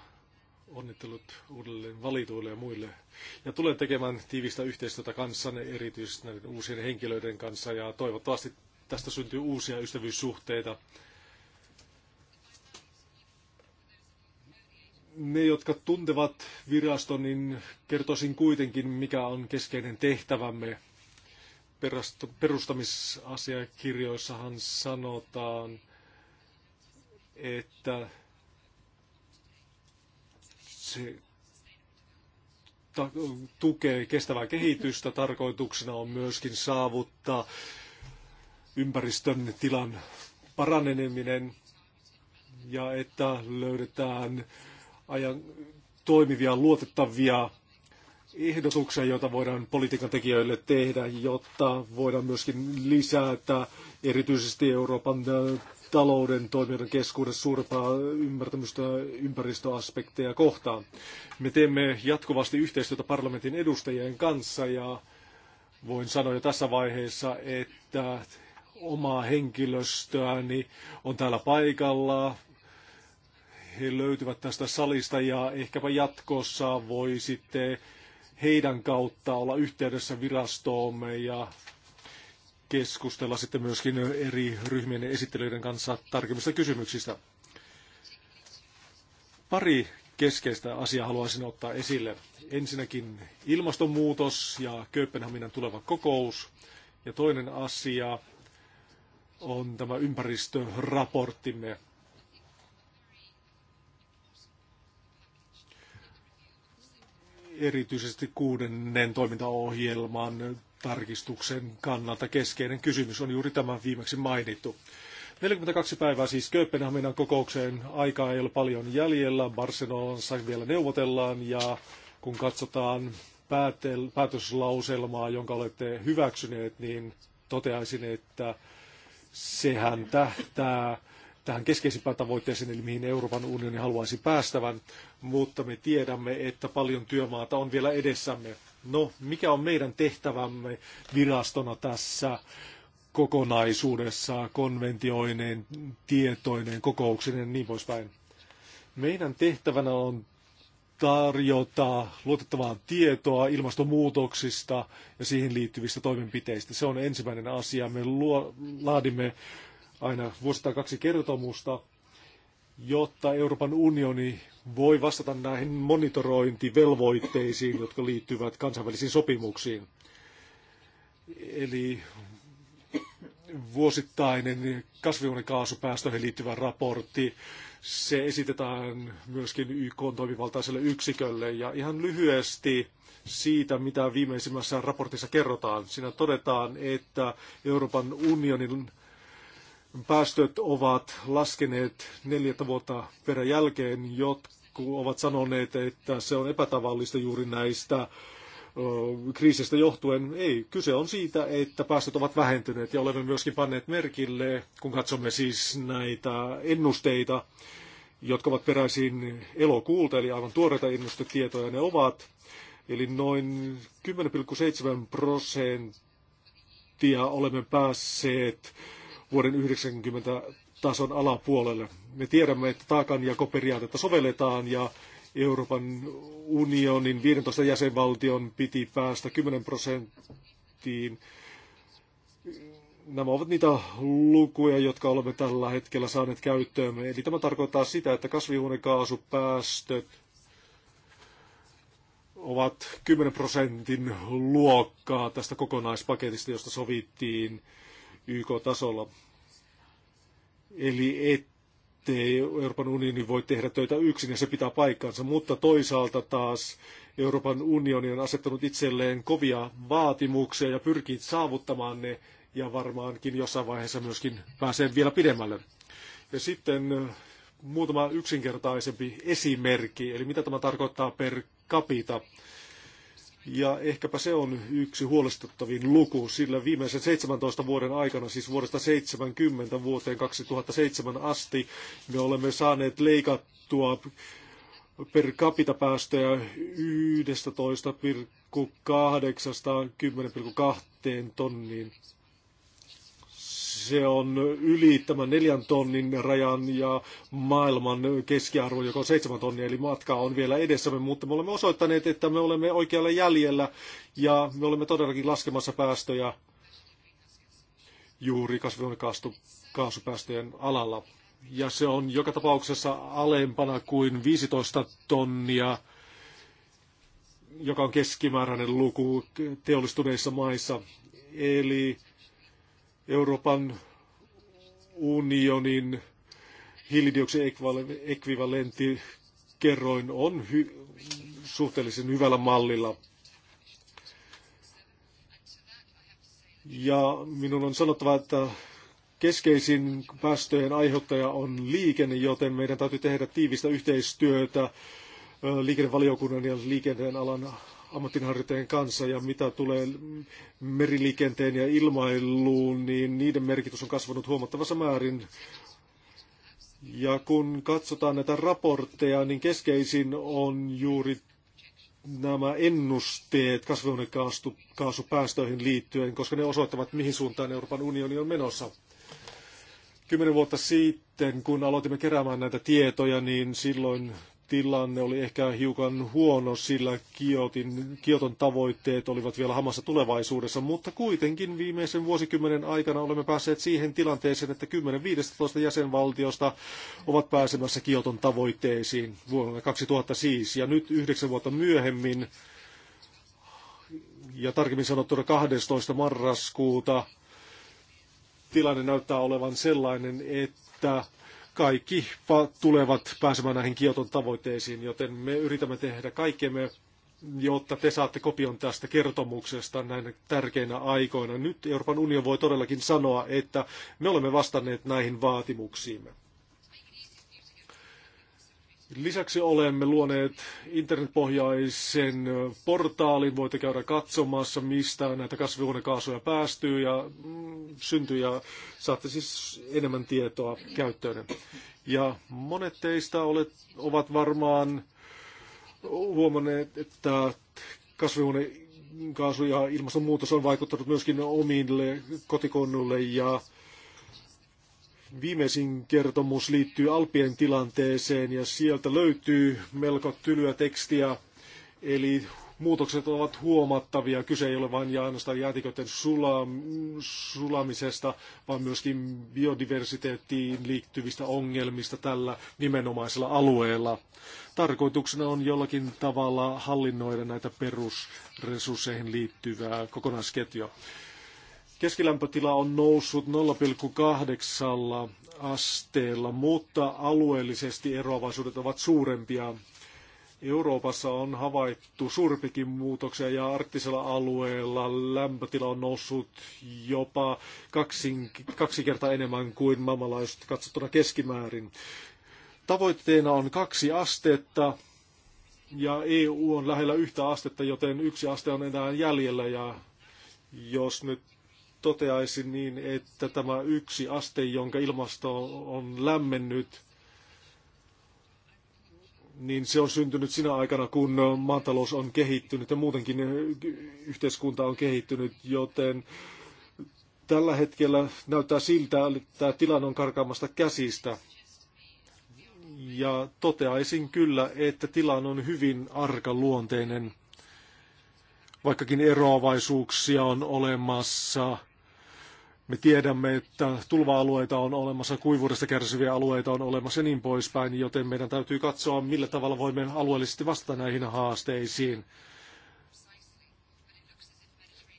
onnittelut uudelleen valituille ja muille. Ja tulen tekemään tiivistä yhteistyötä kanssanne, erityisesti näiden uusien henkilöiden kanssa, ja toivottavasti tästä syntyy uusia ystävyyssuhteita. ne, jotka tuntevat viraston, niin kertoisin kuitenkin, mikä on keskeinen tehtävämme. Perustamisasiakirjoissahan sanotaan, että se tukee kestävää kehitystä. Tarkoituksena on myöskin saavuttaa ympäristön tilan paraneneminen ja että löydetään ajan toimivia, luotettavia ehdotuksia, joita voidaan politiikan tekijöille tehdä, jotta voidaan myöskin lisätä erityisesti Euroopan äh, talouden toimijoiden keskuudessa suurempaa ymmärtämystä ympäristöaspekteja kohtaan. Me teemme jatkuvasti yhteistyötä parlamentin edustajien kanssa ja voin sanoa jo tässä vaiheessa, että omaa henkilöstöäni on täällä paikalla he löytyvät tästä salista ja ehkäpä jatkossa voi sitten heidän kautta olla yhteydessä virastoomme ja keskustella sitten myöskin eri ryhmien esittelyiden kanssa tarkemmista kysymyksistä. Pari keskeistä asiaa haluaisin ottaa esille. Ensinnäkin ilmastonmuutos ja Kööpenhaminan tuleva kokous. Ja toinen asia on tämä ympäristöraporttimme erityisesti kuudennen toimintaohjelman tarkistuksen kannalta keskeinen kysymys on juuri tämä viimeksi mainittu. 42 päivää siis Kööpenhaminan kokoukseen. Aikaa ei ole paljon jäljellä. Barcelonassa vielä neuvotellaan ja kun katsotaan päätel, päätöslauselmaa, jonka olette hyväksyneet, niin toteaisin, että sehän tähtää tähän keskeisimpään tavoitteeseen, eli mihin Euroopan unioni haluaisi päästävän, mutta me tiedämme, että paljon työmaata on vielä edessämme. No, mikä on meidän tehtävämme virastona tässä kokonaisuudessa, konventioineen, tietoineen, kokouksinen ja niin poispäin? Meidän tehtävänä on tarjota luotettavaa tietoa ilmastonmuutoksista ja siihen liittyvistä toimenpiteistä. Se on ensimmäinen asia. Me luo, laadimme aina vuosittain kaksi kertomusta, jotta Euroopan unioni voi vastata näihin monitorointivelvoitteisiin, jotka liittyvät kansainvälisiin sopimuksiin. Eli vuosittainen kasvihuonekaasupäästöihin liittyvä raportti, se esitetään myöskin YK toimivaltaiselle yksikölle. Ja ihan lyhyesti siitä, mitä viimeisimmässä raportissa kerrotaan. Siinä todetaan, että Euroopan unionin päästöt ovat laskeneet neljättä vuotta peräjälkeen, jotkut ovat sanoneet, että se on epätavallista juuri näistä kriisistä johtuen. Ei, kyse on siitä, että päästöt ovat vähentyneet ja olemme myöskin panneet merkille, kun katsomme siis näitä ennusteita, jotka ovat peräisin elokuulta, eli aivan tuoreita ennustetietoja ne ovat. Eli noin 10,7 prosenttia olemme päässeet vuoden 90 tason alapuolelle. Me tiedämme, että taakanjakoperiaatetta sovelletaan ja Euroopan unionin 15 jäsenvaltion piti päästä 10 prosenttiin. Nämä ovat niitä lukuja, jotka olemme tällä hetkellä saaneet käyttöömme. Eli tämä tarkoittaa sitä, että kasvihuonekaasupäästöt ovat 10 prosentin luokkaa tästä kokonaispaketista, josta sovittiin YK-tasolla. Eli ettei Euroopan unioni voi tehdä töitä yksin ja se pitää paikkansa, mutta toisaalta taas Euroopan unioni on asettanut itselleen kovia vaatimuksia ja pyrkii saavuttamaan ne ja varmaankin jossain vaiheessa myöskin pääsee vielä pidemmälle. Ja sitten muutama yksinkertaisempi esimerkki, eli mitä tämä tarkoittaa per capita. Ja ehkäpä se on yksi huolestuttavin luku, sillä viimeisen 17 vuoden aikana, siis vuodesta 70 vuoteen 2007 asti, me olemme saaneet leikattua per capita päästöjä 11,8-10,2 tonniin se on yli tämän neljän tonnin rajan ja maailman keskiarvo, joka on seitsemän tonnia, eli matkaa on vielä edessämme, mutta me olemme osoittaneet, että me olemme oikealla jäljellä ja me olemme todellakin laskemassa päästöjä juuri kasvihuonekaasupäästöjen alalla. Ja se on joka tapauksessa alempana kuin 15 tonnia joka on keskimääräinen luku teollistuneissa maissa. Eli Euroopan unionin hiilidioksidekvivalentti kerroin on hy- suhteellisen hyvällä mallilla. Ja minun on sanottava, että keskeisin päästöjen aiheuttaja on liikenne, joten meidän täytyy tehdä tiivistä yhteistyötä liikennevaliokunnan ja liikenteen alan ammattinharjoittajien kanssa ja mitä tulee meriliikenteen ja ilmailuun, niin niiden merkitys on kasvanut huomattavassa määrin. Ja kun katsotaan näitä raportteja, niin keskeisin on juuri nämä ennusteet kasvihuonekaasupäästöihin liittyen, koska ne osoittavat, mihin suuntaan Euroopan unioni on menossa. Kymmenen vuotta sitten, kun aloitimme keräämään näitä tietoja, niin silloin tilanne oli ehkä hiukan huono, sillä Kiotin, Kioton tavoitteet olivat vielä hamassa tulevaisuudessa, mutta kuitenkin viimeisen vuosikymmenen aikana olemme päässeet siihen tilanteeseen, että 10-15 jäsenvaltiosta ovat pääsemässä Kioton tavoitteisiin vuonna 2000 siis, ja nyt yhdeksän vuotta myöhemmin, ja tarkemmin sanottuna 12. marraskuuta, tilanne näyttää olevan sellainen, että kaikki tulevat pääsemään näihin Kioton tavoitteisiin, joten me yritämme tehdä kaikkemme, jotta te saatte kopion tästä kertomuksesta näinä tärkeinä aikoina. Nyt Euroopan unioni voi todellakin sanoa, että me olemme vastanneet näihin vaatimuksiimme. Lisäksi olemme luoneet internetpohjaisen portaalin. Voitte käydä katsomassa, mistä näitä kasvihuonekaasuja päästyy ja mm, syntyy ja saatte siis enemmän tietoa käyttöön. Ja monet teistä olet, ovat varmaan huomanneet, että kasvihuonekaasu ja ilmastonmuutos on vaikuttanut myöskin omille kotikonnulle ja Viimeisin kertomus liittyy Alpien tilanteeseen ja sieltä löytyy melko tylyä tekstiä, eli muutokset ovat huomattavia. Kyse ei ole vain ja ainoastaan jäätiköiden sulamisesta, vaan myöskin biodiversiteettiin liittyvistä ongelmista tällä nimenomaisella alueella. Tarkoituksena on jollakin tavalla hallinnoida näitä perusresursseihin liittyvää kokonaisketjua. Keskilämpötila on noussut 0,8 asteella, mutta alueellisesti eroavaisuudet ovat suurempia. Euroopassa on havaittu suurempikin muutoksia ja arktisella alueella lämpötila on noussut jopa kaksi kertaa enemmän kuin maailmanlaajuisesti katsottuna keskimäärin. Tavoitteena on kaksi astetta ja EU on lähellä yhtä astetta, joten yksi aste on enää jäljellä ja jos nyt toteaisin niin, että tämä yksi aste, jonka ilmasto on lämmennyt, niin se on syntynyt sinä aikana, kun maatalous on kehittynyt ja muutenkin yhteiskunta on kehittynyt, joten tällä hetkellä näyttää siltä, että tilanne on karkaamasta käsistä. Ja toteaisin kyllä, että tilanne on hyvin arkaluonteinen, vaikkakin eroavaisuuksia on olemassa – me tiedämme, että tulva-alueita on olemassa, kuivuudesta kärsiviä alueita on olemassa ja niin poispäin, joten meidän täytyy katsoa, millä tavalla voimme alueellisesti vastata näihin haasteisiin.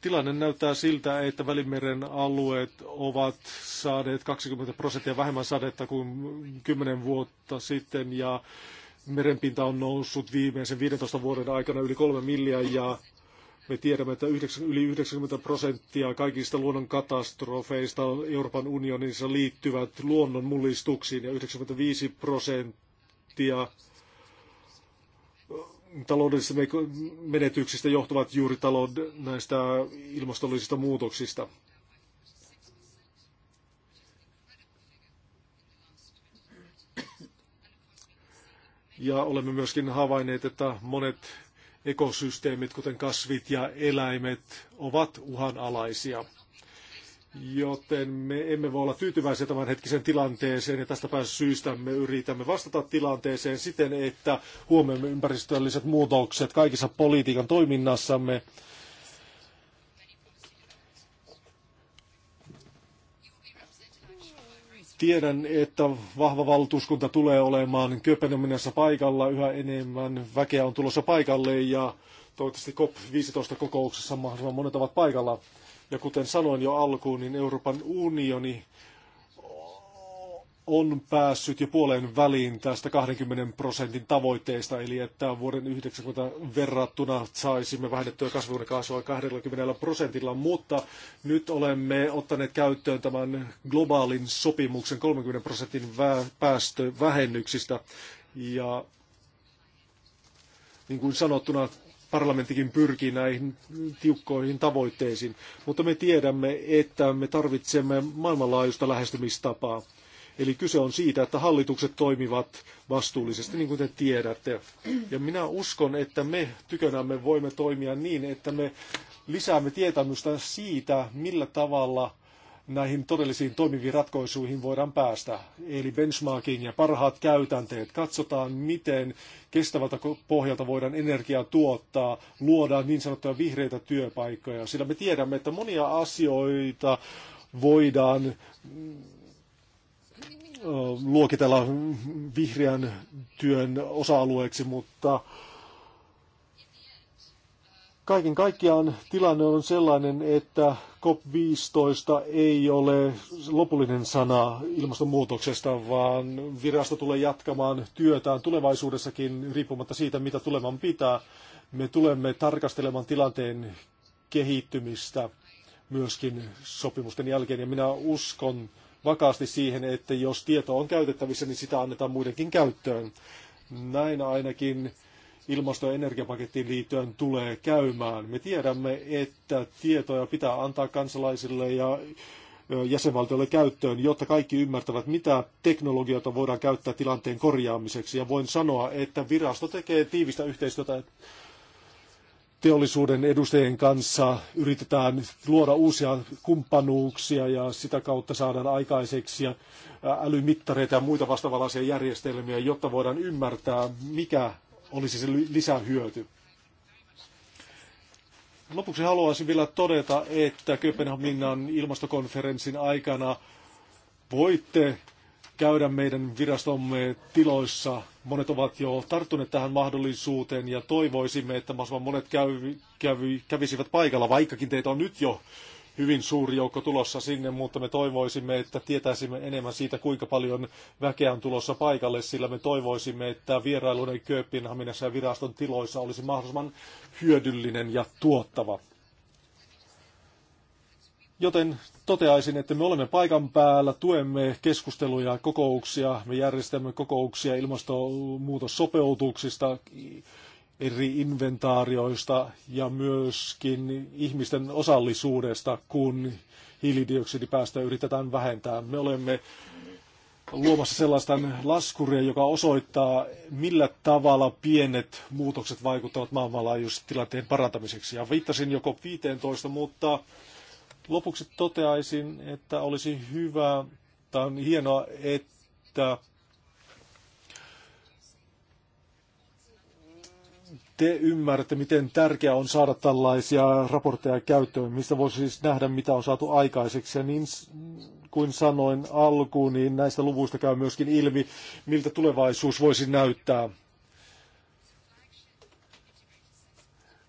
Tilanne näyttää siltä, että Välimeren alueet ovat saaneet 20 prosenttia vähemmän sadetta kuin 10 vuotta sitten ja merenpinta on noussut viimeisen 15 vuoden aikana yli 3 miljardia me tiedämme, että yli 90 prosenttia kaikista luonnon katastrofeista Euroopan unionissa liittyvät luonnon mullistuksiin ja 95 prosenttia taloudellisista menetyksistä johtuvat juuri näistä ilmastollisista muutoksista. Ja olemme myöskin havainneet, että monet ekosysteemit, kuten kasvit ja eläimet, ovat uhanalaisia. Joten me emme voi olla tyytyväisiä tämänhetkiseen tilanteeseen ja tästä päästä syystä me yritämme vastata tilanteeseen siten, että huomioimme ympäristölliset muutokset kaikissa politiikan toiminnassamme Tiedän, että vahva valtuuskunta tulee olemaan Kööpenhaminassa paikalla. Yhä enemmän väkeä on tulossa paikalle ja toivottavasti COP15-kokouksessa mahdollisimman monet ovat paikalla. Ja kuten sanoin jo alkuun, niin Euroopan unioni on päässyt jo puolen väliin tästä 20 prosentin tavoitteesta, eli että vuoden 90 verrattuna saisimme vähennettyä kasvihuonekaasua 20 prosentilla, mutta nyt olemme ottaneet käyttöön tämän globaalin sopimuksen 30 prosentin päästövähennyksistä, ja niin kuin sanottuna, parlamenttikin pyrkii näihin tiukkoihin tavoitteisiin, mutta me tiedämme, että me tarvitsemme maailmanlaajuista lähestymistapaa. Eli kyse on siitä, että hallitukset toimivat vastuullisesti, niin kuin te tiedätte. Ja minä uskon, että me tykönämme voimme toimia niin, että me lisäämme tietämystä siitä, millä tavalla näihin todellisiin toimiviin ratkaisuihin voidaan päästä. Eli benchmarking ja parhaat käytänteet. Katsotaan, miten kestävältä pohjalta voidaan energiaa tuottaa, luodaan niin sanottuja vihreitä työpaikkoja. Sillä me tiedämme, että monia asioita voidaan luokitella vihreän työn osa-alueeksi, mutta kaiken kaikkiaan tilanne on sellainen, että COP15 ei ole lopullinen sana ilmastonmuutoksesta, vaan virasto tulee jatkamaan työtään tulevaisuudessakin riippumatta siitä, mitä tuleman pitää. Me tulemme tarkastelemaan tilanteen kehittymistä myöskin sopimusten jälkeen, ja minä uskon, vakaasti siihen, että jos tieto on käytettävissä, niin sitä annetaan muidenkin käyttöön. Näin ainakin ilmasto- ja energiapakettiin liittyen tulee käymään. Me tiedämme, että tietoja pitää antaa kansalaisille ja jäsenvaltioille käyttöön, jotta kaikki ymmärtävät, mitä teknologioita voidaan käyttää tilanteen korjaamiseksi. Ja voin sanoa, että virasto tekee tiivistä yhteistyötä teollisuuden edustajien kanssa yritetään luoda uusia kumppanuuksia ja sitä kautta saadaan aikaiseksi ja älymittareita ja muita vastaavanlaisia järjestelmiä, jotta voidaan ymmärtää, mikä olisi se lisähyöty. Lopuksi haluaisin vielä todeta, että Kööpenhaminan ilmastokonferenssin aikana voitte käydä meidän virastomme tiloissa. Monet ovat jo tarttuneet tähän mahdollisuuteen ja toivoisimme, että mahdollisimman monet käy, kävi, kävisivät paikalla, vaikkakin teitä on nyt jo hyvin suuri joukko tulossa sinne, mutta me toivoisimme, että tietäisimme enemmän siitä, kuinka paljon väkeä on tulossa paikalle, sillä me toivoisimme, että vierailuinen Kööpinhaminassa ja viraston tiloissa olisi mahdollisimman hyödyllinen ja tuottava. Joten toteaisin, että me olemme paikan päällä, tuemme keskusteluja, kokouksia, me järjestämme kokouksia ilmastonmuutossopeutuksista, eri inventaarioista ja myöskin ihmisten osallisuudesta, kun hiilidioksidipäästöjä yritetään vähentää. Me olemme luomassa sellaista laskuria, joka osoittaa, millä tavalla pienet muutokset vaikuttavat maailmanlaajuisesti tilanteen parantamiseksi. Ja viittasin joko 15, mutta Lopuksi toteaisin, että olisi hyvä, tai on hienoa, että te ymmärrätte, miten tärkeää on saada tällaisia raportteja käyttöön, mistä voisi siis nähdä, mitä on saatu aikaiseksi. Ja niin kuin sanoin alkuun, niin näistä luvuista käy myöskin ilmi, miltä tulevaisuus voisi näyttää.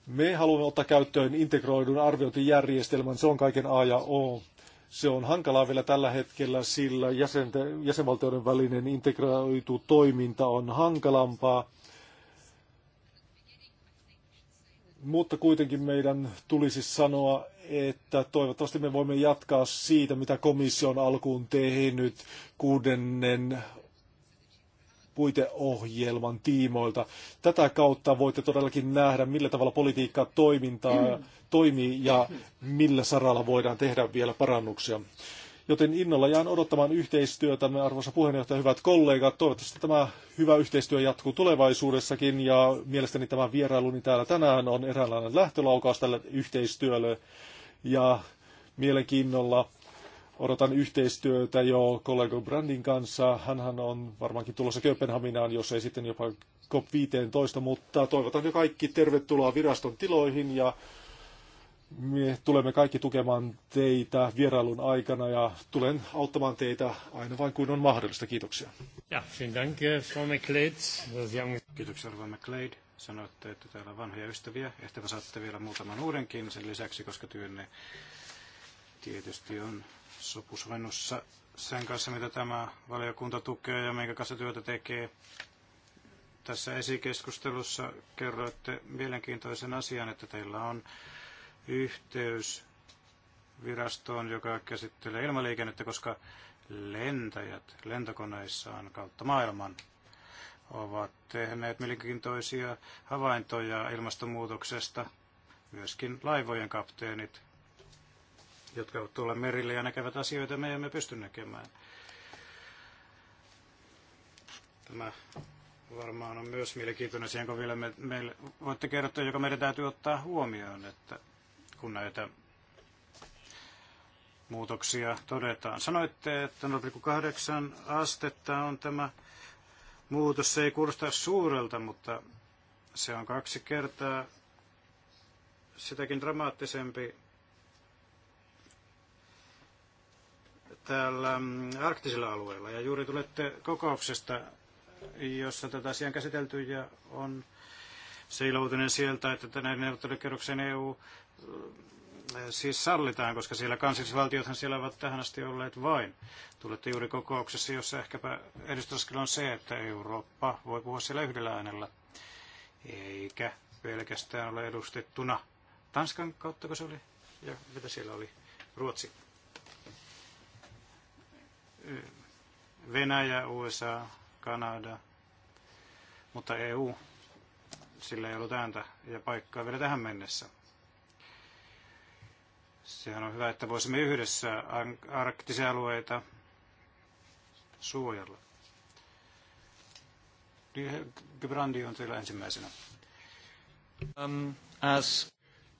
Me haluamme ottaa käyttöön integroidun arviointijärjestelmän, se on kaiken A ja O. Se on hankalaa vielä tällä hetkellä, sillä jäsentä, jäsenvaltioiden välinen integroitu toiminta on hankalampaa. Mutta kuitenkin meidän tulisi sanoa, että toivottavasti me voimme jatkaa siitä, mitä komissio on alkuun tehnyt kuudennen puiteohjelman tiimoilta. Tätä kautta voitte todellakin nähdä, millä tavalla politiikka toimintaa toimii ja millä saralla voidaan tehdä vielä parannuksia. Joten innolla jään odottamaan yhteistyötä, arvoisa puheenjohtaja, hyvät kollegat. Toivottavasti tämä hyvä yhteistyö jatkuu tulevaisuudessakin ja mielestäni tämä vierailuni täällä tänään on eräänlainen lähtölaukaus tälle yhteistyölle ja mielenkiinnolla odotan yhteistyötä jo kollega Brandin kanssa. Hänhän on varmaankin tulossa Kööpenhaminaan, jos ei sitten jopa COP15, mutta toivotan jo kaikki tervetuloa viraston tiloihin ja me tulemme kaikki tukemaan teitä vierailun aikana ja tulen auttamaan teitä aina vain kuin on mahdollista. Kiitoksia.
Ja, dank, eh, Frau Kiitoksia, Rova McLeod. Sanoitte, että täällä on vanhoja ystäviä. Ehkä saatte vielä muutaman uudenkin sen lisäksi, koska työnne tietysti on sopusoinnussa sen kanssa, mitä tämä valiokunta tukee ja minkä kanssa työtä tekee. Tässä esikeskustelussa kerroitte mielenkiintoisen asian, että teillä on yhteys virastoon, joka käsittelee ilmaliikennettä, koska lentäjät lentokoneissaan kautta maailman ovat tehneet mielenkiintoisia havaintoja ilmastonmuutoksesta, myöskin laivojen kapteenit jotka ovat tuolla merillä ja näkevät asioita, me emme pysty näkemään. Tämä varmaan on myös mielenkiintoinen asia, kun vielä me, meille voitte kertoa, joka meidän täytyy ottaa huomioon, että kun näitä muutoksia todetaan. Sanoitte, että 0,8 astetta on tämä muutos. Se ei kuulosta suurelta, mutta se on kaksi kertaa sitäkin dramaattisempi täällä mm, arktisilla alueilla. Ja juuri tulette kokouksesta, jossa tätä asiaa on käsitelty ja on se ilouutinen sieltä, että näiden neuvottelukerroksen EU mm, eh, siis sallitaan, koska siellä kansallisvaltiothan siellä ovat tähän asti olleet vain. Tulette juuri kokouksessa, jossa ehkäpä edustuskin on se, että Eurooppa voi puhua siellä yhdellä äänellä, eikä pelkästään ole edustettuna Tanskan kautta, kun se oli, ja mitä siellä oli, Ruotsi. Venäjä, USA, Kanada, mutta EU, sillä ei ollut ääntä ja paikkaa vielä tähän mennessä. Sehän on hyvä, että voisimme yhdessä arktisia alueita suojella. Gibrandi on teillä ensimmäisenä. Um, as...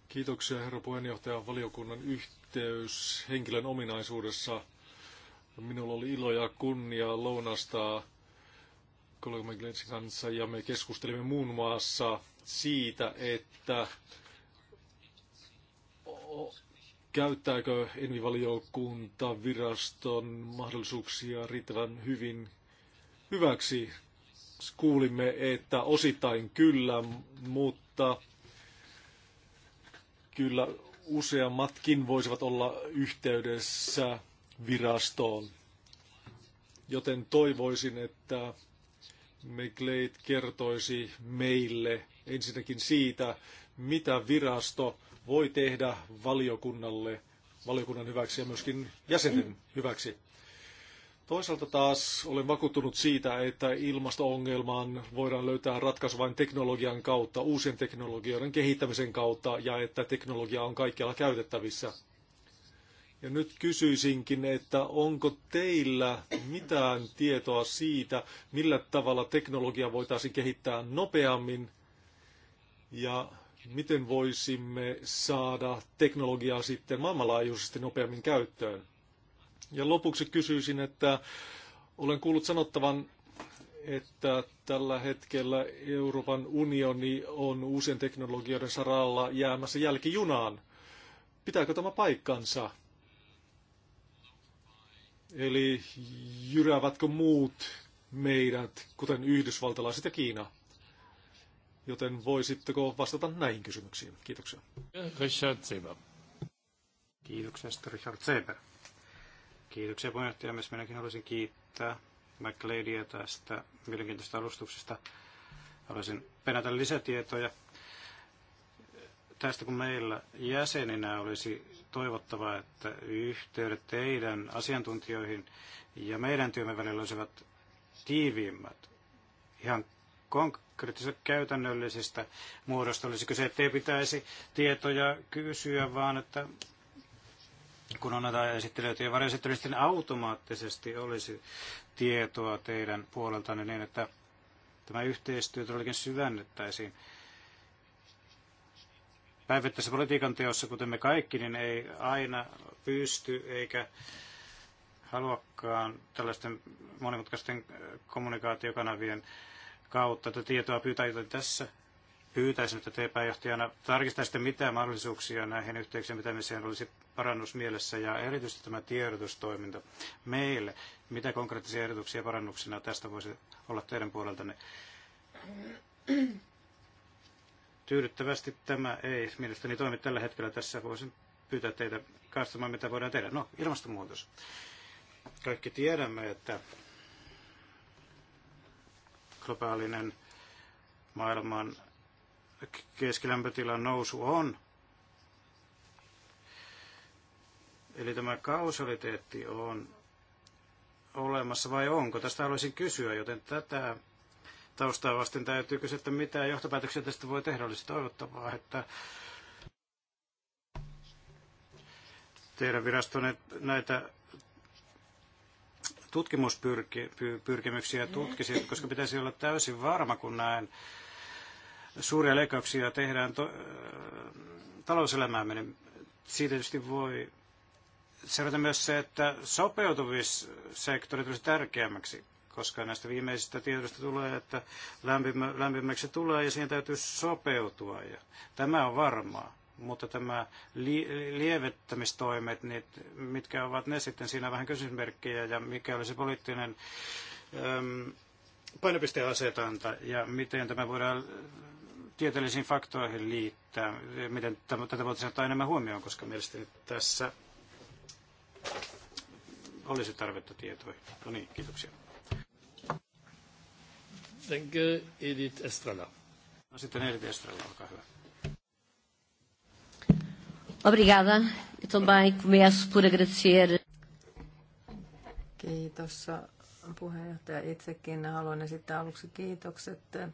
Kiitoksia herra puheenjohtaja. Valiokunnan yhteys henkilön ominaisuudessa Minulla oli ilo ja kunnia lounastaa kollegamme Glensin kanssa ja me keskustelimme muun muassa siitä, että käyttääkö envivaliokunta viraston mahdollisuuksia riittävän hyvin hyväksi. Kuulimme, että osittain kyllä, mutta kyllä useammatkin voisivat olla yhteydessä virastoon. Joten toivoisin, että McLeod kertoisi meille ensinnäkin siitä, mitä virasto voi tehdä valiokunnalle, valiokunnan hyväksi ja myöskin jäsenten hyväksi. Toisaalta taas olen vakuuttunut siitä, että ilmasto-ongelmaan voidaan löytää ratkaisu vain teknologian kautta, uusien teknologioiden kehittämisen kautta ja että teknologia on kaikkialla käytettävissä. Ja nyt kysyisinkin, että onko teillä mitään tietoa siitä, millä tavalla teknologia voitaisiin kehittää nopeammin ja miten voisimme saada teknologiaa sitten maailmanlaajuisesti nopeammin käyttöön. Ja lopuksi kysyisin, että olen kuullut sanottavan, että tällä hetkellä Euroopan unioni on uusien teknologioiden saralla jäämässä jälkijunaan. Pitääkö tämä paikkansa? Eli jyräävätkö muut meidät, kuten yhdysvaltalaiset ja Kiina? Joten voisitteko vastata näihin kysymyksiin? Kiitoksia.
Richard Seber. Kiitoksia, Richard Seber. Kiitoksia puheenjohtaja. Myös minäkin haluaisin kiittää McLeodia tästä mielenkiintoisesta alustuksesta. Haluaisin penätä lisätietoja tästä, kun meillä jäseninä olisi toivottavaa, että yhteydet teidän asiantuntijoihin ja meidän työmme välillä olisivat tiiviimmät. Ihan konkreettisesta käytännöllisestä muodosta olisi kyse, ettei pitäisi tietoja kysyä, vaan että kun on näitä esittelyitä ja varjoesittelyitä, niin automaattisesti olisi tietoa teidän puoleltanne niin, että tämä yhteistyö todellakin syvennettäisiin päivittäisessä politiikan teossa, kuten me kaikki, niin ei aina pysty eikä haluakaan tällaisten monimutkaisten kommunikaatiokanavien kautta tätä tietoa pyytää, joten tässä pyytäisin, että te pääjohtajana tarkistaisitte mitä mahdollisuuksia näihin yhteyksien pitämiseen olisi parannus mielessä ja erityisesti tämä tiedotustoiminta meille. Mitä konkreettisia ehdotuksia parannuksena tästä voisi olla teidän puoleltanne? Tyydyttävästi tämä ei mielestäni toimi tällä hetkellä. Tässä voisin pyytää teitä katsomaan, mitä voidaan tehdä. No, ilmastonmuutos. Kaikki tiedämme, että globaalinen maailman keskilämpötilan nousu on. Eli tämä kausaliteetti on olemassa vai onko? Tästä haluaisin kysyä, joten tätä taustaa vasten täytyy kysyä, että mitä johtopäätöksiä tästä voi tehdä. Olisi toivottavaa, että teidän virastonne näitä tutkimuspyrkimyksiä tutkisi, koska pitäisi olla täysin varma, kun näin suuria leikkauksia tehdään to- talouselämäämme, niin siitä tietysti voi seurata myös se, että sopeutuvissektori tulisi tärkeämmäksi koska näistä viimeisistä tiedoista tulee, että lämpimä, lämpimäksi tulee ja siihen täytyy sopeutua. Ja tämä on varmaa. Mutta tämä li, lievettämistoimet, niin mitkä ovat ne sitten, siinä vähän kysymysmerkkejä ja mikä oli se poliittinen äm, painopisteasetanta ja miten tämä voidaan tieteellisiin faktoihin liittää, miten tätä voitaisiin ottaa enemmän huomioon, koska mielestäni tässä olisi tarvetta tietoihin. No niin, kiitoksia. Danke, Edith Estrella. No sitten Edith Estrella, olkaa hyvä.
Obrigada. Eu também começo por agradecer. Kiitos puheenjohtaja. Itsekin haluan esittää aluksi kiitokset eh,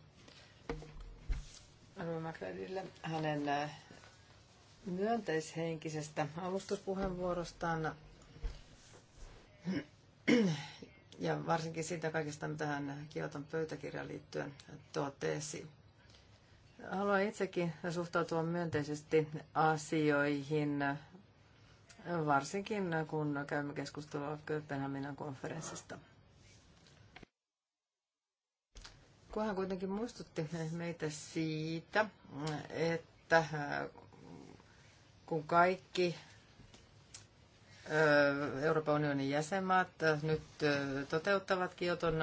Arvo McLeodille hänen eh, myönteishenkisestä alustuspuheenvuorostaan ja varsinkin siitä kaikesta, mitä hän Kioton pöytäkirjaan liittyen totesi. Haluan itsekin suhtautua myönteisesti asioihin, varsinkin kun käymme keskustelua Kööpenhaminan konferenssista. Kunhan kuitenkin muistutti meitä siitä, että kun kaikki Euroopan unionin jäsenmaat nyt toteuttavat Kioton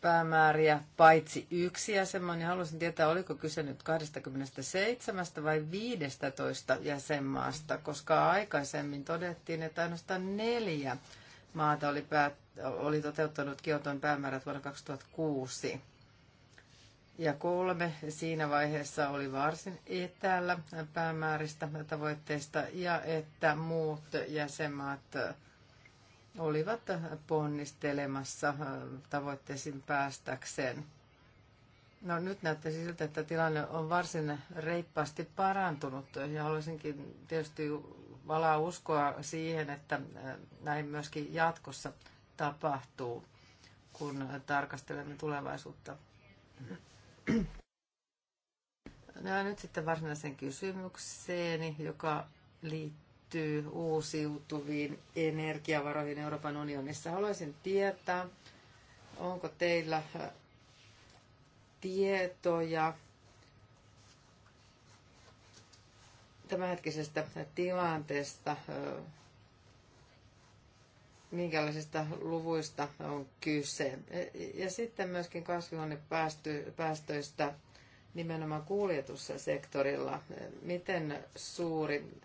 päämääriä, paitsi yksi jäsenmaa, niin haluaisin tietää, oliko kyse nyt 27 vai 15 jäsenmaasta, koska aikaisemmin todettiin, että ainoastaan neljä maata oli, päät- oli toteuttanut Kioton päämäärät vuonna 2006 ja kolme siinä vaiheessa oli varsin etäällä päämääristä tavoitteista ja että muut jäsenmaat olivat ponnistelemassa tavoitteisiin päästäkseen. No nyt näyttää siltä, että tilanne on varsin reippaasti parantunut ja haluaisinkin tietysti valaa uskoa siihen, että näin myöskin jatkossa tapahtuu, kun tarkastelemme tulevaisuutta. No nyt sitten varsinaiseen kysymykseen, joka liittyy uusiutuviin energiavaroihin Euroopan unionissa. Haluaisin tietää, onko teillä äh, tietoja tämänhetkisestä tilanteesta äh, minkälaisista luvuista on kyse. E, ja sitten myöskin kasvihuonepäästöistä nimenomaan kuljetussektorilla. E, miten suuri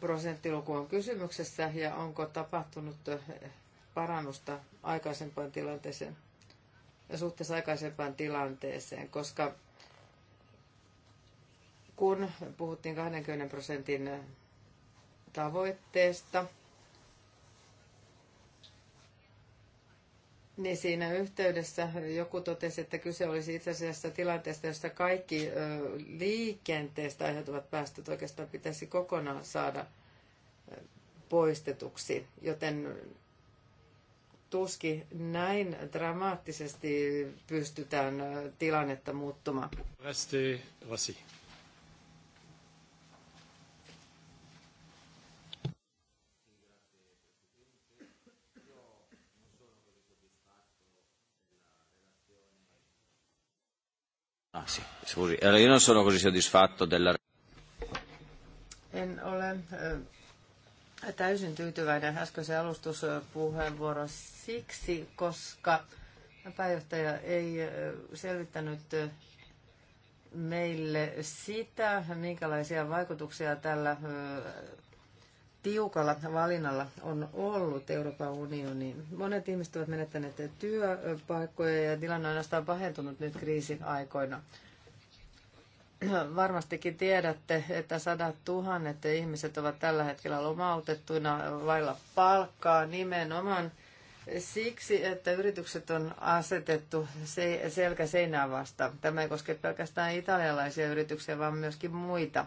prosenttiluku on kysymyksessä ja onko tapahtunut e, parannusta aikaisempaan tilanteeseen ja suhteessa aikaisempaan tilanteeseen, koska kun puhuttiin 20 prosentin tavoitteesta. Niin siinä yhteydessä joku totesi, että kyse olisi itse asiassa tilanteesta, jossa kaikki liikenteestä aiheutuvat päästöt oikeastaan pitäisi kokonaan saada poistetuksi, joten tuski näin dramaattisesti pystytään tilannetta muuttumaan.
Scusi, io non sono così soddisfatto della...
En ole täysin tyytyväinen äskeiseen alustuspuheenvuoroon siksi, koska pääjohtaja ei selvittänyt meille sitä, minkälaisia vaikutuksia tällä tiukalla valinnalla on ollut Euroopan unioniin. Monet ihmiset ovat menettäneet työpaikkoja ja tilanne on ainoastaan pahentunut nyt kriisin aikoina. Varmastikin tiedätte, että sadat tuhannet ihmiset ovat tällä hetkellä lomautettuina vailla palkkaa nimenomaan siksi, että yritykset on asetettu selkä seinää vasta. Tämä ei koske pelkästään italialaisia yrityksiä, vaan myöskin muita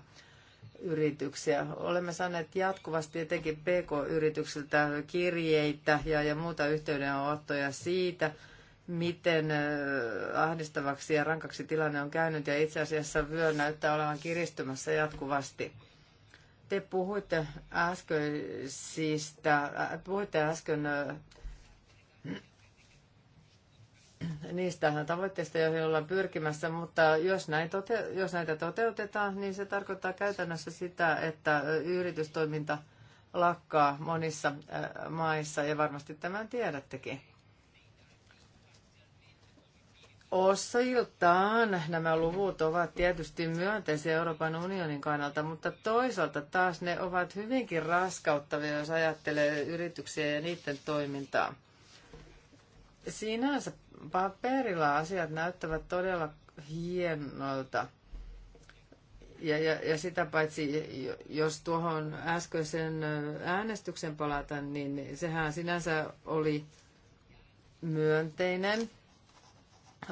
yrityksiä. Olemme saaneet jatkuvasti etenkin PK-yrityksiltä kirjeitä ja, ja muuta yhteydenottoja siitä, miten ahdistavaksi ja rankaksi tilanne on käynyt ja itse asiassa vyö näyttää olevan kiristymässä jatkuvasti. Te puhuitte äsken, siis, äh, puhuitte äsken niistä tavoitteista, joihin ollaan pyrkimässä, mutta jos, näin tote, jos näitä toteutetaan, niin se tarkoittaa käytännössä sitä, että yritystoiminta lakkaa monissa maissa ja varmasti tämän tiedättekin. Osiltaan nämä luvut ovat tietysti myönteisiä Euroopan unionin kannalta, mutta toisaalta taas ne ovat hyvinkin raskauttavia, jos ajattelee yrityksiä ja niiden toimintaa. Sinänsä paperilla asiat näyttävät todella hienolta. Ja, ja, ja sitä paitsi, jos tuohon äskeisen äänestyksen palata, niin sehän sinänsä oli myönteinen –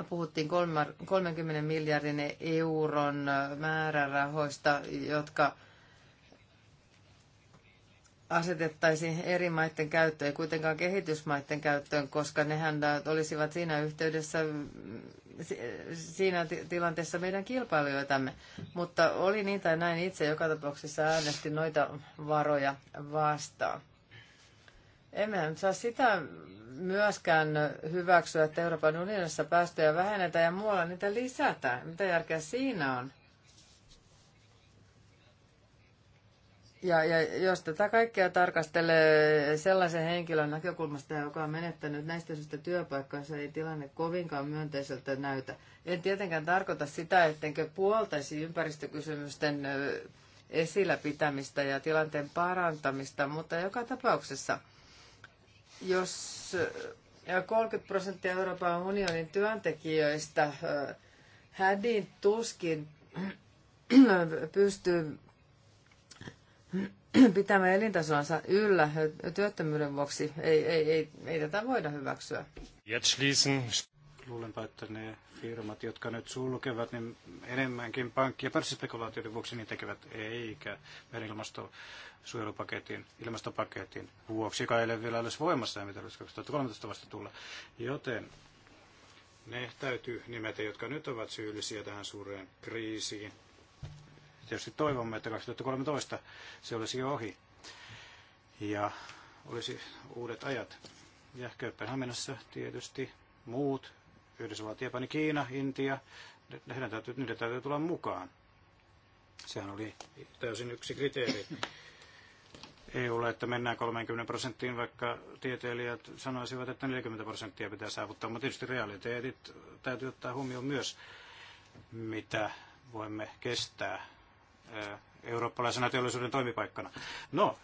puhuttiin 30 miljardin euron määrärahoista, jotka asetettaisiin eri maiden käyttöön, ei kuitenkaan kehitysmaiden käyttöön, koska nehän olisivat siinä yhteydessä, siinä tilanteessa meidän kilpailijoitamme. Mutta oli niin tai näin itse joka tapauksessa äänesti noita varoja vastaan. Emme saa sitä myöskään hyväksyä, että Euroopan unionissa päästöjä vähennetään ja muualla niitä lisätään. Mitä järkeä siinä on? Ja, ja jos tätä kaikkea tarkastelee sellaisen henkilön näkökulmasta, joka on menettänyt näistä syystä työpaikkansa, ei tilanne kovinkaan myönteiseltä näytä. En tietenkään tarkoita sitä, ettenkö puoltaisi ympäristökysymysten esillä pitämistä ja tilanteen parantamista, mutta joka tapauksessa – jos 30 prosenttia Euroopan unionin työntekijöistä hädin tuskin pystyy pitämään elintasonsa yllä työttömyyden vuoksi. Ei, ei, ei, ei tätä voida hyväksyä.
Luulenpa, että ne firmat, jotka nyt sulkevat, niin enemmänkin pankki- ja pörssispekulaatioiden vuoksi niin tekevät, eikä meidän ilmastosuojelupaketin, ilmastopaketin vuoksi, joka ei ole vielä olisi voimassa ja mitä olisi 2013 vasta tulla. Joten ne täytyy nimetä, jotka nyt ovat syyllisiä tähän suureen kriisiin. Tietysti toivomme, että 2013 se olisi jo ohi ja olisi uudet ajat. Ja Kööpenhaminassa tietysti muut Yhdysvallat, Japani, Kiina, Intia, heidän täytyy, niiden täytyy tulla mukaan. Sehän oli täysin yksi kriteeri EUlle, että mennään 30 prosenttiin, vaikka tieteilijät sanoisivat, että 40 prosenttia pitää saavuttaa, mutta tietysti realiteetit täytyy ottaa huomioon myös, mitä voimme kestää eh, eurooppalaisena teollisuuden toimipaikkana. No,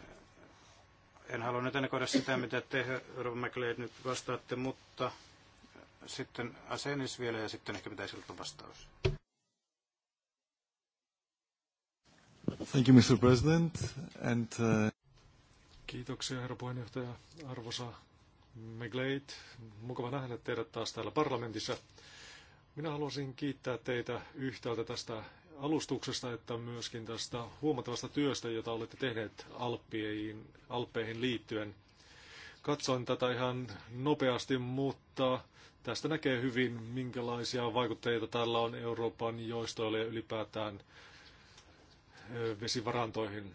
en halua nyt ennakoida sitä, mitä te, Rob McLeod, nyt vastaatte, mutta sitten Asenis vielä ja sitten ehkä pitäisi olla vastaus.
Thank you, Mr. President. And, uh... Kiitoksia, herra puheenjohtaja. Arvoisa McGlade, mukava nähdä teidät taas täällä parlamentissa. Minä haluaisin kiittää teitä yhtäältä tästä alustuksesta, että myöskin tästä huomattavasta työstä, jota olette tehneet Alppeihin, Alppeihin liittyen. Katsoin tätä ihan nopeasti, mutta tästä näkee hyvin, minkälaisia vaikutteita tällä on Euroopan joistoille ja ylipäätään vesivarantoihin.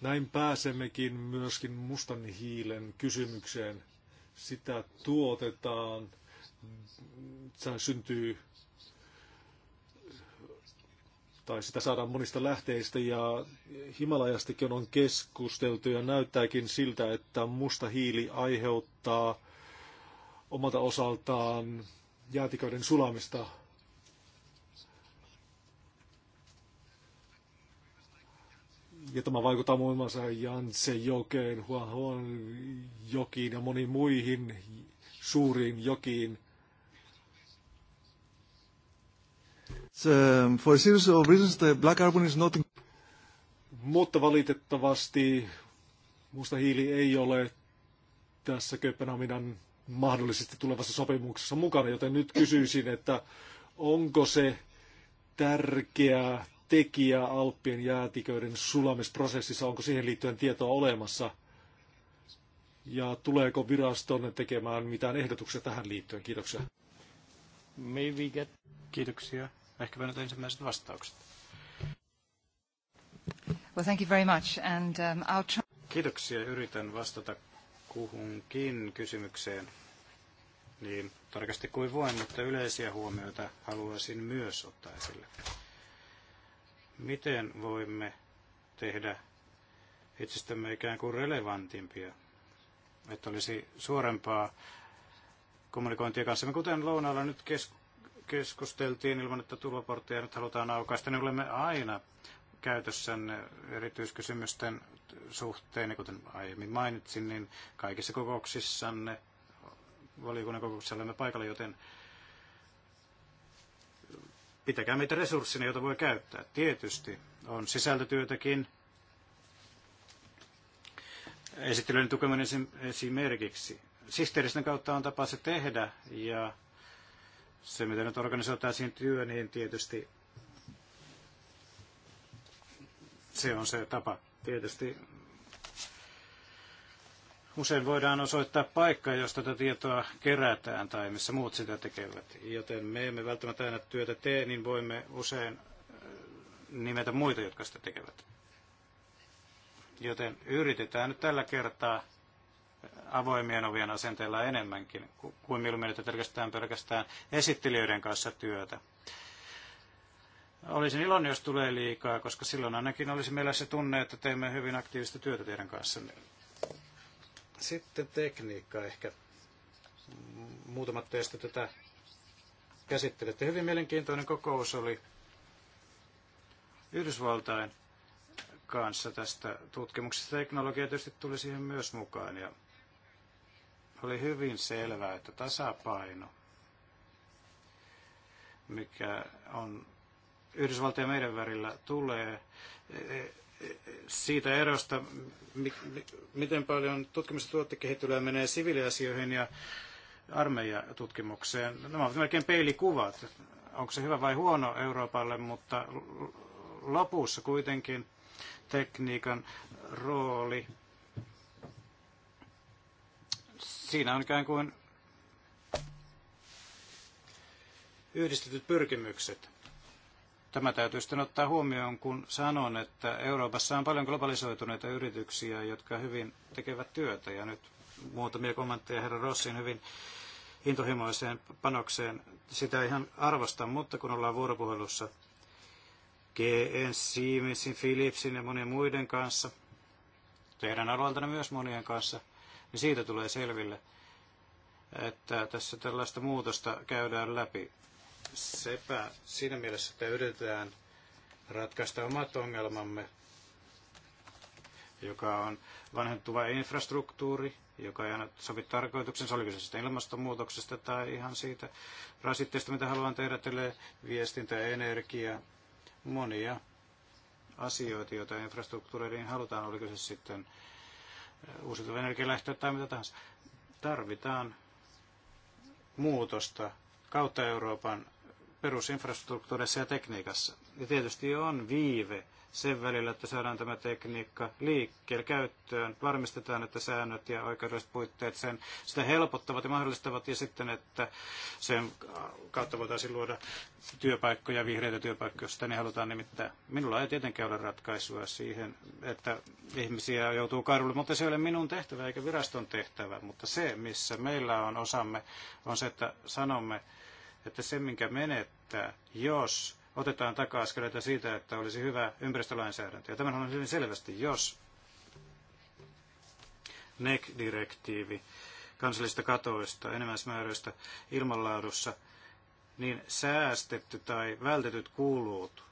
Näin pääsemmekin myöskin mustan hiilen kysymykseen. Sitä tuotetaan, se syntyy tai sitä saadaan monista lähteistä ja Himalajastakin on keskusteltu ja näyttääkin siltä, että musta hiili aiheuttaa omalta osaltaan jäätiköiden sulamista. Ja tämä vaikuttaa muun muassa Jantse-jokeen, Huan jokiin ja moniin muihin suuriin jokiin – Um, for a series of reasons, the black carbon is not... Mutta valitettavasti musta hiili ei ole tässä Kööpenhaminan mahdollisesti tulevassa sopimuksessa mukana, joten nyt kysyisin, että onko se tärkeä tekijä Alppien jäätiköiden sulamisprosessissa, onko siihen liittyen tietoa olemassa? Ja tuleeko viraston tekemään mitään
ehdotuksia tähän liittyen? Kiitoksia. Get... Kiitoksia. Ehkäpä nyt ensimmäiset vastaukset.
Well, thank you very much. And, um, I'll try...
Kiitoksia. Yritän vastata kuhunkin kysymykseen niin tarkasti kuin voin, mutta yleisiä huomioita haluaisin myös ottaa esille. Miten voimme tehdä itsestämme ikään kuin relevantimpia, että olisi suorempaa kommunikointia kanssamme, kuten lounaalla nyt kes- keskusteltiin ilman, että turvaportteja nyt halutaan aukaista, niin olemme aina käytössänne erityiskysymysten suhteen, ja kuten aiemmin mainitsin, niin kaikissa kokouksissanne, valiokunnan kokouksissa olemme paikalla, joten pitäkää meitä resurssina, jota voi käyttää. Tietysti on sisältötyötäkin. Esittelyn tukeminen esimerkiksi sihteeristön kautta on tapa se tehdä ja se, mitä nyt organisoitaisiin työ, niin tietysti se on se tapa. Tietysti usein voidaan osoittaa paikka, josta tätä tietoa kerätään tai missä muut sitä tekevät. Joten me emme välttämättä aina työtä tee, niin voimme usein äh, nimetä muita, jotka sitä tekevät. Joten yritetään nyt tällä kertaa avoimien ovien asenteella enemmänkin kuin mieluummin, että pelkästään, pelkästään esittelijöiden kanssa työtä. Olisin iloinen, jos tulee liikaa, koska silloin ainakin olisi meillä se tunne, että teemme hyvin aktiivista työtä teidän kanssa. Sitten tekniikka ehkä. Muutamat teistä tätä käsittelette. Hyvin mielenkiintoinen kokous oli Yhdysvaltain kanssa tästä tutkimuksesta. Teknologia tietysti tuli siihen myös mukaan ja oli hyvin selvää, että tasapaino, mikä on Yhdysvaltojen meidän värillä tulee eh, eh, siitä erosta, miten paljon tutkimusta tuottekehittelyä menee siviiliasioihin ja armeijatutkimukseen. Nämä ovat melkein peilikuvat. Onko se hyvä vai huono Euroopalle, mutta lopussa kuitenkin tekniikan rooli siinä on ikään kuin yhdistetyt pyrkimykset. Tämä täytyy sitten ottaa huomioon, kun sanon, että Euroopassa on paljon globalisoituneita yrityksiä, jotka hyvin tekevät työtä. Ja nyt muutamia kommentteja herra Rossin hyvin intohimoiseen panokseen. Sitä ihan arvostan, mutta kun ollaan vuoropuhelussa GN, Siemensin, Philipsin ja monien muiden kanssa, teidän alueeltanne myös monien kanssa – niin siitä tulee selville, että tässä tällaista muutosta käydään läpi. Sepä siinä mielessä, että yritetään ratkaista omat ongelmamme, joka on vanhentuva infrastruktuuri, joka ei aina sovi tarkoituksensa, oliko se sitten ilmastonmuutoksesta tai ihan siitä rasitteesta, mitä haluan tehdä, viestintä, energia, monia asioita, joita infrastruktuuriin halutaan, oliko se sitten uusiutuvia energialähteitä tai mitä tahansa. Tarvitaan muutosta kautta Euroopan perusinfrastruktuurissa ja tekniikassa. Ja tietysti on viive sen välillä, että saadaan tämä tekniikka liikkeelle käyttöön, varmistetaan, että säännöt ja oikeudelliset puitteet sen, sitä helpottavat ja mahdollistavat, ja sitten, että sen kautta voitaisiin luoda työpaikkoja, vihreitä työpaikkoja, jos sitä niin halutaan nimittää. Minulla ei tietenkään ole ratkaisua siihen, että ihmisiä joutuu kadulle, mutta se ei ole minun tehtävä eikä viraston tehtävä, mutta se, missä meillä on osamme, on se, että sanomme, että se, minkä menettää, jos otetaan taka-askeleita siitä, että olisi hyvä ympäristölainsäädäntö. Ja tämän on hyvin selvästi, jos NEC-direktiivi kansallisista katoista, enimmäismääräistä ilmanlaadussa, niin säästetty tai vältetyt kuulut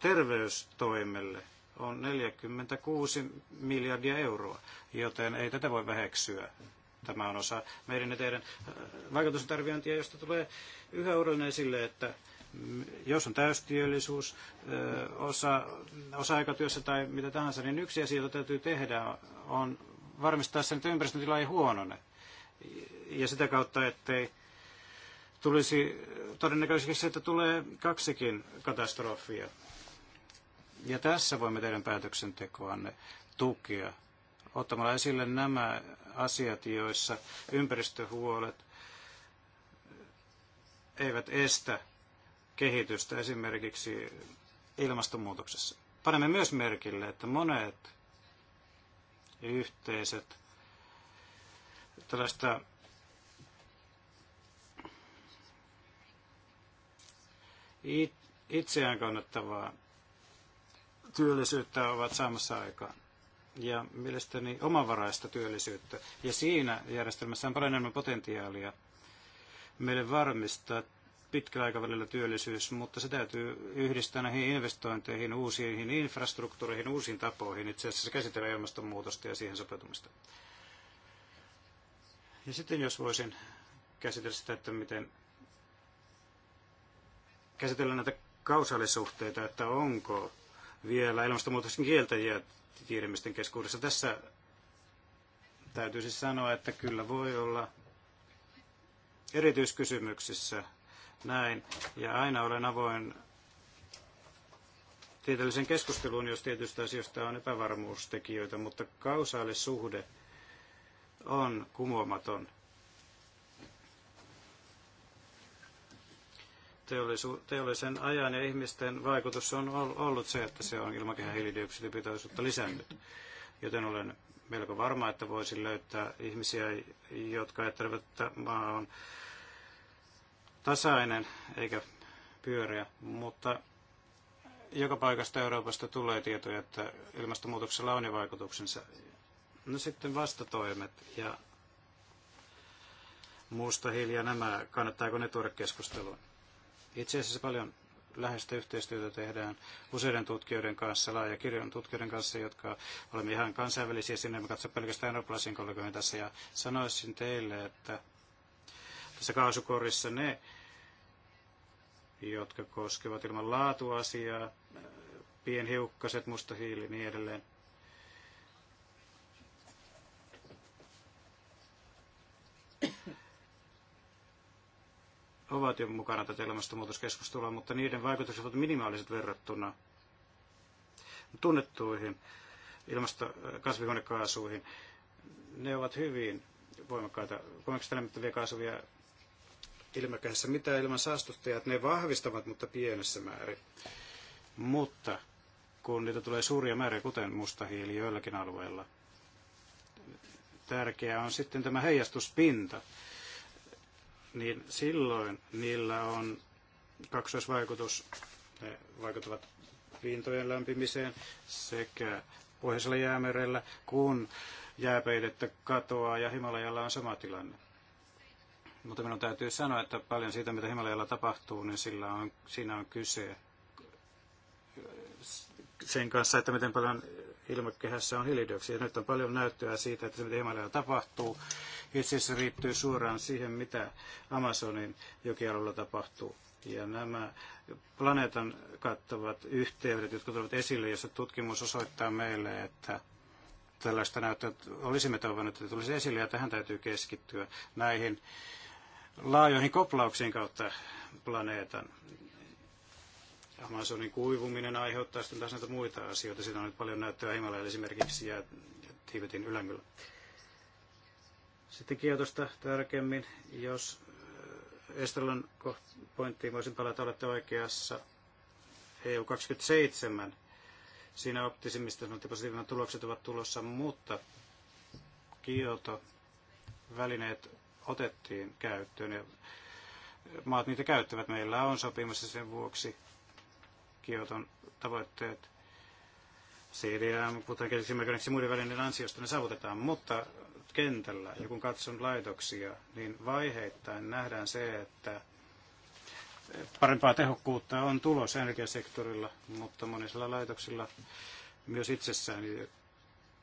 terveystoimelle on 46 miljardia euroa, joten ei tätä voi väheksyä. Tämä on osa meidän ja teidän äh, vaikutusarviointia, josta tulee yhä uudelleen esille, että jos on täystyöllisyys osa, osa-aikatyössä tai mitä tahansa, niin yksi asia, jota täytyy tehdä, on varmistaa sen, että ympäristötila ei huonone. Ja sitä kautta, ettei tulisi todennäköisesti, että tulee kaksikin katastrofia. Ja tässä voimme teidän päätöksentekoanne tukea ottamalla esille nämä asiat, joissa ympäristöhuolet eivät estä kehitystä esimerkiksi ilmastonmuutoksessa. Panemme myös merkille, että monet yhteiset tällaista itseään kannattavaa työllisyyttä ovat saamassa aikaan. Ja mielestäni omavaraista työllisyyttä. Ja siinä järjestelmässä on paljon enemmän potentiaalia meille varmistaa pitkällä aikavälillä työllisyys, mutta se täytyy yhdistää näihin investointeihin, uusiin infrastruktuureihin, uusiin tapoihin itse asiassa käsitellä ilmastonmuutosta ja siihen sopeutumista. Ja sitten jos voisin käsitellä sitä, että miten käsitellä näitä kausaalisuhteita, että onko vielä ilmastonmuutoksen kieltäjiä tiedemisten keskuudessa. Tässä täytyy siis sanoa, että kyllä voi olla erityiskysymyksissä näin. Ja aina olen avoin tieteellisen keskusteluun, jos tietystä asioista on epävarmuustekijöitä, mutta kausaalisuhde on kumoamaton. Teollisu- teollisen ajan ja ihmisten vaikutus on ollut se, että se on ilmakehän hiilidioksidipitoisuutta lisännyt. Joten olen melko varma, että voisin löytää ihmisiä, jotka ajattelevat, että maa on tasainen eikä pyöreä, mutta joka paikasta Euroopasta tulee tietoja, että ilmastonmuutoksella on jo vaikutuksensa. No sitten vastatoimet ja muusta hiljaa nämä, kannattaako ne tuoda keskusteluun? Itse asiassa paljon läheistä yhteistyötä tehdään useiden tutkijoiden kanssa, laaja kirjon tutkijoiden kanssa, jotka olemme ihan kansainvälisiä sinne, me katso pelkästään eurooppalaisiin kollegoihin tässä, ja sanoisin teille, että tässä kaasukorissa ne, jotka koskevat ilman laatuasiaa, pienhiukkaset, mustahiili ja niin edelleen. ovat jo mukana tätä ilmastonmuutoskeskustelua, mutta niiden vaikutukset ovat minimaaliset verrattuna tunnettuihin kasvihuonekaasuihin. Ne ovat hyvin voimakkaita, voimakkaista lämmittäviä kaasuvia ilmakehässä mitään ilman saastuttajat, ne vahvistavat, mutta pienessä määrin. Mutta kun niitä tulee suuria määriä, kuten mustahiili joillakin alueilla, tärkeää on sitten tämä heijastuspinta, niin silloin niillä on kaksoisvaikutus, ne vaikuttavat pintojen lämpimiseen sekä Pohjoisella jäämerellä, kun jääpeitettä katoaa ja Himalajalla on sama tilanne. Mutta minun täytyy sanoa, että paljon siitä, mitä Himalajalla tapahtuu, niin sillä on, siinä on kyse sen kanssa, että miten paljon ilmakehässä on hiilidioksidia. Nyt on paljon näyttöä siitä, että se mitä Himalajalla tapahtuu, itse asiassa riittyy suoraan siihen, mitä Amazonin jokialueella tapahtuu. Ja nämä planeetan kattavat yhteydet, jotka tulevat esille, jossa tutkimus osoittaa meille, että tällaista näyttöä olisimme toivoneet, että tulisi esille, ja tähän täytyy keskittyä näihin laajoihin koplauksiin kautta planeetan. Amazonin kuivuminen aiheuttaa sitten taas näitä muita asioita. Siitä on nyt paljon näyttöä Himalajalla esimerkiksi ja Tibetin ylängöllä. Sitten kiotosta tarkemmin, jos äh, Estrellan pointtiin voisin palata, olette oikeassa. EU27, siinä optimistisena positiivinen tulokset ovat tulossa, mutta Kioto välineet otettiin käyttöön ja maat niitä käyttävät. Meillä on sopimus sen vuoksi Kioton tavoitteet CDM, kuten esimerkiksi muiden välinen ansiosta ne saavutetaan, mutta kentällä ja kun katson laitoksia, niin vaiheittain nähdään se, että parempaa tehokkuutta on tulos energiasektorilla, mutta monilla laitoksilla myös itsessään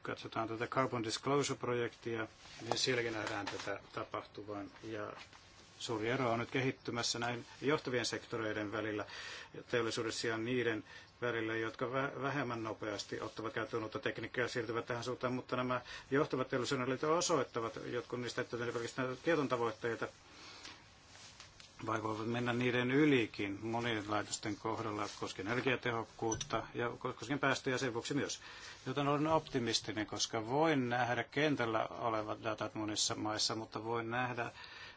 katsotaan tätä Carbon Disclosure-projektia, niin sielläkin nähdään tätä tapahtuvan. Ja suuri ero on nyt kehittymässä näin johtavien sektoreiden välillä teollisuudessa ja niiden välillä, jotka vähemmän nopeasti ottavat käyttöön uutta tekniikkaa ja siirtyvät tähän suuntaan, mutta nämä johtavat teollisuuden osoittavat jotkut niistä, että ne pelkästään tieton tavoitteita, vai voivat mennä niiden ylikin monien laitosten kohdalla koskien energiatehokkuutta ja koskien päästöjä sen vuoksi myös. Joten olen optimistinen, koska voin nähdä kentällä olevat datat monissa maissa, mutta voin nähdä,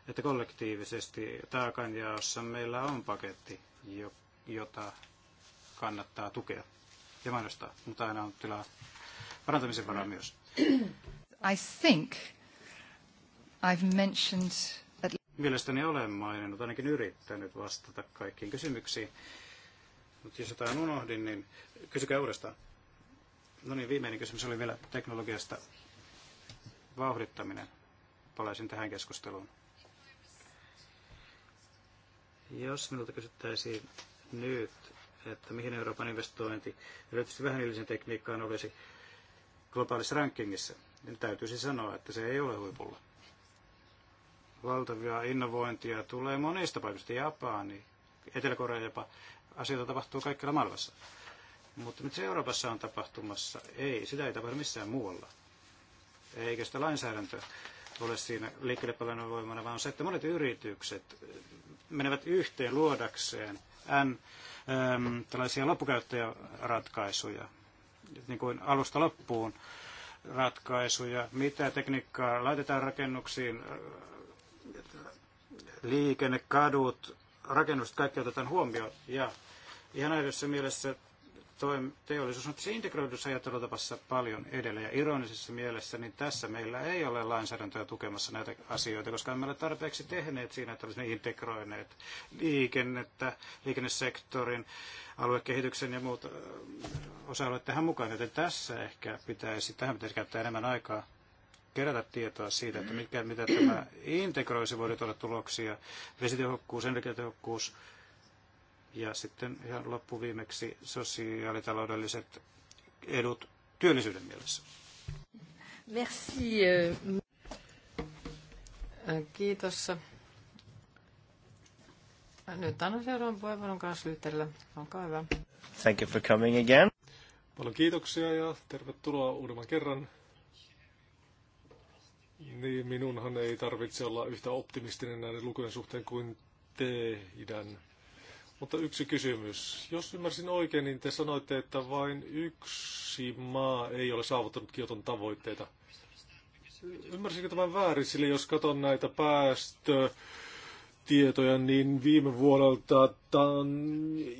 että kollektiivisesti taakanjaossa meillä on paketti, jota kannattaa tukea ja mainostaa, mutta aina on tilaa parantamisen varaa myös.
I think I've mentioned
Mielestäni olen maininnut, ainakin yrittänyt vastata kaikkiin kysymyksiin. Mutta jos jotain unohdin, niin kysykää uudestaan. No niin, viimeinen kysymys oli vielä teknologiasta vauhdittaminen. Palaisin tähän keskusteluun. Jos minulta kysyttäisiin nyt, että mihin Euroopan investointi erityisesti vähähiilisen tekniikkaan olisi globaalissa rankingissa, niin täytyisi sanoa, että se ei ole huipulla valtavia innovointia tulee monista paikoista, Japani, Etelä-Korea jopa, asioita tapahtuu kaikkialla maailmassa. Mutta mitä Euroopassa on tapahtumassa? Ei, sitä ei tapahdu missään muualla. Eikä sitä lainsäädäntö ole siinä liikkeelle voimana, vaan on se, että monet yritykset menevät yhteen luodakseen N, äm, tällaisia loppukäyttäjäratkaisuja, niin kuin alusta loppuun ratkaisuja, mitä tekniikkaa laitetaan rakennuksiin, liikenne, kadut, rakennukset, kaikki otetaan huomioon. Ja ihan aidossa mielessä toim- teollisuus on tässä integroidussa ajattelutapassa paljon edellä. Ja ironisessa mielessä niin tässä meillä ei ole lainsäädäntöä tukemassa näitä asioita, koska emme ole tarpeeksi tehneet siinä, että olisimme integroineet liikennettä, liikennesektorin, aluekehityksen ja muut osa-alueet tähän mukaan. Joten tässä ehkä pitäisi, tähän pitäisi käyttää enemmän aikaa kerätä tietoa siitä, että mitkä, mitä tämä integroisi voi tuoda tuloksia, vesitehokkuus, energiatehokkuus ja sitten ihan loppuviimeksi sosiaalitaloudelliset edut työllisyyden mielessä.
Merci. Euh, kiitos. Nyt annan seuraavan puheenvuoron kanssa Lytellä. Olkaa hyvä.
Thank you for coming again.
Paljon kiitoksia ja tervetuloa uudemman kerran niin minunhan ei tarvitse olla yhtä optimistinen näiden lukujen suhteen kuin teidän. Mutta yksi kysymys. Jos ymmärsin oikein, niin te sanoitte, että vain yksi maa ei ole saavuttanut Kioton tavoitteita. Ymmärsinkö tämän väärin, sillä jos katson näitä päästötietoja, niin viime vuodelta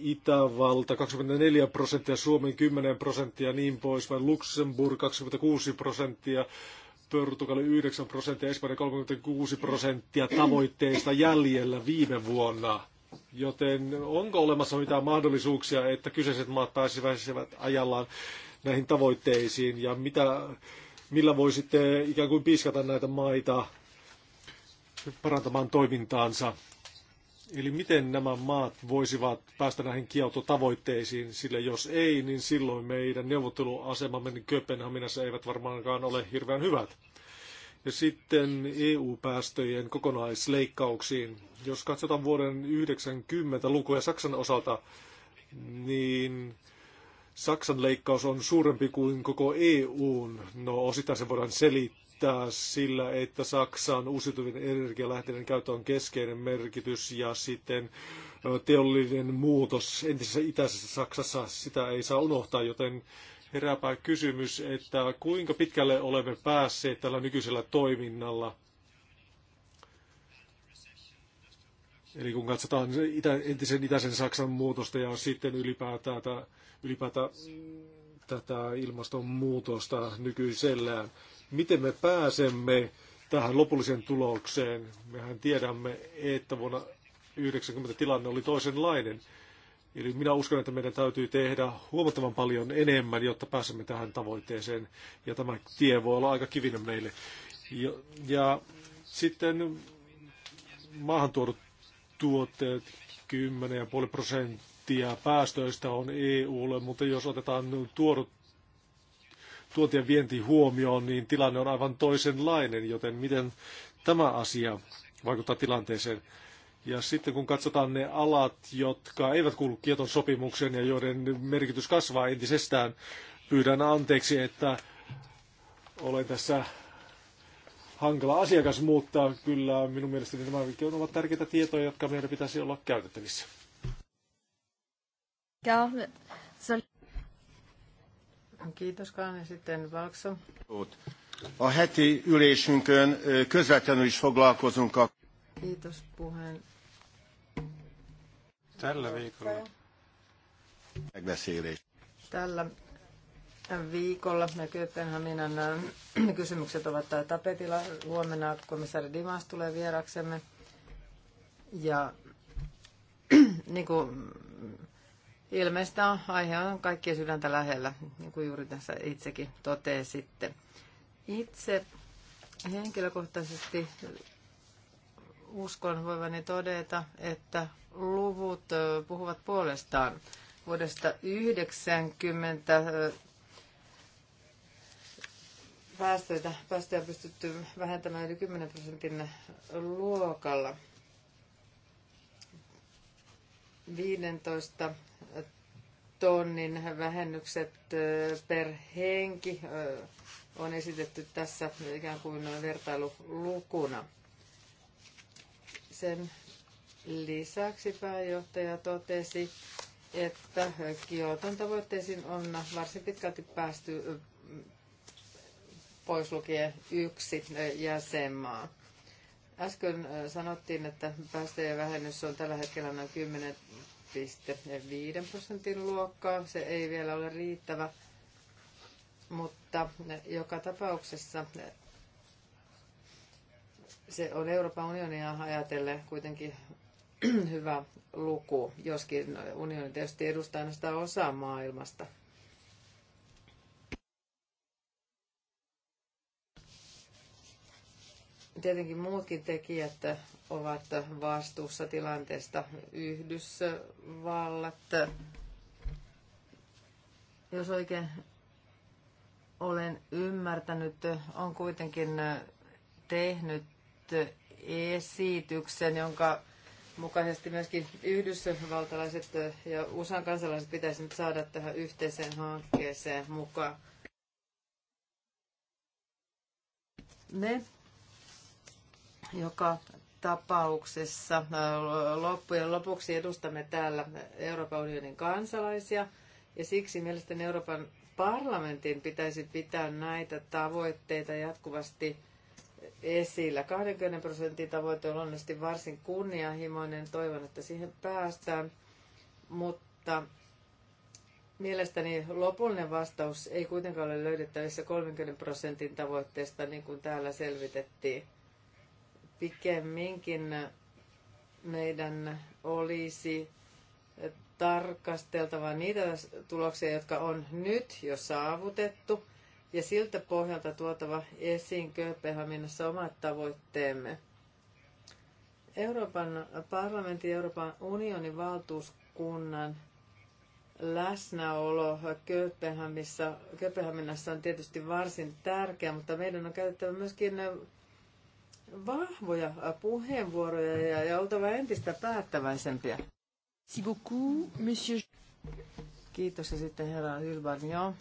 Itävalta 24 prosenttia, Suomen 10 prosenttia, niin pois, vai Luxemburg 26 prosenttia, Portugali 9 prosenttia, Espanja 36 prosenttia tavoitteista jäljellä viime vuonna. Joten onko olemassa mitään mahdollisuuksia, että kyseiset maat pääsisivät ajallaan näihin tavoitteisiin ja mitä, millä voi sitten ikään kuin piiskata näitä maita parantamaan toimintaansa? Eli miten nämä maat voisivat päästä näihin kieltotavoitteisiin, sillä jos ei, niin silloin meidän neuvotteluasemamme niin Kööpenhaminassa eivät varmaankaan ole hirveän hyvät. Ja sitten EU-päästöjen kokonaisleikkauksiin. Jos katsotaan vuoden 90 lukuja Saksan osalta, niin Saksan leikkaus on suurempi kuin koko EUn. No osittain se voidaan selittää selittää sillä, että Saksan uusiutuvien energialähteiden käyttö on keskeinen merkitys ja sitten teollinen muutos entisessä itäisessä Saksassa, sitä ei saa unohtaa, joten herääpä kysymys, että kuinka pitkälle olemme päässeet tällä nykyisellä toiminnalla. Eli kun katsotaan itä, entisen itäisen Saksan muutosta ja sitten ylipäätään, ylipäätään tätä ilmastonmuutosta nykyisellään. Miten me pääsemme tähän lopulliseen tulokseen? Mehän tiedämme, että vuonna 1990 tilanne oli toisenlainen. Eli minä uskon, että meidän täytyy tehdä huomattavan paljon enemmän, jotta pääsemme tähän tavoitteeseen. Ja tämä tie voi olla aika kivinen meille. Ja, ja sitten maahan tuodut tuotteet, 10,5 prosenttia päästöistä on EUlle, mutta jos otetaan tuodut tuonti ja vienti huomioon, niin tilanne on aivan toisenlainen, joten miten tämä asia vaikuttaa tilanteeseen? Ja sitten kun katsotaan ne alat, jotka eivät kuulu kieton sopimukseen ja joiden merkitys kasvaa entisestään, pyydän anteeksi, että olen tässä hankala asiakas, mutta kyllä minun mielestäni nämä ovat tärkeitä tietoja, jotka meidän pitäisi olla käytettävissä.
Ja, Kiitos Kaane. Sitten Valkso.
A heti ülésünkön közvetlenül is foglalkozunk a...
Kiitos puheen. Tällä viikolla.
Megbeszélés.
Tällä viikolla ja Kööpenhaminan kysymykset ovat tapetilla. Huomenna komissaari Dimas tulee vieraksemme. Ja niin kuin ilmeistä on, aihe on kaikkien sydäntä lähellä, niin kuin juuri tässä itsekin totee sitten Itse henkilökohtaisesti uskon voivani todeta, että luvut puhuvat puolestaan. Vuodesta 90 päästöitä, päästöjä pystytty vähentämään yli 10 prosentin luokalla. 15 tonnin vähennykset per henki on esitetty tässä ikään kuin vertailulukuna. Sen lisäksi pääjohtaja totesi, että Kioton tavoitteisiin on varsin pitkälti päästy pois lukien yksi jäsenmaa. Äsken sanottiin, että päästöjen vähennys on tällä hetkellä noin 10,5 prosentin luokkaa. Se ei vielä ole riittävä, mutta joka tapauksessa se on Euroopan unionia ajatellen kuitenkin hyvä luku, joskin unioni tietysti edustaa osaa maailmasta – Tietenkin muutkin tekijät ovat vastuussa tilanteesta. Yhdysvallat, jos oikein olen ymmärtänyt, on kuitenkin tehnyt esityksen, jonka mukaisesti myöskin yhdysvaltalaiset ja USAn kansalaiset pitäisi nyt saada tähän yhteiseen hankkeeseen mukaan. Ne joka tapauksessa äh, loppujen lopuksi edustamme täällä Euroopan unionin kansalaisia ja siksi mielestäni Euroopan parlamentin pitäisi pitää näitä tavoitteita jatkuvasti esillä. 20 prosentin tavoite on onneksi varsin kunnianhimoinen. Toivon, että siihen päästään. Mutta mielestäni lopullinen vastaus ei kuitenkaan ole löydettävissä 30 prosentin tavoitteesta, niin kuin täällä selvitettiin pikemminkin meidän olisi tarkasteltava niitä tuloksia, jotka on nyt jo saavutettu, ja siltä pohjalta tuotava esiin Kööpenhaminassa omat tavoitteemme. Euroopan parlamentin ja Euroopan unionin valtuuskunnan läsnäolo Kööpenhaminassa on tietysti varsin tärkeä, mutta meidän on käytettävä myöskin vahvoja puheenvuoroja ja, ja oltava entistä päättäväisempiä. Si beaucoup, monsieur. Kiitos ja sitten herra Hylbarnio,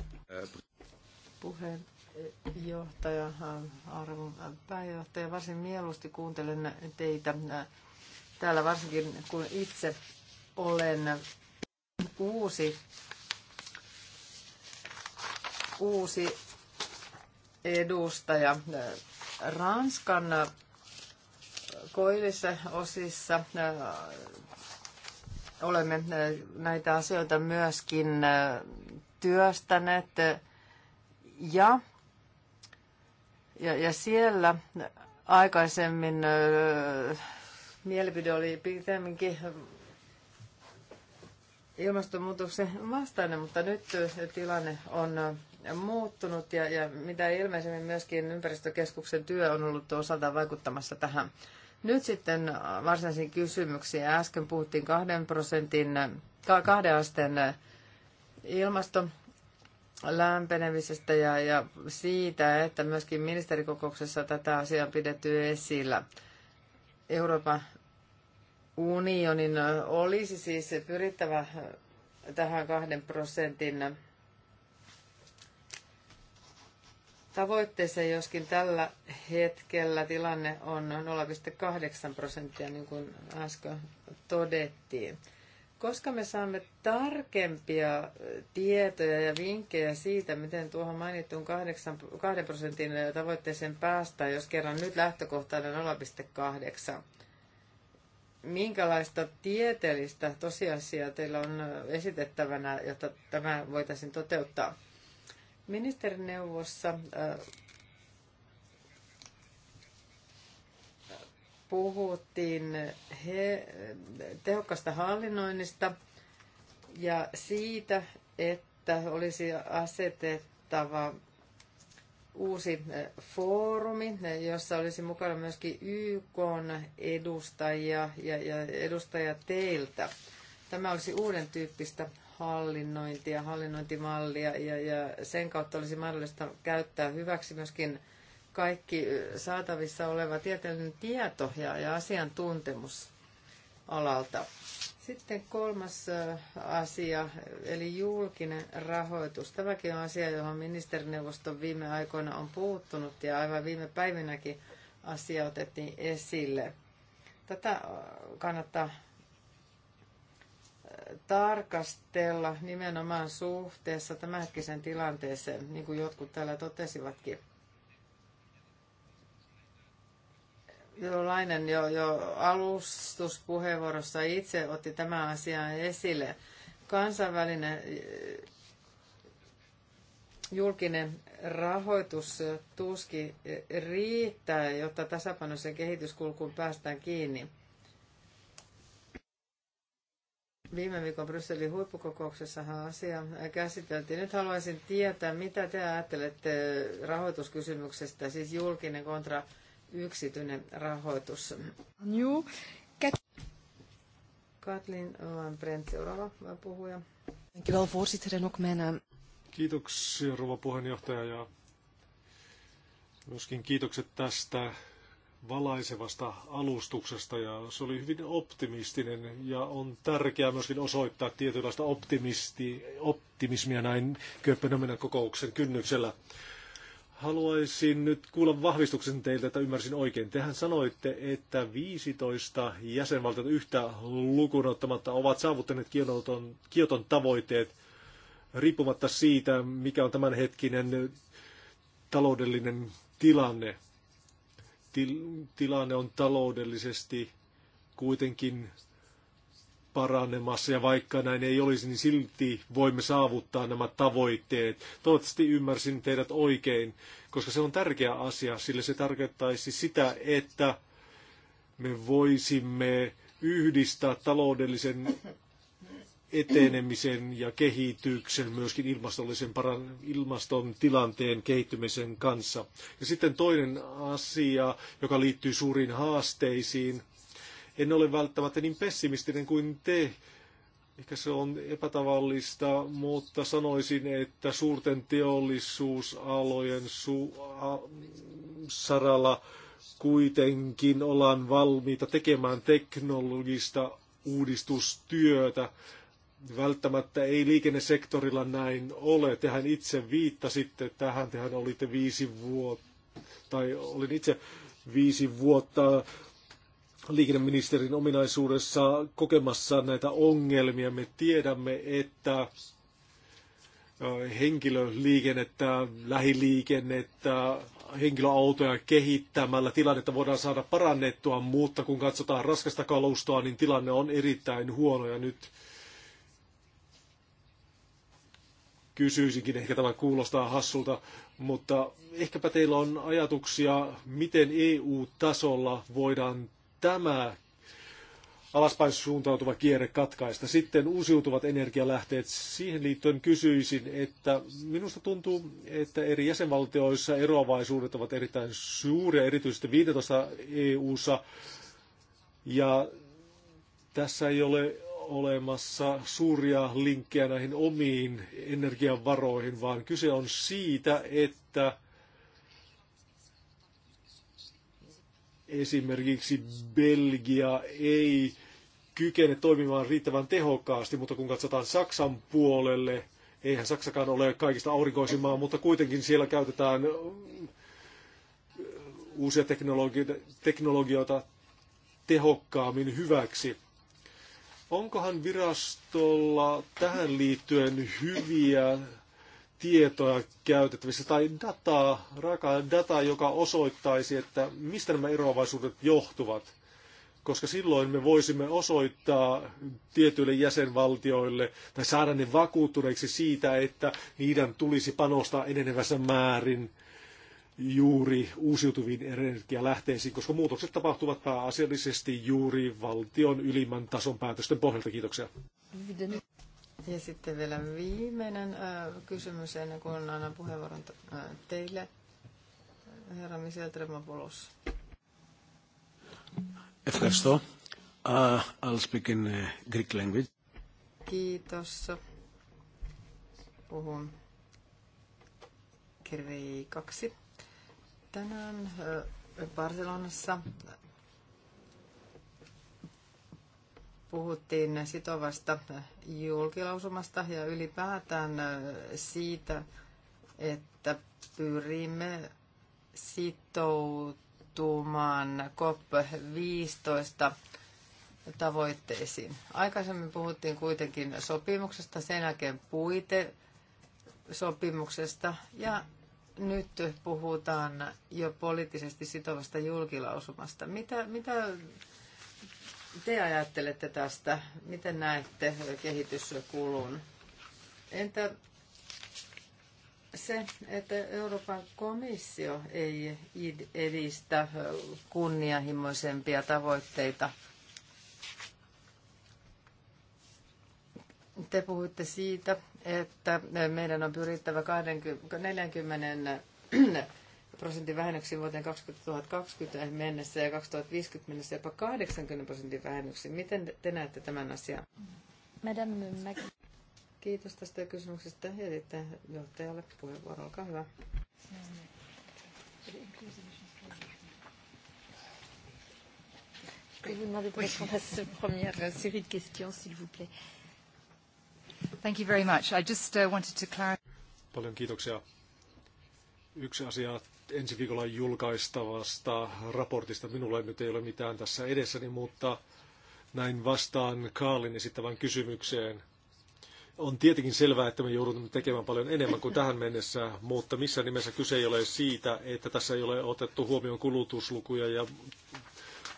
puheenjohtaja, arvon pääjohtaja. Varsin mieluusti kuuntelen teitä äh, täällä, varsinkin kun itse olen uusi, uusi edustaja äh, Ranskan koillisissa osissa äh, olemme äh, näitä asioita myöskin äh, työstäneet ja, ja, ja siellä aikaisemmin mielipide oli pikemminkin ilmastonmuutoksen vastainen, mutta nyt tilanne on muuttunut ja, ja mitä ilmeisemmin myöskin ympäristökeskuksen työ on ollut osaltaan vaikuttamassa tähän. Nyt sitten varsinaisiin kysymyksiin. Äsken puhuttiin kahden prosentin, kahden asteen ilmasto lämpenemisestä ja, ja siitä, että myöskin ministerikokouksessa tätä asiaa on pidetty esillä. Euroopan unionin olisi siis pyrittävä tähän kahden prosentin tavoitteeseen, joskin tällä hetkellä tilanne on 0,8 prosenttia, niin kuin äsken todettiin. Koska me saamme tarkempia tietoja ja vinkkejä siitä, miten tuohon mainittuun 8, 2 prosentin tavoitteeseen päästään, jos kerran nyt lähtökohtainen 0,8, minkälaista tieteellistä tosiasiaa teillä on esitettävänä, jotta tämä voitaisiin toteuttaa? Ministerineuvossa puhuttiin he, tehokkaasta hallinnoinnista ja siitä, että olisi asetettava uusi foorumi, jossa olisi mukana myöskin YK edustajia ja, ja edustajia teiltä. Tämä olisi uuden tyyppistä hallinnointia, hallinnointimallia ja, ja sen kautta olisi mahdollista käyttää hyväksi myöskin kaikki saatavissa oleva tieteellinen tieto ja, ja asiantuntemus alalta. Sitten kolmas äh, asia, eli julkinen rahoitus. Tämäkin on asia, johon ministerineuvoston viime aikoina on puuttunut ja aivan viime päivinäkin asia otettiin esille. Tätä äh, kannattaa tarkastella nimenomaan suhteessa tämänhetkisen tilanteeseen, niin kuin jotkut täällä totesivatkin. Jollainen jo, jo alustuspuheenvuorossa itse otti tämän asian esille. Kansainvälinen julkinen rahoitus tuski riittää, jotta tasapainoisen kehityskulkuun päästään kiinni Viime viikon Brysselin huippukokouksessahan asia käsiteltiin. Nyt haluaisin tietää, mitä te ajattelette rahoituskysymyksestä, siis julkinen kontra yksityinen rahoitus. Juu. Katlin Van Brent, seuraava puhuja. voorzitter en ook eh,
Kiitoksia rouva puheenjohtaja ja myöskin kiitokset tästä valaisevasta alustuksesta ja se oli hyvin optimistinen ja on tärkeää myöskin osoittaa tietynlaista optimisti, optimismia näin Kööpenhaminan kokouksen kynnyksellä. Haluaisin nyt kuulla vahvistuksen teiltä, että ymmärsin oikein. Tehän sanoitte, että 15 jäsenvaltiota yhtä lukuun ottamatta ovat saavuttaneet kioton, kioton tavoitteet riippumatta siitä, mikä on tämänhetkinen taloudellinen tilanne tilanne on taloudellisesti kuitenkin paranemassa ja vaikka näin ei olisi, niin silti voimme saavuttaa nämä tavoitteet. Toivottavasti ymmärsin teidät oikein, koska se on tärkeä asia, sillä se tarkoittaisi sitä, että me voisimme yhdistää taloudellisen etenemisen ja kehityksen, myöskin ilmastollisen paran, ilmaston tilanteen kehittymisen kanssa. Ja sitten toinen asia, joka liittyy suuriin haasteisiin. En ole välttämättä niin pessimistinen kuin te. Ehkä se on epätavallista, mutta sanoisin, että suurten teollisuusalojen su- a- saralla kuitenkin ollaan valmiita tekemään teknologista uudistustyötä Välttämättä ei liikennesektorilla näin ole. Tehän itse viittasitte tähän, tehän olitte viisi vuotta, tai olin itse viisi vuotta liikenneministerin ominaisuudessa kokemassa näitä ongelmia. Me tiedämme, että henkilöliikennettä, lähiliikennettä, henkilöautoja kehittämällä tilannetta voidaan saada parannettua, mutta kun katsotaan raskasta kalustoa, niin tilanne on erittäin huono ja nyt kysyisinkin, ehkä tämä kuulostaa hassulta, mutta ehkäpä teillä on ajatuksia, miten EU-tasolla voidaan tämä alaspäin suuntautuva kierre katkaista. Sitten uusiutuvat energialähteet. Siihen liittyen kysyisin, että minusta tuntuu, että eri jäsenvaltioissa eroavaisuudet ovat erittäin suuria, erityisesti 15 EU-ssa. Ja tässä ei ole olemassa suuria linkkejä näihin omiin energiavaroihin, vaan kyse on siitä, että esimerkiksi Belgia ei kykene toimimaan riittävän tehokkaasti, mutta kun katsotaan Saksan puolelle, eihän Saksakaan ole kaikista aurinkoisimaa, mutta kuitenkin siellä käytetään äh, uusia teknologioita tehokkaammin hyväksi. Onkohan virastolla tähän liittyen hyviä tietoja käytettävissä tai dataa, rakaa dataa, joka osoittaisi, että mistä nämä eroavaisuudet johtuvat? Koska silloin me voisimme osoittaa tietyille jäsenvaltioille tai saada ne vakuuttuneiksi siitä, että niiden tulisi panostaa enenevässä määrin – juuri uusiutuviin energialähteisiin, koska muutokset tapahtuvat pääasiallisesti juuri valtion ylimmän tason päätösten pohjalta. Kiitoksia.
Ja sitten vielä viimeinen kysymys ennen kuin annan puheenvuoron teille, herra Michel Tremopoulos.
Uh, I'll speak in Greek language.
Kiitos. Puhun kreikaksi. Tänään Barcelonassa puhuttiin sitovasta julkilausumasta ja ylipäätään siitä, että pyrimme sitoutumaan COP15 tavoitteisiin. Aikaisemmin puhuttiin kuitenkin sopimuksesta, sen jälkeen puite sopimuksesta ja nyt puhutaan jo poliittisesti sitovasta julkilausumasta. Mitä, mitä te ajattelette tästä? Miten näette kehityskulun? Entä se, että Euroopan komissio ei edistä kunnianhimoisempia tavoitteita? Te puhuitte siitä, että meidän on pyrittävä 20, 40 prosentin vähennyksiin vuoteen 2020 mennessä ja 2050 mennessä jopa 80 prosentin vähennyksiin. Miten te näette tämän asian? Meidän Madame Kiitos tästä kysymyksestä ja johtajalle puheenvuoro. Olkaa hyvä. Je vais vous demander de répondre à cette première série de questions, s'il vous plaît. Euh, Thank you very much. I just uh, wanted to clarify.
Paljon kiitoksia. Yksi asia ensi viikolla julkaistavasta raportista. Minulla nyt ei ole mitään tässä edessäni, mutta näin vastaan Kaalin esittävän kysymykseen. On tietenkin selvää, että me joudumme tekemään paljon enemmän kuin tähän mennessä, mutta missään nimessä kyse ei ole siitä, että tässä ei ole otettu huomioon kulutuslukuja ja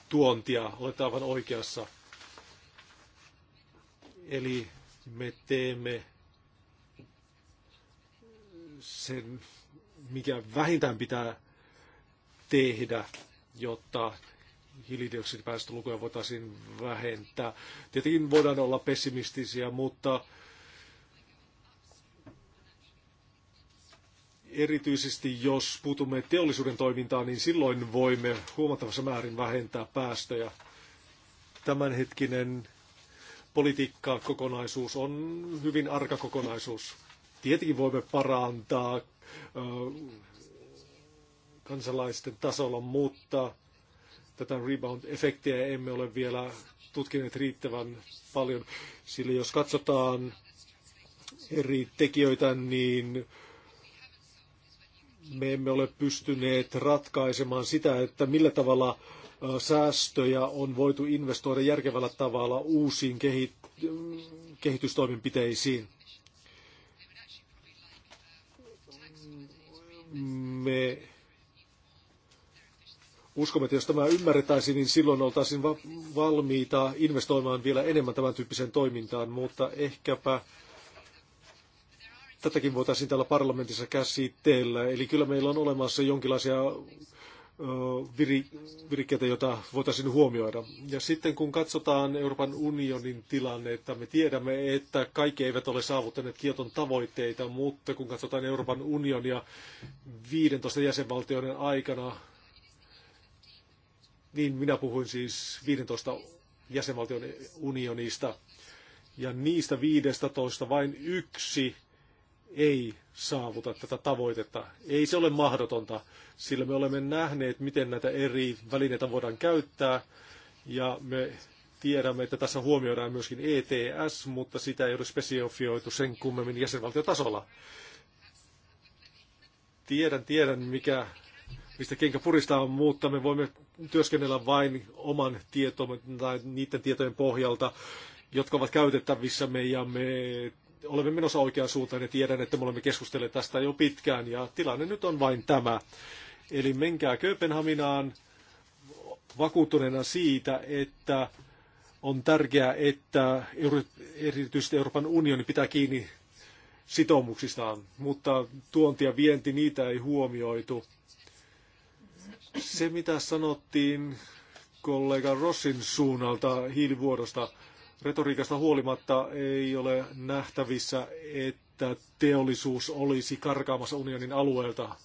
tuontia. Olette aivan oikeassa. Eli me teemme sen, mikä vähintään pitää tehdä, jotta hiilidioksidipäästölukuja voitaisiin vähentää. Tietenkin voidaan olla pessimistisiä, mutta erityisesti jos puutumme teollisuuden toimintaan, niin silloin voimme huomattavassa määrin vähentää päästöjä. Tämänhetkinen politiikkaa kokonaisuus on hyvin arka kokonaisuus. Tietenkin voimme parantaa ö, kansalaisten tasolla, mutta tätä rebound-efektiä emme ole vielä tutkineet riittävän paljon, sillä jos katsotaan eri tekijöitä, niin me emme ole pystyneet ratkaisemaan sitä, että millä tavalla säästöjä on voitu investoida järkevällä tavalla uusiin kehitystoimenpiteisiin. Me uskomme, että jos tämä ymmärretäisiin, niin silloin oltaisiin valmiita investoimaan vielä enemmän tämän tyyppiseen toimintaan, mutta ehkäpä tätäkin voitaisiin täällä parlamentissa käsitellä. Eli kyllä meillä on olemassa jonkinlaisia virikkeitä, joita voitaisiin huomioida. Ja sitten kun katsotaan Euroopan unionin tilannetta, me tiedämme, että kaikki eivät ole saavuttaneet Kioton tavoitteita, mutta kun katsotaan Euroopan unionia 15 jäsenvaltioiden aikana, niin minä puhuin siis 15 jäsenvaltion unionista, ja niistä 15 vain yksi ei saavuta tätä tavoitetta. Ei se ole mahdotonta, sillä me olemme nähneet, miten näitä eri välineitä voidaan käyttää, ja me tiedämme, että tässä huomioidaan myöskin ETS, mutta sitä ei ole spesifioitu sen kummemmin jäsenvaltiotasolla. Tiedän, tiedän, mikä, mistä kenkä puristaa, mutta me voimme työskennellä vain oman tietomme tai niiden tietojen pohjalta, jotka ovat käytettävissämme ja me olemme menossa oikeaan suuntaan ja tiedän, että me olemme keskustelleet tästä jo pitkään ja tilanne nyt on vain tämä. Eli menkää Kööpenhaminaan vakuuttuneena siitä, että on tärkeää, että erityisesti Euroopan unioni pitää kiinni sitoumuksistaan, mutta tuonti ja vienti, niitä ei huomioitu. Se, mitä sanottiin kollega Rossin suunnalta hiilivuodosta, Retoriikasta huolimatta ei ole nähtävissä, että teollisuus olisi karkaamassa unionin alueelta.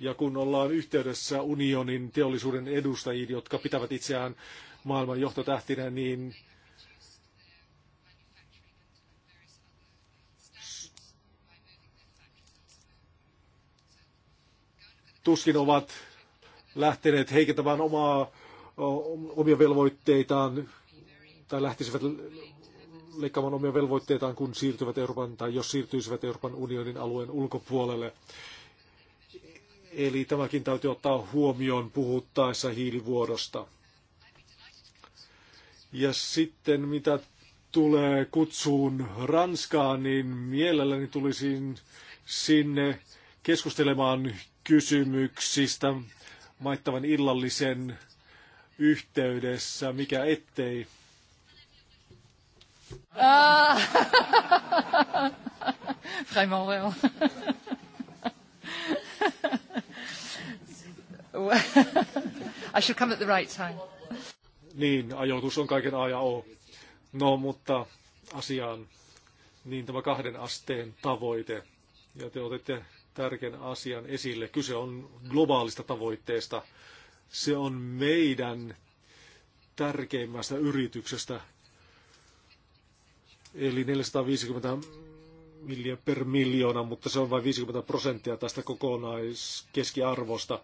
Ja kun ollaan yhteydessä unionin teollisuuden edustajiin, jotka pitävät itseään maailman johtotähtinä, niin tuskin ovat lähteneet heikentämään omaa, omia velvoitteitaan tai lähtisivät leikkaamaan omia velvoitteitaan, kun siirtyvät Euroopan tai jos siirtyisivät Euroopan unionin alueen ulkopuolelle. Eli tämäkin täytyy ottaa huomioon puhuttaessa hiilivuodosta. Ja sitten mitä tulee kutsuun Ranskaan, niin mielelläni tulisin sinne keskustelemaan kysymyksistä maittavan illallisen yhteydessä, mikä ettei.
Ah vraiment, vraiment. I should come at the right time.
Niin, ajoitus on kaiken ajan O. No, mutta asiaan niin tämä kahden asteen tavoite. Ja te otette tärkeän asian esille. Kyse on globaalista tavoitteesta. Se on meidän tärkeimmästä yrityksestä eli 450 milliä per miljoona, mutta se on vain 50 prosenttia tästä kokonaiskeskiarvosta.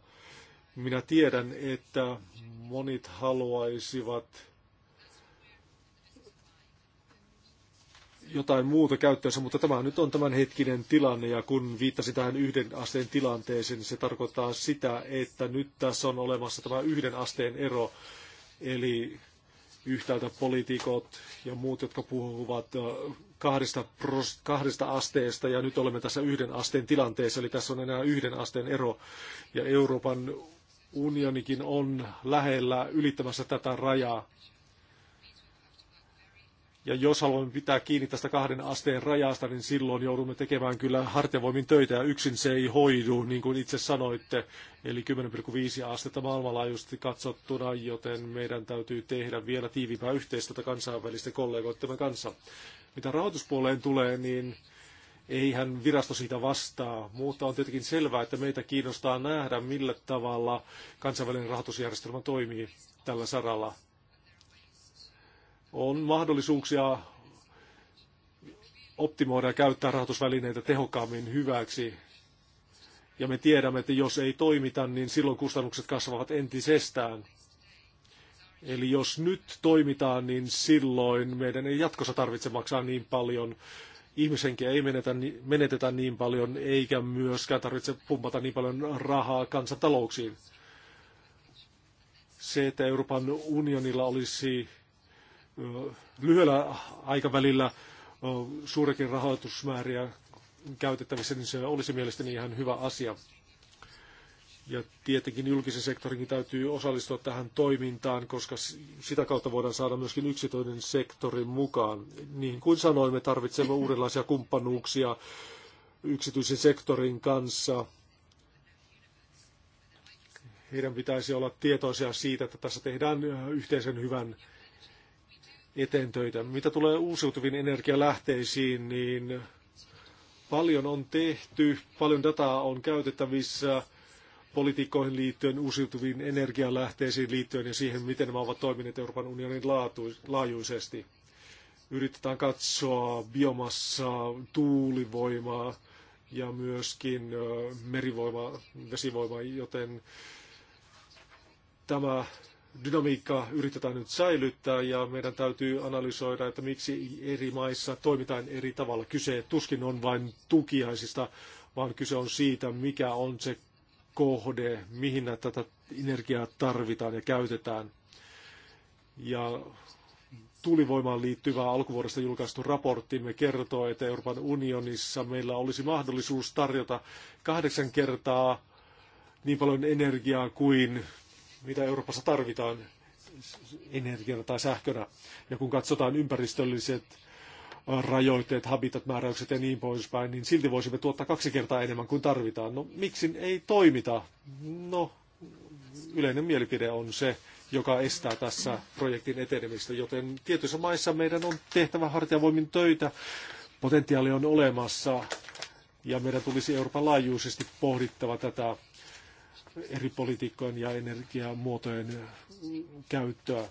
Minä tiedän, että monet haluaisivat jotain muuta käyttöönsä, mutta tämä nyt on tämänhetkinen tilanne, ja kun viittasin tähän yhden asteen tilanteeseen, niin se tarkoittaa sitä, että nyt tässä on olemassa tämä yhden asteen ero, eli yhtäältä poliitikot ja muut, jotka puhuvat äh, kahdesta, kahdesta asteesta, ja nyt olemme tässä yhden asteen tilanteessa, eli tässä on enää yhden asteen ero, ja Euroopan unionikin on lähellä ylittämässä tätä rajaa. Ja jos haluamme pitää kiinni tästä kahden asteen rajasta, niin silloin joudumme tekemään kyllä hartiavoimin töitä ja yksin se ei hoidu, niin kuin itse sanoitte. Eli 10,5 astetta maailmanlaajuisesti katsottuna, joten meidän täytyy tehdä vielä tiiviimpää yhteistyötä kansainvälisten kollegoittemme kanssa. Mitä rahoituspuoleen tulee, niin eihän virasto siitä vastaa, mutta on tietenkin selvää, että meitä kiinnostaa nähdä, millä tavalla kansainvälinen rahoitusjärjestelmä toimii tällä saralla on mahdollisuuksia optimoida ja käyttää rahoitusvälineitä tehokkaammin hyväksi. Ja me tiedämme, että jos ei toimita, niin silloin kustannukset kasvavat entisestään. Eli jos nyt toimitaan, niin silloin meidän ei jatkossa tarvitse maksaa niin paljon. Ihmishenkiä ei menetä, menetetä niin paljon, eikä myöskään tarvitse pumpata niin paljon rahaa kansantalouksiin. Se, että Euroopan unionilla olisi lyhyellä aikavälillä suurekin rahoitusmääriä käytettävissä, niin se olisi mielestäni ihan hyvä asia. Ja tietenkin julkisen sektorinkin täytyy osallistua tähän toimintaan, koska sitä kautta voidaan saada myöskin yksityinen sektori mukaan. Niin kuin sanoin, me tarvitsemme uudenlaisia kumppanuuksia yksityisen sektorin kanssa. Heidän pitäisi olla tietoisia siitä, että tässä tehdään yhteisen hyvän eteen töitä. Mitä tulee uusiutuviin energialähteisiin, niin paljon on tehty, paljon dataa on käytettävissä politiikkoihin liittyen, uusiutuviin energialähteisiin liittyen ja siihen, miten nämä ovat toimineet Euroopan unionin laajuisesti. Yritetään katsoa biomassaa, tuulivoimaa ja myöskin merivoimaa, vesivoimaa, joten tämä dynamiikkaa yritetään nyt säilyttää ja meidän täytyy analysoida, että miksi eri maissa toimitaan eri tavalla. Kyse tuskin on vain tukiaisista, vaan kyse on siitä, mikä on se kohde, mihin tätä energiaa tarvitaan ja käytetään. Ja tulivoimaan liittyvä alkuvuodesta julkaistu raporttimme kertoo, että Euroopan unionissa meillä olisi mahdollisuus tarjota kahdeksan kertaa niin paljon energiaa kuin mitä Euroopassa tarvitaan energiana tai sähkönä. Ja kun katsotaan ympäristölliset rajoitteet, habitatmääräykset ja niin poispäin, niin silti voisimme tuottaa kaksi kertaa enemmän kuin tarvitaan. No miksi ei toimita? No, yleinen mielipide on se, joka estää tässä projektin etenemistä, joten tietyissä maissa meidän on tehtävä hartiavoimin töitä. Potentiaali on olemassa ja meidän tulisi Euroopan laajuisesti pohdittava tätä eri politiikkojen ja energiamuotojen käyttöä.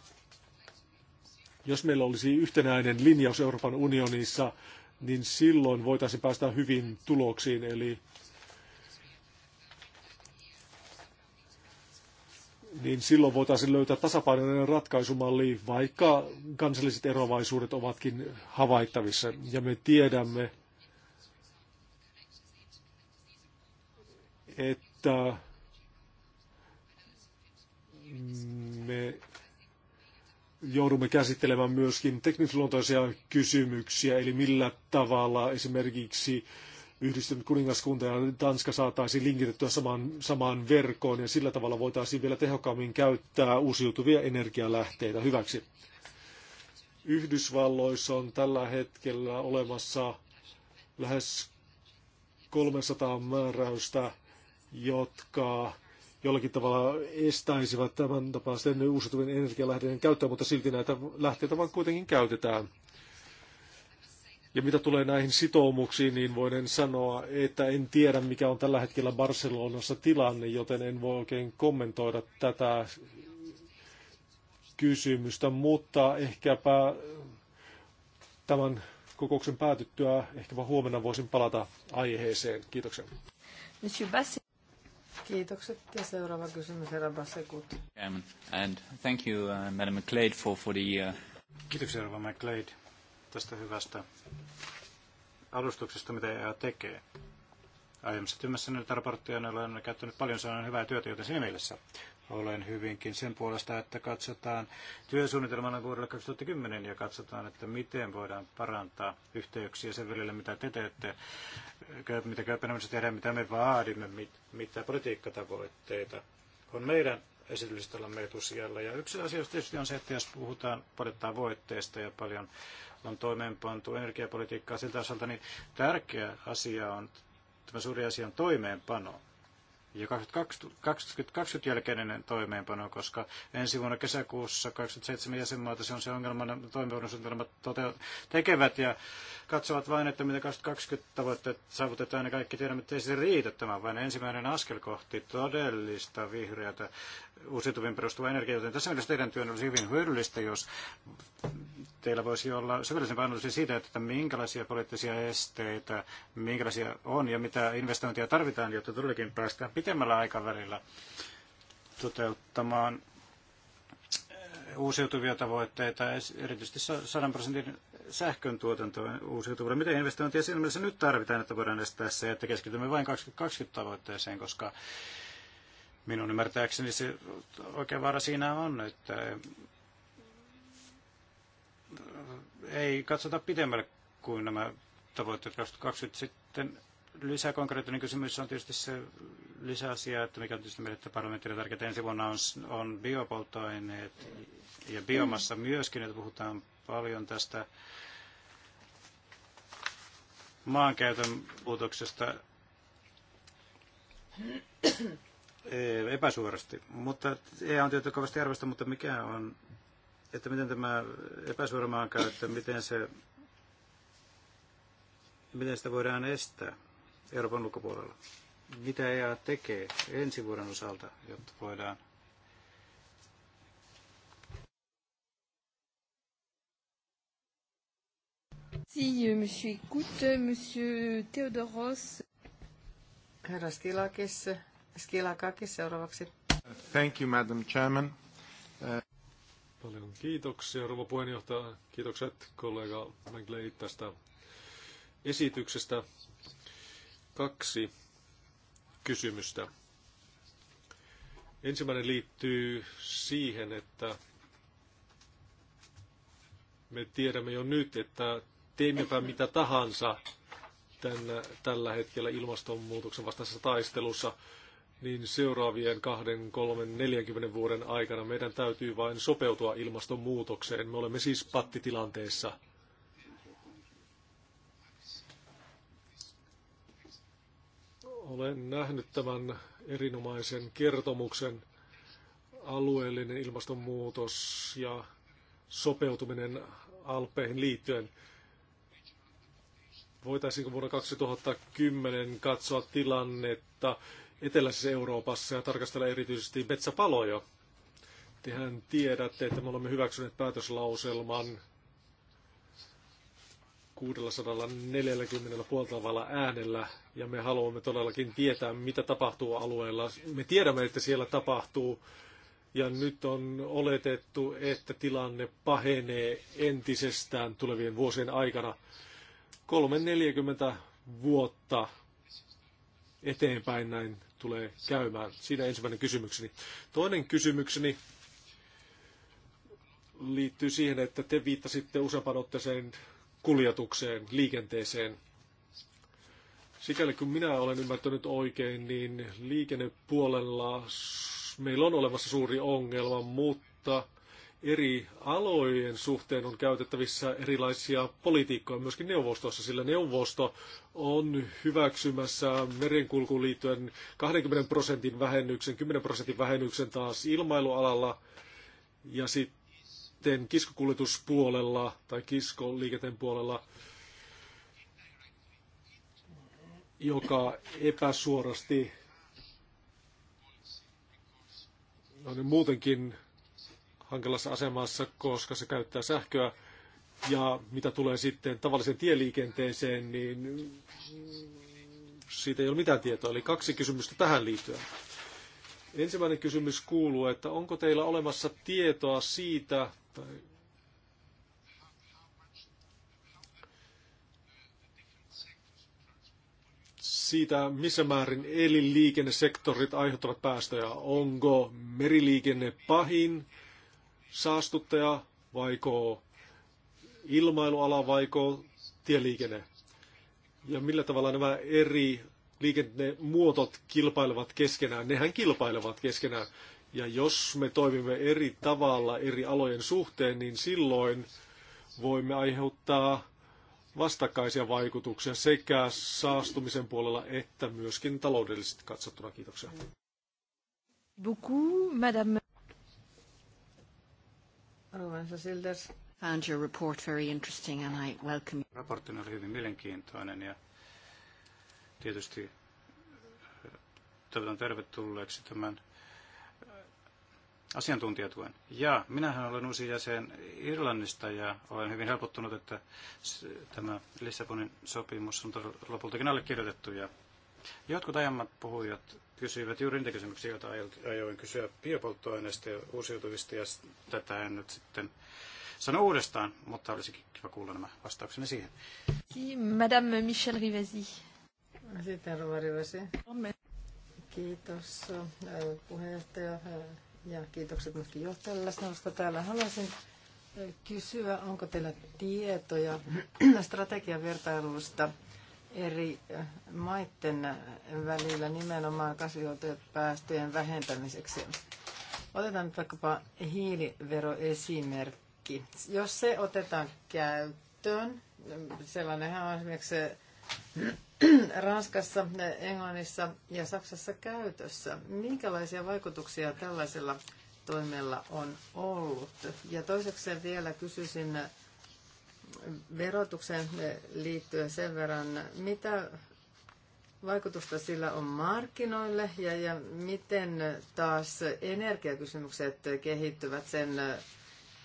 Jos meillä olisi yhtenäinen linjaus Euroopan unionissa, niin silloin voitaisiin päästä hyvin tuloksiin, eli niin silloin voitaisiin löytää tasapainoinen ratkaisumalli, vaikka kansalliset eroavaisuudet ovatkin havaittavissa. Ja me tiedämme, että me joudumme käsittelemään myöskin teknisluontoisia kysymyksiä, eli millä tavalla esimerkiksi yhdistynyt kuningaskunta ja Tanska saataisiin linkitettyä samaan, samaan verkkoon ja sillä tavalla voitaisiin vielä tehokkaammin käyttää uusiutuvia energialähteitä hyväksi. Yhdysvalloissa on tällä hetkellä olemassa lähes 300 määräystä, jotka jollakin tavalla estäisivät tämän tapaisten uusiutuvien energialähteiden käyttöä, mutta silti näitä lähteitä vaan kuitenkin käytetään. Ja mitä tulee näihin sitoumuksiin, niin voin sanoa, että en tiedä mikä on tällä hetkellä Barcelonassa tilanne, joten en voi oikein kommentoida tätä kysymystä, mutta ehkäpä tämän kokouksen päätyttyä ehkäpä huomenna voisin palata aiheeseen. Kiitoksia.
Kiitokset. Ja seuraava kysymys, herra Bassekut.
And thank you, uh, Madam McLeod, for, for the... Uh... Kiitoksia, herra McLeod, tästä hyvästä alustuksesta, mitä EA tekee. Aiemmassa työmässä nyt raporttia olen käyttänyt paljon on hyvää työtä, joten siinä mielessä olen hyvinkin sen puolesta, että katsotaan työsuunnitelmana vuodelle 2010 ja katsotaan, että miten voidaan parantaa yhteyksiä sen välillä, mitä te teette, mitä Kööpenhaminassa tehdään, mitä me vaadimme, mit, mitä politiikkatavoitteita on meidän esityslistallamme etusijalla. Ja yksi asia tietysti on se, että jos puhutaan paljon tavoitteista ja paljon on toimeenpantu energiapolitiikkaa siltä osalta, niin tärkeä asia on, tämä suuri asia on toimeenpano ja 2020, jälkeinen toimeenpano, koska ensi vuonna kesäkuussa 27 jäsenmaata se on se ongelma, toimeenpanosuunnitelmat tekevät ja katsovat vain, että mitä 2020 tavoitteet saavutetaan ja kaikki tiedämme, että ei se riitä. Tämä on vain ensimmäinen askel kohti todellista vihreätä uusiutuviin perustuvaa energiaa, joten tässä mielessä teidän työn olisi hyvin hyödyllistä, jos teillä voisi olla syvällisempi analyysi siitä, että minkälaisia poliittisia esteitä, minkälaisia on ja mitä investointia tarvitaan, jotta todellakin päästään pitemmällä aikavälillä toteuttamaan eh, uusiutuvia tavoitteita, erityisesti 100 prosentin sähkön tuotantoon uusiutuvuudelle. Miten investointia siinä mielessä nyt tarvitaan, että voidaan estää se, että keskitymme vain 2020 tavoitteeseen, koska minun ymmärtääkseni se oikea vaara siinä on, että ei katsota pidemmälle kuin nämä tavoitteet 2020. Sitten lisää konkreettinen kysymys on tietysti se lisäasia, että mikä on tietysti meille parlamentille tärkeää ensi vuonna on, on biopolttoaineet ja biomassa mm. myöskin, että puhutaan paljon tästä maankäytön muutoksesta epäsuorasti. Mutta ei on tietysti kovasti arvosta, mutta mikä on että miten tämä epäsuora maankäyttö, miten, se, miten sitä voidaan estää Euroopan ulkopuolella. Mitä EA tekee ensi vuoden osalta, jotta voidaan
Merci, euh, monsieur Écoute, monsieur Theodoros. Herra Skilakis, Skilakakis seuraavaksi. Thank you, Madam Chairman. Uh,
Paljon kiitoksia, rouva puheenjohtaja. Kiitokset kollega McLeod tästä esityksestä. Kaksi kysymystä. Ensimmäinen liittyy siihen, että me tiedämme jo nyt, että teimmepä mitä tahansa tämän, tällä hetkellä ilmastonmuutoksen vastaisessa taistelussa, niin seuraavien kahden, kolmen, 40 vuoden aikana meidän täytyy vain sopeutua ilmastonmuutokseen. Me olemme siis pattitilanteessa. Olen nähnyt tämän erinomaisen kertomuksen alueellinen ilmastonmuutos ja sopeutuminen alpeihin liittyen. Voitaisiinko vuonna 2010 katsoa tilannetta eteläisessä Euroopassa ja tarkastella erityisesti metsäpaloja. Tehän tiedätte, että me olemme hyväksyneet päätöslauselman 640 puoltavalla äänellä ja me haluamme todellakin tietää, mitä tapahtuu alueella. Me tiedämme, että siellä tapahtuu ja nyt on oletettu, että tilanne pahenee entisestään tulevien vuosien aikana 340 vuotta eteenpäin näin tulee käymään? Siinä ensimmäinen kysymykseni. Toinen kysymykseni liittyy siihen, että te viittasitte useampaan otteeseen kuljetukseen, liikenteeseen. Sikäli kun minä olen ymmärtänyt oikein, niin liikennepuolella meillä on olemassa suuri ongelma, mutta eri alojen suhteen on käytettävissä erilaisia politiikkoja myöskin neuvostossa, sillä neuvosto on hyväksymässä merenkulkuun liittyen 20 prosentin vähennyksen, 10 prosentin vähennyksen taas ilmailualalla ja sitten kiskokuljetuspuolella tai kiskoliikenteen puolella joka epäsuorasti on muutenkin hankalassa asemassa, koska se käyttää sähköä. Ja mitä tulee sitten tavalliseen tieliikenteeseen, niin siitä ei ole mitään tietoa. Eli kaksi kysymystä tähän liittyen. Ensimmäinen kysymys kuuluu, että onko teillä olemassa tietoa siitä, tai siitä, missä määrin elinliikennesektorit aiheuttavat päästöjä. Onko meriliikenne pahin saastuttaja, vaiko ilmailuala, vaiko tieliikenne? Ja millä tavalla nämä eri liikennemuotot kilpailevat keskenään? Nehän kilpailevat keskenään. Ja jos me toimimme eri tavalla eri alojen suhteen, niin silloin voimme aiheuttaa vastakkaisia vaikutuksia sekä saastumisen puolella että myöskin taloudellisesti katsottuna. Kiitoksia.
Beaucoup, madame. Found
your report very interesting and I welcome Raportti oli hyvin mielenkiintoinen ja tietysti eh, toivotan tervetulleeksi tämän eh, asiantuntijatuen. Ja minähän olen uusi jäsen Irlannista ja olen hyvin helpottunut, että tämä Lissabonin sopimus on lopultakin allekirjoitettu. Ja jotkut aiemmat puhujat kysyivät juuri niitä kysymyksiä, joita ajoin kysyä biopolttoaineista ja uusiutuvista, ja tätä en nyt sitten sano uudestaan, mutta olisi kiva kuulla nämä vastauksenne siihen.
Madame Michel Rivasi. Sitten Rova Rivasi. Kiitos äh, puheenjohtaja äh, ja kiitokset myöskin johtajalle läsnäolosta täällä. Haluaisin äh, kysyä, onko teillä tietoja strategian vertailusta eri äh, maiden välillä nimenomaan päästöjen vähentämiseksi. Otetaan nyt vaikkapa hiiliveroesimerkki. Jos se otetaan käyttöön, sellainenhan on esimerkiksi äh, Ranskassa, Englannissa ja Saksassa käytössä. Minkälaisia vaikutuksia tällaisella toimella on ollut? Ja toiseksi vielä kysyisin verotukseen liittyen sen verran, mitä vaikutusta sillä on markkinoille ja, ja miten taas energiakysymykset kehittyvät sen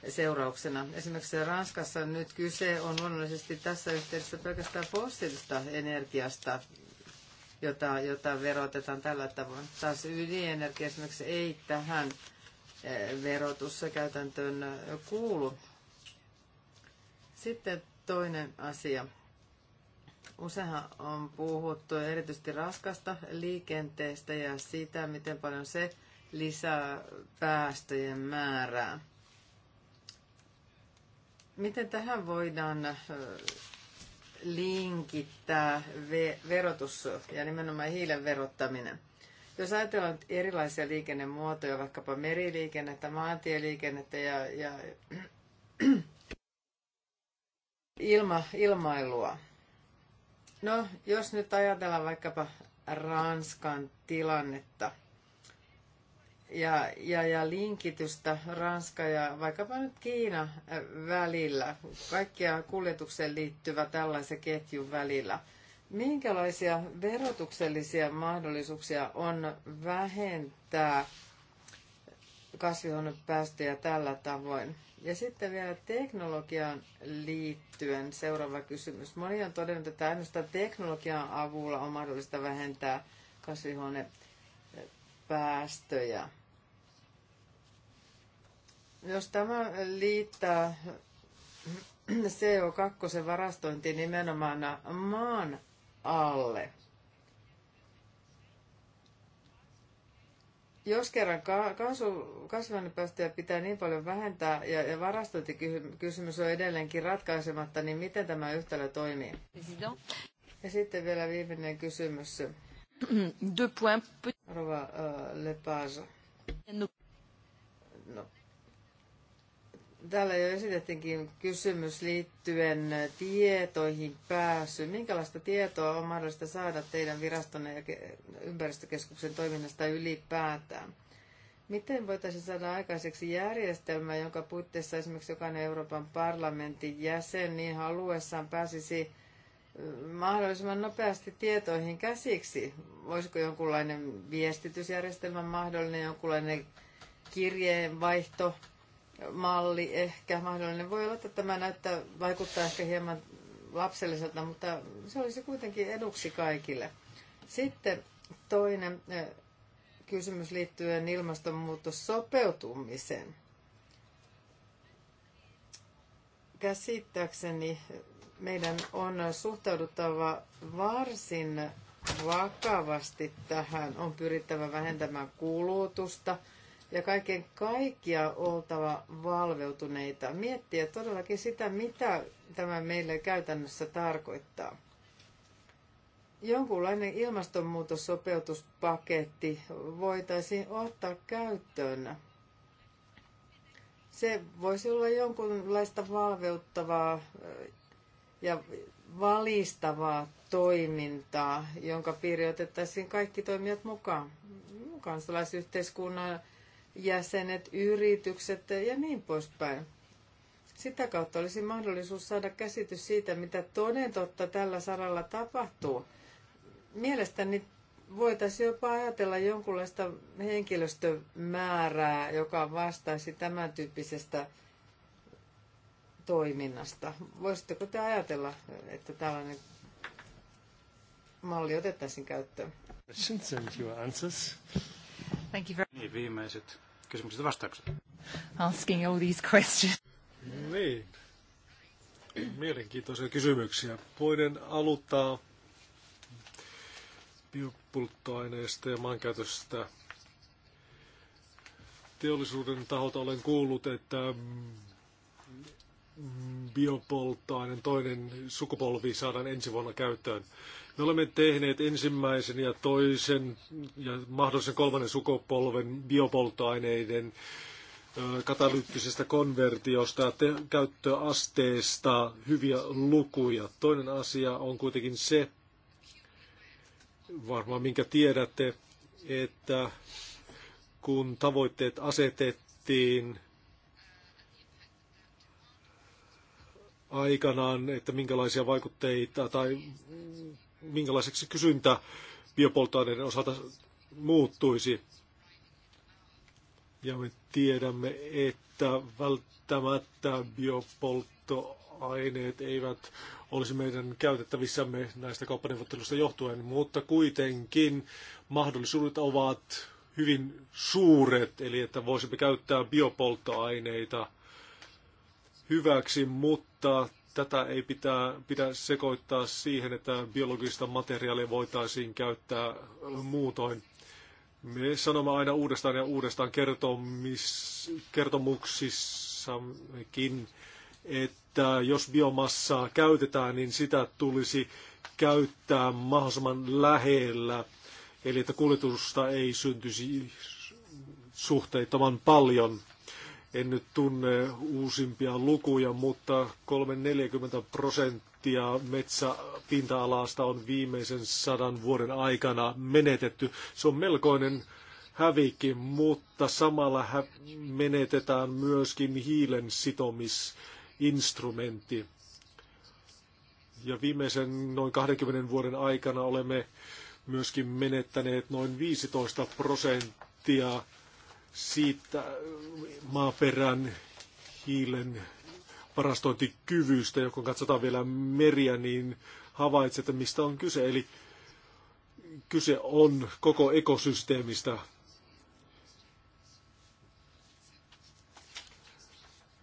seurauksena. Esimerkiksi Ranskassa nyt kyse on luonnollisesti tässä yhteydessä pelkästään fossiilista energiasta, jota, jota verotetaan tällä tavoin. Taas ydinenergia esimerkiksi ei tähän eh, käytäntöön kuulu. Sitten toinen asia. Useinhan on puhuttu erityisesti raskasta liikenteestä ja siitä, miten paljon se lisää päästöjen määrää. Miten tähän voidaan linkittää verotus ja nimenomaan hiilen verottaminen? Jos ajatellaan erilaisia liikennemuotoja, vaikkapa meriliikennettä, maantieliikennettä ja, ja ilma, ilmailua. No, jos nyt ajatellaan vaikkapa Ranskan tilannetta ja, ja, ja linkitystä Ranska ja vaikkapa nyt Kiina eh, välillä, kaikkia kuljetukseen liittyvä tällaisen ketjun välillä, minkälaisia verotuksellisia mahdollisuuksia on vähentää kasvihuonepäästöjä tällä tavoin? Ja sitten vielä teknologiaan liittyen seuraava kysymys. Moni on todennut, että ainoastaan teknologian avulla on mahdollista vähentää kasvihuonepäästöjä. Jos tämä liittää CO2 varastointiin nimenomaan maan alle, Jos kerran kasvihuonepäästöjä pitää niin paljon vähentää ja, ja varastointikysymys on edelleenkin ratkaisematta, niin miten tämä yhtälö toimii? Ja sitten vielä viimeinen kysymys. Deux points. Rova uh, Lepage. Täällä jo esitettiinkin kysymys liittyen tietoihin pääsy. Minkälaista tietoa on mahdollista saada teidän viraston ja ympäristökeskuksen toiminnasta ylipäätään? Miten voitaisiin saada aikaiseksi järjestelmä, jonka puitteissa esimerkiksi jokainen Euroopan parlamentin jäsen niin haluessaan pääsisi mahdollisimman nopeasti tietoihin käsiksi? Voisiko jonkunlainen viestitysjärjestelmä mahdollinen, jonkunlainen kirjeenvaihto malli ehkä mahdollinen. Voi olla, että tämä näyttää, vaikuttaa ehkä hieman lapselliselta, mutta se olisi kuitenkin eduksi kaikille. Sitten toinen kysymys liittyen ilmastonmuutos sopeutumiseen. Käsittääkseni meidän on suhtauduttava varsin vakavasti tähän. On pyrittävä vähentämään kulutusta – ja kaiken kaikkia oltava valveutuneita. Miettiä todellakin sitä, mitä tämä meille käytännössä tarkoittaa. Jonkunlainen ilmastonmuutossopeutuspaketti voitaisiin ottaa käyttöön. Se voisi olla jonkunlaista valveuttavaa ja valistavaa toimintaa, jonka piiri otettaisiin kaikki toimijat mukaan. Kansalaisyhteiskunnan jäsenet, yritykset ja niin poispäin. Sitä kautta olisi mahdollisuus saada käsitys siitä, mitä toden totta tällä saralla tapahtuu. Mielestäni voitaisiin jopa ajatella jonkunlaista henkilöstömäärää, joka vastaisi tämän tyyppisestä toiminnasta. Voisitteko te ajatella, että tällainen malli otettaisiin käyttöön? Thank you
ja niin, viimeiset kysymykset ja vastaukset.
Asking all these questions.
Niin.
Mielenkiintoisia kysymyksiä. Voiden aluttaa biopolttoaineista ja maankäytöstä. Teollisuuden taholta olen kuullut, että biopolttoaineen toinen sukupolvi saadaan ensi vuonna käyttöön. Me olemme tehneet ensimmäisen ja toisen ja mahdollisen kolmannen sukupolven biopolttoaineiden katalyyttisestä konvertiosta ja te- käyttöasteesta hyviä lukuja. Toinen asia on kuitenkin se, varmaan minkä tiedätte, että kun tavoitteet asetettiin aikanaan, että minkälaisia vaikutteita tai minkälaiseksi kysyntä biopolttoaineiden osalta muuttuisi. Ja me tiedämme, että välttämättä biopolttoaineet eivät olisi meidän käytettävissämme näistä kauppaneuvotteluista johtuen, mutta kuitenkin mahdollisuudet ovat hyvin suuret, eli että voisimme käyttää biopolttoaineita – hyväksi, mutta tätä ei pitää, pidä sekoittaa siihen, että biologista materiaalia voitaisiin käyttää muutoin. Me sanomme aina uudestaan ja uudestaan kertomuksissakin, että jos biomassaa käytetään, niin sitä tulisi käyttää mahdollisimman lähellä, eli että kuljetusta ei syntyisi suhteettoman paljon – en nyt tunne uusimpia lukuja, mutta 3-40 prosenttia metsäpinta-alasta on viimeisen sadan vuoden aikana menetetty. Se on melkoinen hävikki, mutta samalla menetetään myöskin hiilen sitomisinstrumentti. Ja viimeisen noin 20 vuoden aikana olemme myöskin menettäneet noin 15 prosenttia siitä äh, maaperän hiilen varastointikyvystä, ja kun katsotaan vielä meriä, niin että mistä on kyse. Eli kyse on koko ekosysteemistä.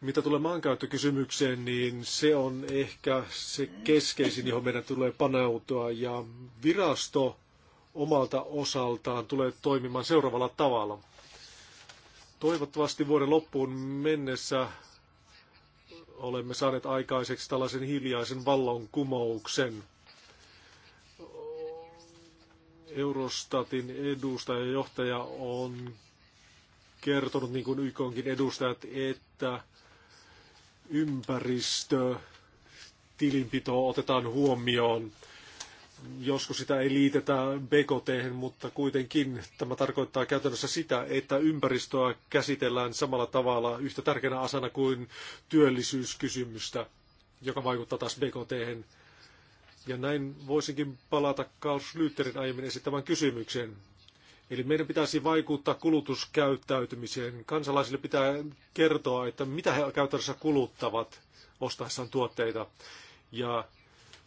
Mitä tulee maankäyttökysymykseen, niin se on ehkä se keskeisin, johon meidän tulee paneutua. Ja virasto omalta osaltaan tulee toimimaan seuraavalla tavalla. Toivottavasti vuoden loppuun mennessä olemme saaneet aikaiseksi tällaisen hiljaisen vallankumouksen. Eurostatin edustaja ja johtaja on kertonut, niin kuin YKonkin edustajat, että ympäristö tilinpito otetaan huomioon joskus sitä ei liitetä BKT, mutta kuitenkin tämä tarkoittaa käytännössä sitä, että ympäristöä käsitellään samalla tavalla yhtä tärkeänä asana kuin työllisyyskysymystä, joka vaikuttaa taas BKT. hen. Ja näin voisinkin palata Carl Schlüterin aiemmin esittämään kysymykseen. Eli meidän pitäisi vaikuttaa kulutuskäyttäytymiseen. Kansalaisille pitää kertoa, että mitä he käytännössä kuluttavat ostaessaan tuotteita. Ja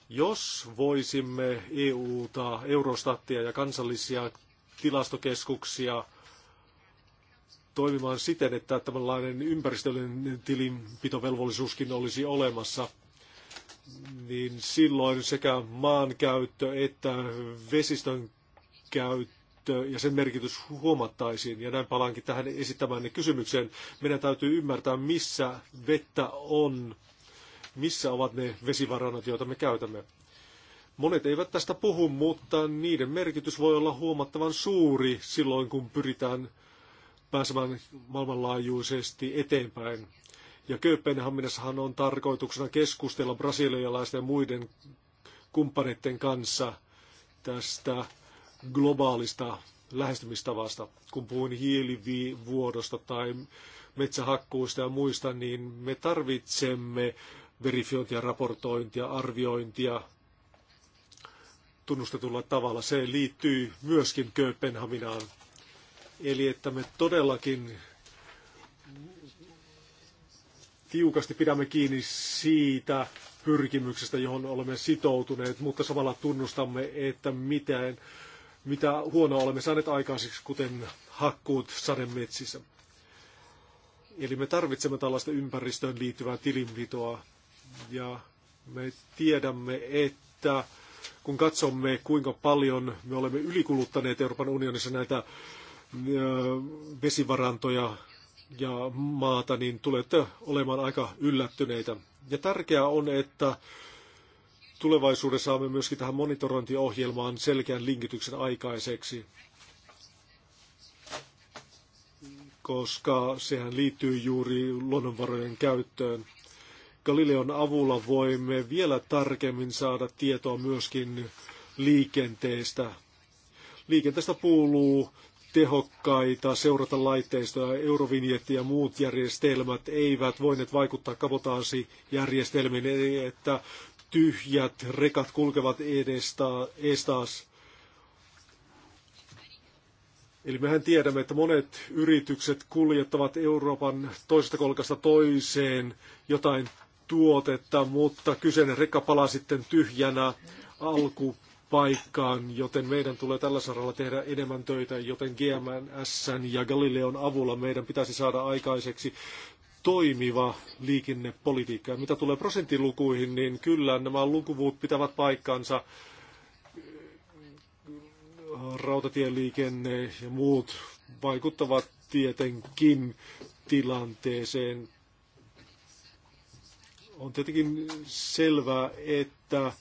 jos voisimme EU-ta, Eurostatia ja kansallisia tilastokeskuksia toimimaan siten, että tällainen ympäristöllinen tilinpitovelvollisuuskin olisi olemassa, niin silloin sekä maankäyttö että vesistön käyttö ja sen merkitys huomattaisiin. Ja näin palaankin tähän esittämään kysymykseen. Meidän täytyy ymmärtää, missä vettä on missä ovat ne vesivarannot, joita me käytämme. Monet eivät tästä puhu, mutta niiden merkitys voi olla huomattavan suuri silloin, kun pyritään pääsemään maailmanlaajuisesti eteenpäin. Ja Kööpenhaminassahan on tarkoituksena keskustella brasilialaisten ja muiden kumppaneiden kanssa tästä globaalista lähestymistavasta. Kun puhuin hiilivuodosta tai metsähakkuista ja muista, niin me tarvitsemme verifiointia, raportointia, arviointia tunnustetulla tavalla. Se liittyy myöskin Kööpenhaminaan. Eli että me todellakin tiukasti pidämme kiinni siitä pyrkimyksestä, johon olemme sitoutuneet, mutta samalla tunnustamme, että mitään, mitä huonoa olemme saaneet aikaiseksi, kuten hakkuut sademetsissä. Eli me tarvitsemme tällaista ympäristöön liittyvää tilinpitoa. Ja me tiedämme, että kun katsomme, kuinka paljon me olemme ylikuluttaneet Euroopan unionissa näitä vesivarantoja ja maata, niin tulette olemaan aika yllättyneitä. Ja tärkeää on, että tulevaisuudessa saamme myöskin tähän monitorointiohjelmaan selkeän linkityksen aikaiseksi, koska sehän liittyy juuri luonnonvarojen käyttöön. Galileon avulla voimme vielä tarkemmin saada tietoa myöskin liikenteestä. Liikenteestä puuluu tehokkaita seurata laitteistoja, eurovinjetti ja muut järjestelmät eivät voineet vaikuttaa kabotaasijärjestelmiin, eli että tyhjät rekat kulkevat eestaas. Eli mehän tiedämme, että monet yritykset kuljettavat Euroopan toisesta kolkasta toiseen jotain tuotetta, mutta kyseinen rekka palaa sitten tyhjänä alkupaikkaan, joten meidän tulee tällä saralla tehdä enemmän töitä, joten GMS ja Galileon avulla meidän pitäisi saada aikaiseksi toimiva liikennepolitiikka. Ja mitä tulee prosenttilukuihin, niin kyllä nämä lukuvuut pitävät paikkansa. Rautatieliikenne ja muut vaikuttavat tietenkin tilanteeseen. On tietenkin selvää, että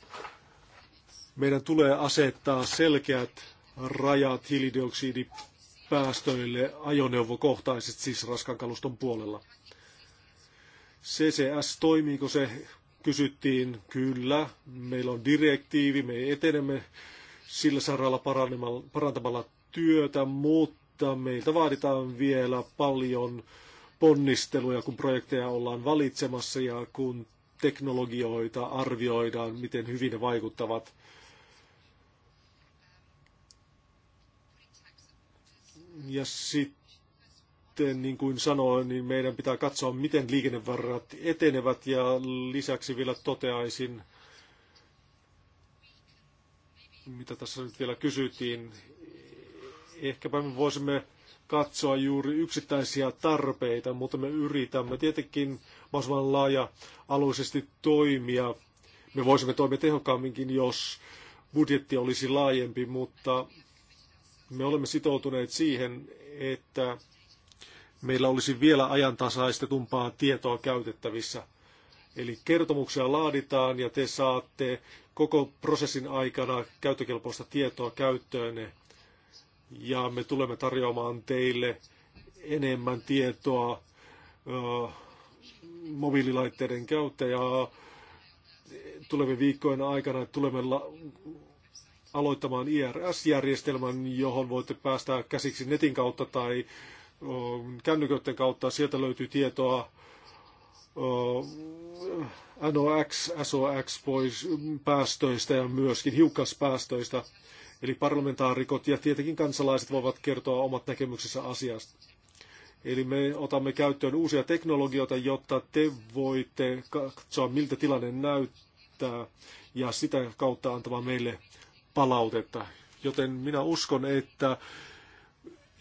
meidän tulee asettaa selkeät rajat hiilidioksidipäästöille ajoneuvokohtaisesti, siis raskan kaluston puolella. CCS, toimiiko se? Kysyttiin, kyllä, meillä on direktiivi, me etenemme sillä saralla parantamalla työtä, mutta meiltä vaaditaan vielä paljon ponnisteluja, kun projekteja ollaan valitsemassa ja kun teknologioita arvioidaan, miten hyvin ne vaikuttavat Ja sitten, niin kuin sanoin, niin meidän pitää katsoa, miten liikennevarat etenevät ja lisäksi vielä toteaisin, mitä tässä nyt vielä kysyttiin. Ehkäpä me voisimme katsoa juuri yksittäisiä tarpeita, mutta me yritämme tietenkin mahdollisimman laaja-alueisesti toimia. Me voisimme toimia tehokkaamminkin, jos budjetti olisi laajempi, mutta me olemme sitoutuneet siihen, että meillä olisi vielä ajantasaistetumpaa tietoa käytettävissä. Eli kertomuksia laaditaan ja te saatte koko prosessin aikana käyttökelpoista tietoa käyttöönne ja me tulemme tarjoamaan teille enemmän tietoa ö, mobiililaitteiden ja Tulevien viikkojen aikana tulemme la- aloittamaan IRS-järjestelmän, johon voitte päästä käsiksi netin kautta tai ö, kännyköiden kautta. Sieltä löytyy tietoa ö, NOx, SOx pois päästöistä ja myöskin hiukkaspäästöistä. Eli parlamentaarikot ja tietenkin kansalaiset voivat kertoa omat näkemyksensä asiasta. Eli me otamme käyttöön uusia teknologioita, jotta te voitte katsoa, miltä tilanne näyttää ja sitä kautta antamaan meille palautetta. Joten minä uskon, että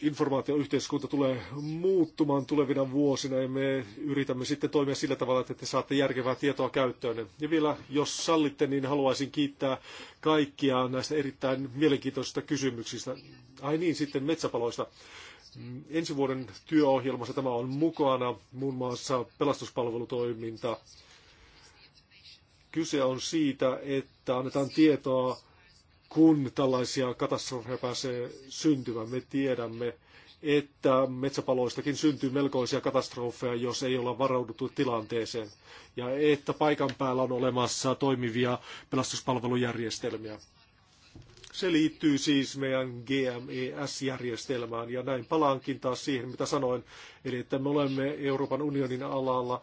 informaatioyhteiskunta tulee muuttumaan tulevina vuosina ja me yritämme sitten toimia sillä tavalla, että te saatte järkevää tietoa käyttöön. Ja vielä, jos sallitte, niin haluaisin kiittää kaikkia näistä erittäin mielenkiintoisista kysymyksistä. Ai niin, sitten metsäpaloista. Ensi vuoden työohjelmassa tämä on mukana, muun muassa pelastuspalvelutoiminta. Kyse on siitä, että annetaan tietoa kun tällaisia katastrofeja pääsee syntymään. Me tiedämme, että metsäpaloistakin syntyy melkoisia katastrofeja, jos ei olla varauduttu tilanteeseen, ja että paikan päällä on olemassa toimivia pelastuspalvelujärjestelmiä. Se liittyy siis meidän GMES-järjestelmään, ja näin palaankin taas siihen, mitä sanoin, eli että me olemme Euroopan unionin alalla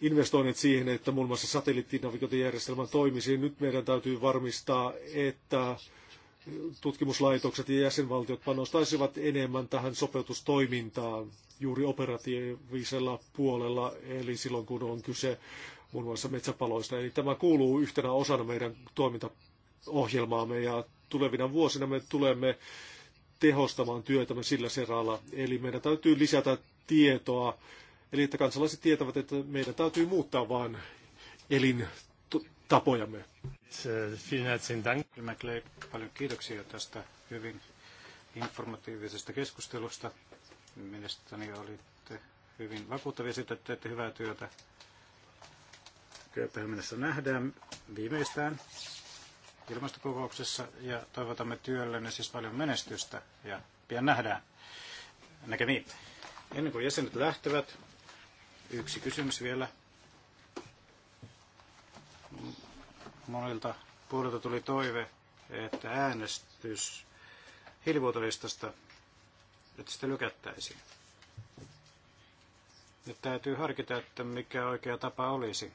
investoineet siihen, että muun muassa satelliittinavigointijärjestelmä toimisi. Nyt meidän täytyy varmistaa, että tutkimuslaitokset ja jäsenvaltiot panostaisivat enemmän tähän sopeutustoimintaan juuri operatiivisella puolella, eli silloin kun on kyse muun muassa metsäpaloista. Eli tämä kuuluu yhtenä osana meidän
toimintaohjelmaamme
ja tulevina vuosina me tulemme tehostamaan työtämme sillä seralla. Eli meidän täytyy lisätä tietoa Eli että kansalaiset tietävät, että meidän täytyy muuttaa vain
elintapojamme. Paljon kiitoksia tästä hyvin informatiivisesta keskustelusta. Mielestäni olitte hyvin vakuuttavia siitä, että teette hyvää työtä. Kööpenhän mennessä nähdään viimeistään ilmastokokouksessa ja toivotamme työllenne siis paljon menestystä ja pian nähdään. Näkemiin. Ennen kuin jäsenet lähtevät, Yksi kysymys vielä. Monilta puolilta tuli toive, että äänestys hiilivuotolistasta, että sitä lykättäisiin. Nyt täytyy harkita, että mikä oikea tapa olisi.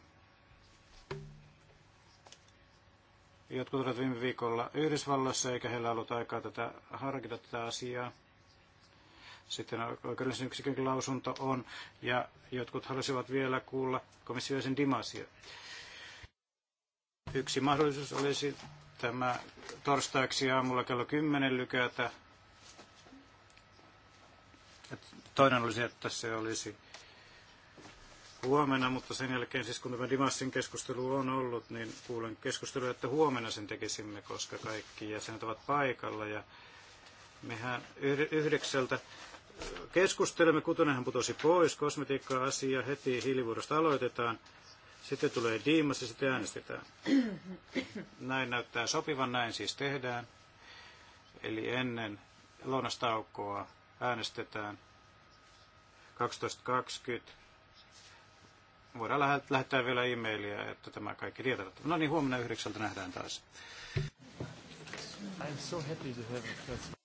Jotkut olivat viime viikolla Yhdysvalloissa, eikä heillä ollut aikaa tätä harkita tätä asiaa. Sitten oikeudellisen yksikön lausunto on, ja jotkut halusivat vielä kuulla komissioisen Dimasia. Yksi mahdollisuus olisi tämä torstaiksi aamulla kello 10 lykätä. Toinen olisi, että se olisi huomenna, mutta sen jälkeen siis kun tämä Dimassin keskustelu on ollut, niin kuulen keskustelu, että huomenna sen tekisimme, koska kaikki jäsenet ovat paikalla. Ja mehän yhdeksältä keskustelemme. hän putosi pois. Kosmetiikka-asia heti hiilivuodosta aloitetaan. Sitten tulee Diimas ja sitten äänestetään. Näin näyttää sopivan, näin siis tehdään. Eli ennen lounastaukoa äänestetään 12.20. Voidaan lähettää vielä e-mailia, että tämä kaikki tietävät. No niin, huomenna yhdeksältä nähdään taas.
I'm so happy to have a